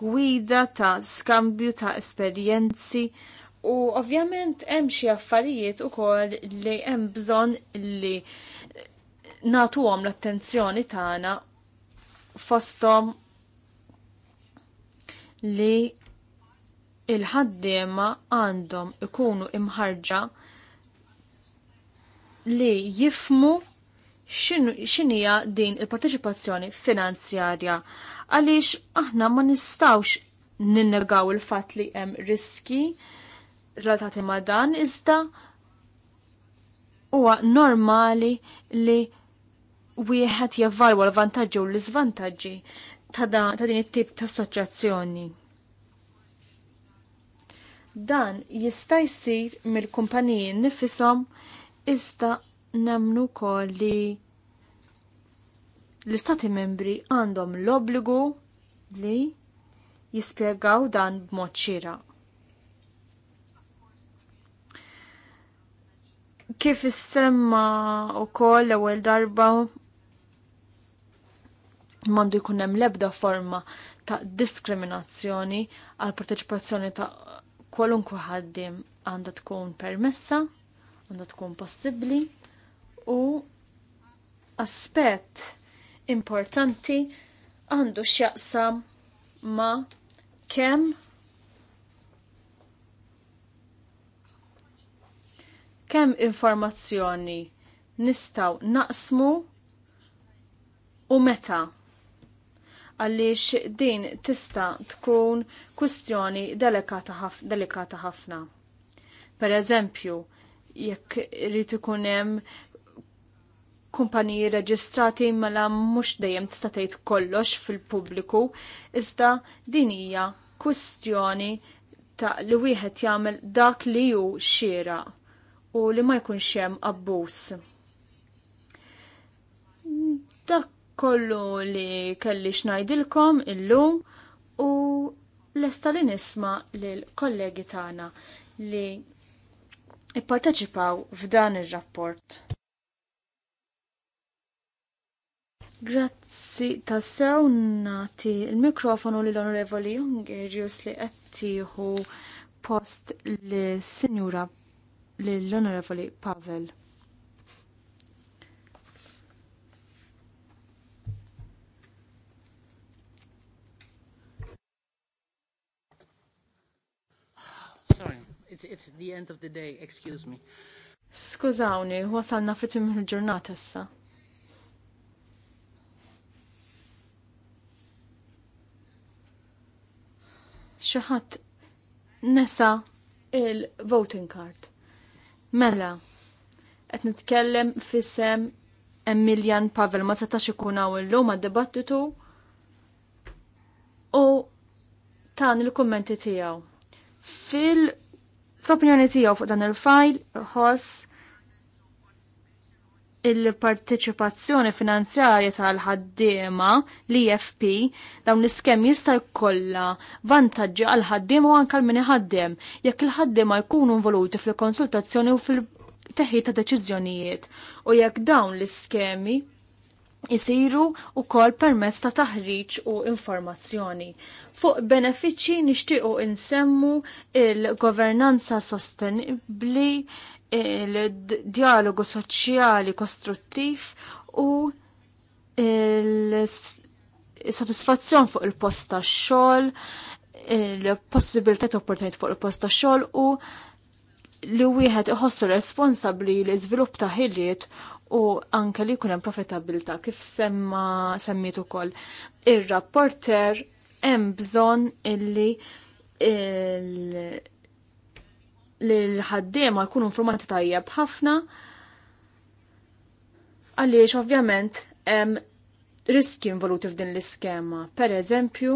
gwida ta' skambju ta' esperjenzi u ovvjament hemm xi affarijiet ukoll li hemm bżonn li nagħtuhom l-attenzjoni tagħna fosthom li il-ħaddiema għandhom ikunu imħarġa li jifmu xinija din il-parteċipazzjoni finanzjarja. Għaliex aħna ma nistawx ninnegaw il-fat li hemm riski relatati ma dan iżda huwa normali li wieħed jevalwa l-vantaġġi u l-iżvantaġġi ta' din it-tip ta' assoċjazzjoni. Dan jista' jsir mill-kumpaniji nifisom Ista nemnu kol li l-istati membri għandhom l obligu li jispjegaw dan b'mod xira. Kif semma u koll l darba mandu jkun hemm l-ebda forma ta' diskriminazzjoni għal parteċipazzjoni ta' kwalunkwe ħaddim għandha tkun permessa għandha tkun possibbli u aspett importanti għandu x'jaqsam ma kemm kemm informazzjoni nistaw naqsmu u meta għaliex din tista' tkun kustjoni delikata ħafna. Per eżempju, jekk irid ikun hemm kumpaniji reġistrati mela mhux dejjem tista' tgħid kollox fil-pubbliku, iżda din hija kwistjoni ta' li wieħed jagħmel dak li hu xiera u li ma jkunx hemm abbuż. Dak kollu li kelli xnajdilkom illum u lesta li nisma lil kollegi tagħna li ipparteċipaw f'dan ir-rapport. Grazzi tassew nati il-mikrofonu li l-Onorevoli Jungerius li għattiħu post li sinjura li l-Onorevoli Pavel. it's, it's the end of the day, excuse me. Skużawni, wasalna fit il-ġurnata issa. Xaħat nesa il-voting card. Mela, qed nitkellem fissem Emilian Pavel ma setax ikun hawn illum għad-dibattitu u tan il-kummenti tiegħu. Fil- Fl-opinjoni tiegħu fuq dan il-fajl ħoss il-partiċipazzjoni finanzjarja tal-ħaddiema l-IFP dawn l-iskem jista' jkollha vantaġġi għal ħaddiema u anke mini ħaddiem jekk il-ħaddiema jkunu involuti fil-konsultazzjoni u fil-teħid ta' deċiżjonijiet u jekk dawn l-iskemi isiru u kol permess ta' taħriġ u informazzjoni. Fuq benefiċċji nixtiequ insemmu il-governanza sostenibbli, il-dialogu soċjali kostruttiv u il-satisfazzjon fuq il-post ta' xogħol, il-possibilitet opportunit fuq il-post ta' xogħol u li wieħed iħossu responsabbli l iżvilupp ta' ħiliet u anke li jkun hemm profitabilta kif semma semmiet ukoll. Ir-rapporter hemm bżonn illi li l-ħaddiema jkunu informati tajjeb ħafna għaliex ovvjament hemm riski involuti f'din l-iskema. Per eżempju,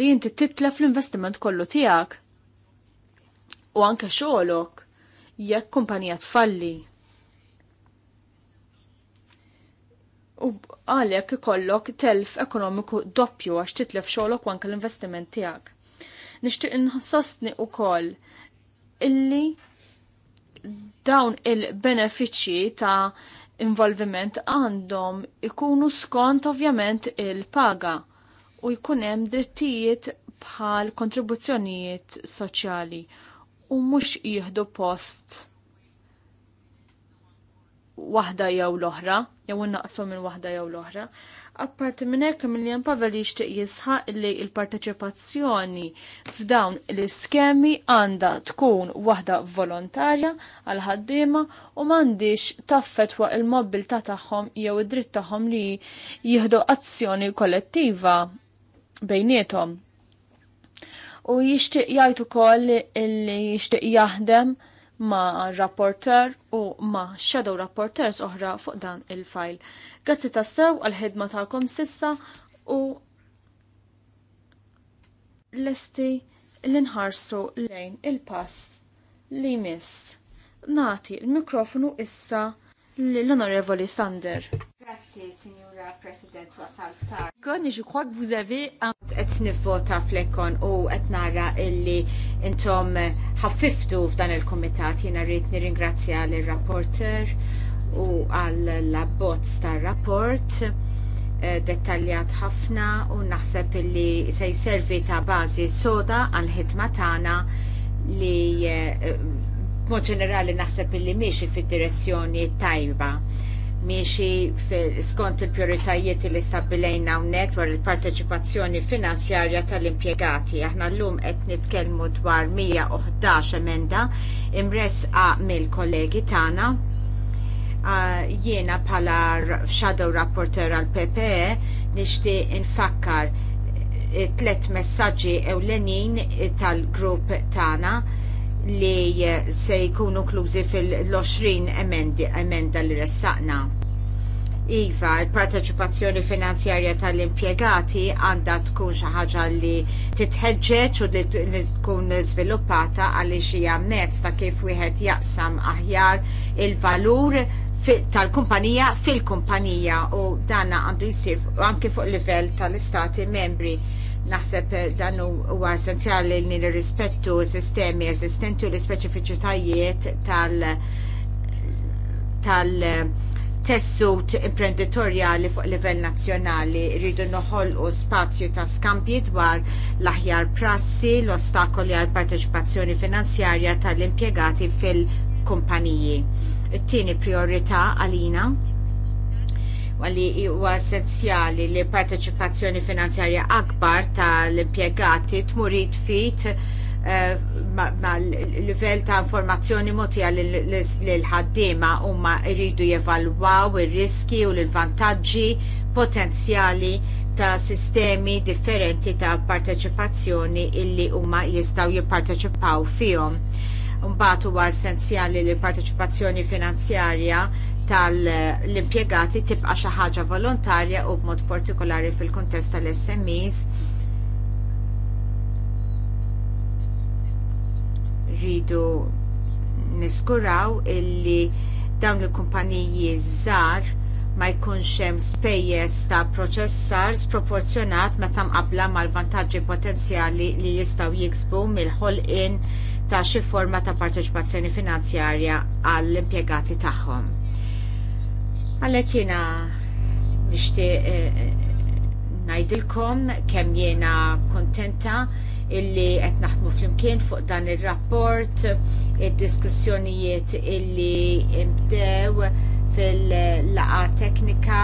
li jinti titlef l-investiment kollu tijak u anke xogħolok jekk kumpanija tfalli. U għalek ikollok telf ekonomiku doppju għax titlef xogħlok anke l-investiment tiegħek. Nixtieq insostni wkoll illi dawn il-benefiċċji ta' involviment għandhom ikunu skont ovvjament il-paga u jkun hemm drittijiet bħal kontribuzzjonijiet soċjali u mhux jieħdu post waħda jew l-oħra, jew innaqsu minn waħda jew l-oħra. Apparti minn hekk Miljan Pavel jixtieq jisħaq li l-parteċipazzjoni f'dawn l-iskemi għandha tkun waħda volontarja għal ħaddiema u m'għandix waq il-mobilità tagħhom jew id-dritt tagħhom li jieħdu azzjoni kollettiva bejniethom. U jixtieq jgħid ukoll li jixtieq jaħdem ma' rapporter u ma' shadow rapporters oħra fuq dan il-fajl. Grazzi tassew għal-ħidma ta'kom sissa u lesti l-inħarsu lejn il-pass li miss. Nati l mikrofonu issa l-Onorevoli Sander. Grazie, signor. Signora President wasal tar. Kon, je crois que vous avez un... Et nivvota flekon u et nara illi intom ħaffiftu f'dan il-komitat jina rrit nirringrazzja l-rapporter u għall-abbozz tar-rapport eh, dettaljat ħafna u naħseb illi se jservi ta' bażi soda għal ħidma tagħna li eh, eh, mod ġenerali naħseb illi miexi fid-direzzjoni tajba miexi skont il-prioritajiet li stabilejna hawnhekk dwar il-parteċipazzjoni finanzjarja tal-impjegati. Aħna llum qed nitkellmu dwar 111 emenda imresqa mill-kollegi tagħna. Jiena bħala shadow rapporter għal PPE nixtieq infakkar eh, tlet messaġġi ewlenin eh, tal-grupp tagħna li se jkunu klużi fil-20 emenda li ressaqna. Iva, il-parteċipazzjoni finanzjarja tal-impjegati għandha tkun xi ħaġa li titħeġġeġ u li tkun żviluppata għaliex hija mezz ta' kif wieħed jaqsam aħjar il-valur tal-kumpanija fil-kumpanija u dana għandu jisir anke fuq livell tal-istati membri Naħseb eh, dan huwa essenzjali li nirrispettu sistemi eżistenti u l-ispeċifiċitajiet tal- tal tessut imprenditorjali fuq livell nazzjonali rridu noħolqu spazju ta' skambji dwar l-aħjar prassi, l-ostakoli għal parteċipazzjoni finanzjarja tal-impjegati fil-kumpaniji. It-tieni priorità għalina li huwa essenzjali li parteċipazzjoni finanzjarja akbar tal-impjegati tmur fit eh, ma' l livell ta' informazzjoni motija l-ħaddima u ma' irridu jevalwaw ir-riski u l-vantaġġi potenzjali ta' sistemi differenti ta' parteċipazzjoni illi huma jistgħu jipparteċipaw fihom. Mbagħad huwa essenzjali li parteċipazzjoni finanzjarja tal-impjegati tibqa xi ħaġa volontarja u b'mod partikolari fil-kuntest tal-SMEs rridu niskuraw illi dawn il-kumpaniji żgħar ma jkunx hemm spejjeż ta' proċessar sproporzjonat meta mqabbla mal-vantaġġi potenzjali li jistgħu jiksbu mill-ħolqien ta' xi forma ta' parteċipazzjoni finanzjarja għall impjegati tagħhom. Għalhekk jiena nixtieq eh, eh, ngħidilkom kemm jiena kontenta illi qed naħdmu flimkien fuq dan ir-rapport, il diskussjonijiet illi imbdew fil-laqa teknika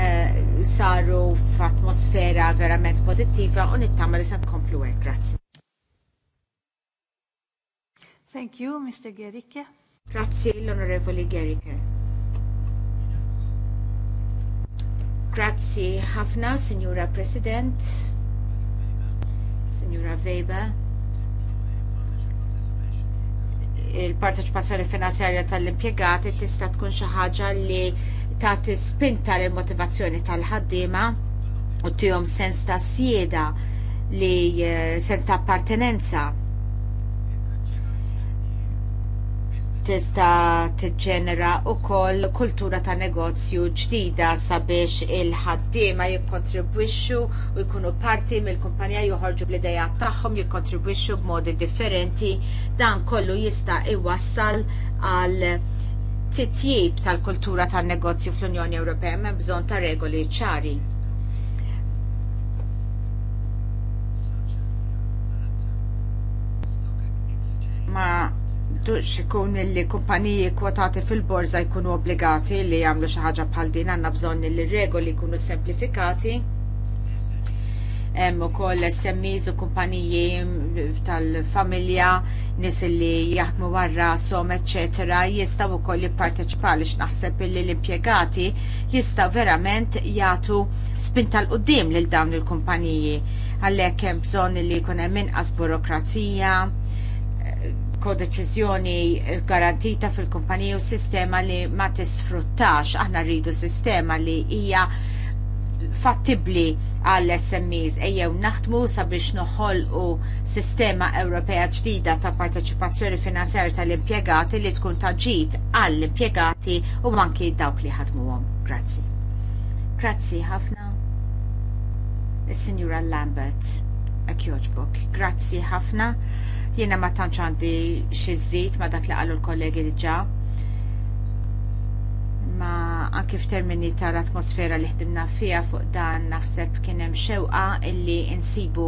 Uh, saru f'atmosfera verament pozittiva u nittama li san komplu għek. Grazzi. Thank you, Mr. Gerike. Grazzi l-Onorevoli Gerike. Grazzi ħafna, Signora President, Signora Weber il-parteċipazzjoni finanzjarja tal-impjegati tista' tkun xi ħaġa li tagħti spinta lill motivazzjoni tal-ħaddiema u tihom sens ta' sieda li eh, sens ta' appartenenza tista tiġġenera wkoll kultura ta' negozju ġdida sabiex il-ħaddiema jikkontribwixxu u jkunu parti mill-kumpanija joħorġu bl-idea tagħhom jikkontribwixxu b'modi differenti dan kollu jista' iwassal għal titjib tal-kultura tan negozju fl-Unjoni Ewropea hemm bżonn ta' regoli ċari. Ma' m'għandux ikun li kumpaniji kwotati fil-borza jkunu obbligati li jagħmlu xi ħaġa bħal din għandna bżonn li regoli jkunu semplifikati. Hemm ukoll SMEs u kumpaniji tal-familja nis li jaħdmu warra som eċetera jistgħu wkoll jipparteċipaw li naħseb li l-impjegati jistgħu verament jagħtu spinta l-qudiem lil dawn il-kumpaniji għalhekk hemm bżonn li jkun hemm inqas burokrazija, kodeċiżjoni garantita fil-kumpanija u sistema li ma tisfruttax. Aħna rridu sistema li hija fattibli għall SMEs ejjew naħdmu sabiex noħolqu sistema Ewropea ġdida ta' parteċipazzjoni finanzjarja tal-impjegati li tkun taġġid għall-impjegati u anki dawk li ħadmuhom. Grazzi. Grazzi ħafna. Is-Sinjura Lambert, a Grazzi ħafna. Jiena ma tantx għandi xi żid ma dak li qalu l-kollegi diġà. Ma anke f'termini tal-atmosfera li ħdimna fiha fuq dan naħseb kien hemm xewqa illi insibu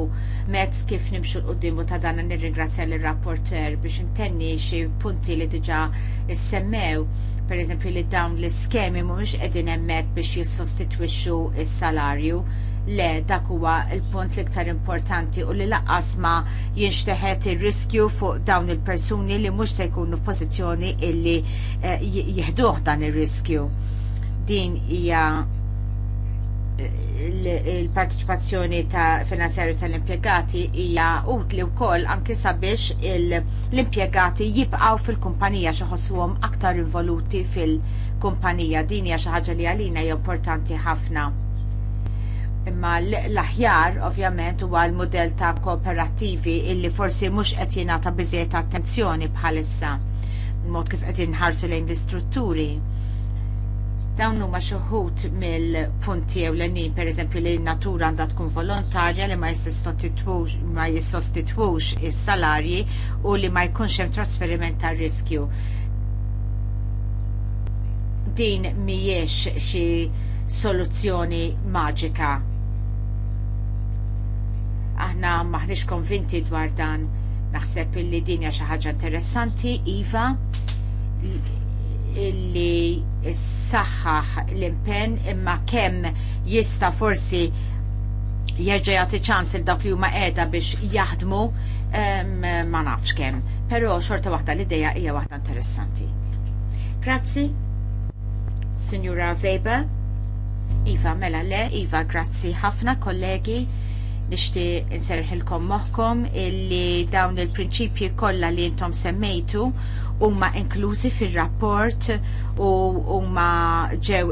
mezz kif nimxu l qudiem ta' dan nirringrazzja lir rapporter biex intenni xi punti li diġà issemmew per eżempju li dawn l-iskemi mhumiex qegħdin hemmhekk biex jissostitwixxu s-salarju Le, dak huwa il-punt l-iktar importanti u li laqqas ma jinxteħet ir-riskju fuq dawn il-persuni li mhux se jkunu f'pożizzjoni illi eh, jieħduh dan ir-riskju. Din hija eh, il-partiċipazzjoni ta' finanzjarju tal-impjegati hija utli wkoll anke sabiex l-impjegati jibqgħu fil-kumpanija xi ħossuhom aktar involuti fil-kumpanija. Din hija xi ħaġa li għalina hija importanti ħafna Imma l-aħjar ovvjament huwa l-modell ta' kooperattivi illi forsi mhux qed jingħata biżżejjed attenzjoni bħalissa mod kif qed inħarsu lejn l-istrutturi. Dawn huma xi wħud mill-punti ewlenin pereżempju li n-natura għandha tkun volontarja li ma jissostitwux ma jissostitwux is-salarji u li ma jkunx hemm trasferiment tar riskju. Din mhijiex xi soluzzjoni maġika Aħna maħniex konvinti dwar dan. Naħseb illi dinja xi ħaġa interessanti, Iva, illi s l-impen imma kemm jista forsi jerġa' jagħti ċans il dak li huma qiegħda biex jaħdmu ma nafx kemm. Però xorta waħda l-idea hija waħda interessanti. Grazzi, Signora Weber. Iva, mela le, Iva, grazzi ħafna kollegi nixtieq nserħilkom moħkom illi dawn il-prinċipji kollha li jintom semmejtu huma inklużi fil rapport u huma ġew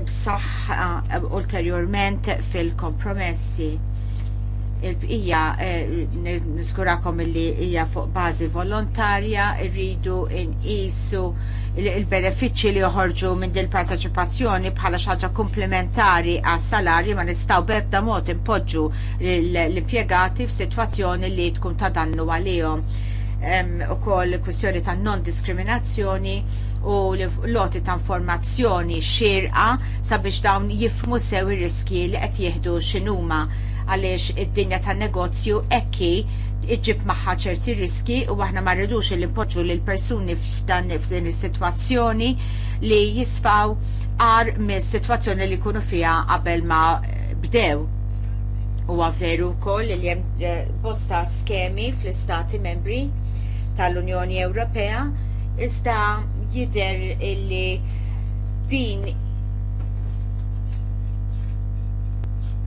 imsaħħa ulterjurment fil-kompromessi. Il-bqija niskurakom illi hija fuq bażi volontarja rridu nqisu il-benefiċċji li joħorġu minn din parteċipazzjoni bħala ħaġa komplementari għas salarji ma nistgħu bebda mod impoġġu l-impjegati f'sitwazzjoni li tkun ta' dannu għalihom. Ukoll kwistjoni ta' non-diskriminazzjoni u loti ta' informazzjoni xirqa sabiex dawn jifmu sew ir-riski li qed jieħdu x'inhuma għaliex id-dinja tan negozju ekki iġib maħħa ċerti riski u aħna ma rridux li npoġġu lil persuni f'dan f'din is-sitwazzjoni li jisfaw għar mis sitwazzjoni li jkunu fiha qabel ma bdew. Huwa veru wkoll li hemm eh, bosta skemi fl-istati membri tal-Unjoni Ewropea iżda jidher li din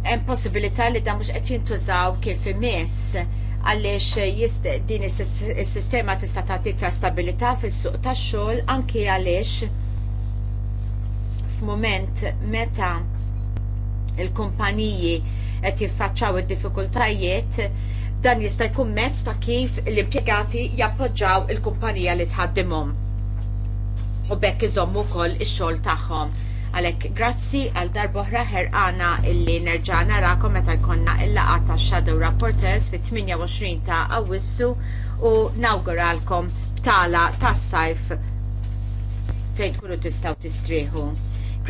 hemm possibilità li dan mhux qed jintużaw kif imiss għaliex din is-sistema tista' tagħti ta' stabilità fis-suq tax-xogħol anke għaliex f'mument meta il-kumpaniji qed jiffaċċaw id-diffikultajiet dan jista' jkun mezz ta' kif l-impjegati jappoġġaw il-kumpanija li tħaddimhom u bekk iżommu wkoll ix-xogħol tagħhom. Għalhekk grazzi għal darboħra ħerqana illi nerġa' narakom meta jkollna il-laqgħa ta' shadow Reporters fit-28 ta' Awwissu u nawguralkom b'tala tas-sajf fejn tkunu tistgħu tistrieħu.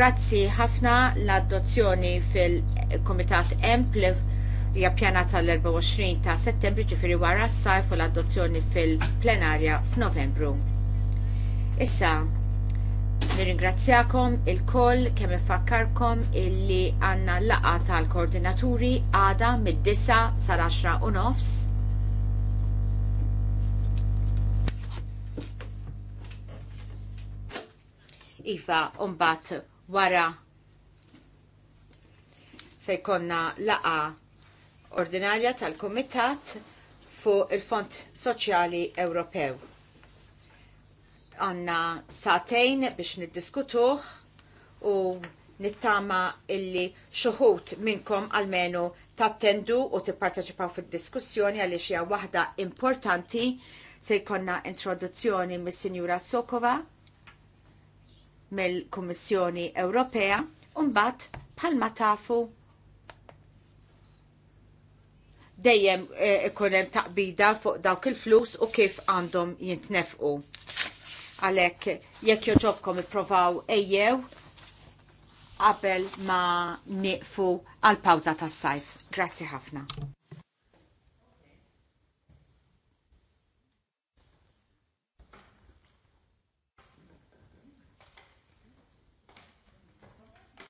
Grazzi ħafna l-adozzjoni fil-Komitat Empl hija pjana l-24 ta' settembru ġifieri wara s-sajf u l-adozzjoni fil-plenarja f'Novembru. Issa, Nirringrazzjakom il-koll kemm infakkarkom illi għanna laqa tal-koordinaturi għada mid-9 sal-10 u nofs. Iva, umbat wara fejkonna laqa ordinarja tal-Komitat fuq il-Fond Soċjali Ewropew għanna satejn biex niddiskutuh u nittama illi xuħut minnkom għalmenu tattendu u tipparteċipaw fil-diskussjoni għalli xija wahda importanti se jkonna introduzzjoni mis sinjura Sokova mill-Kummissjoni Ewropea Umbat, palma tafu dejjem eh, ikun hemm taqbida fuq dawk il-flus u kif għandhom jintnefqu. Għalek, jekk joġobkom ipprovaw ejjew qabel ma nieqfu għal pawza tas-sajf. Grazzi ħafna.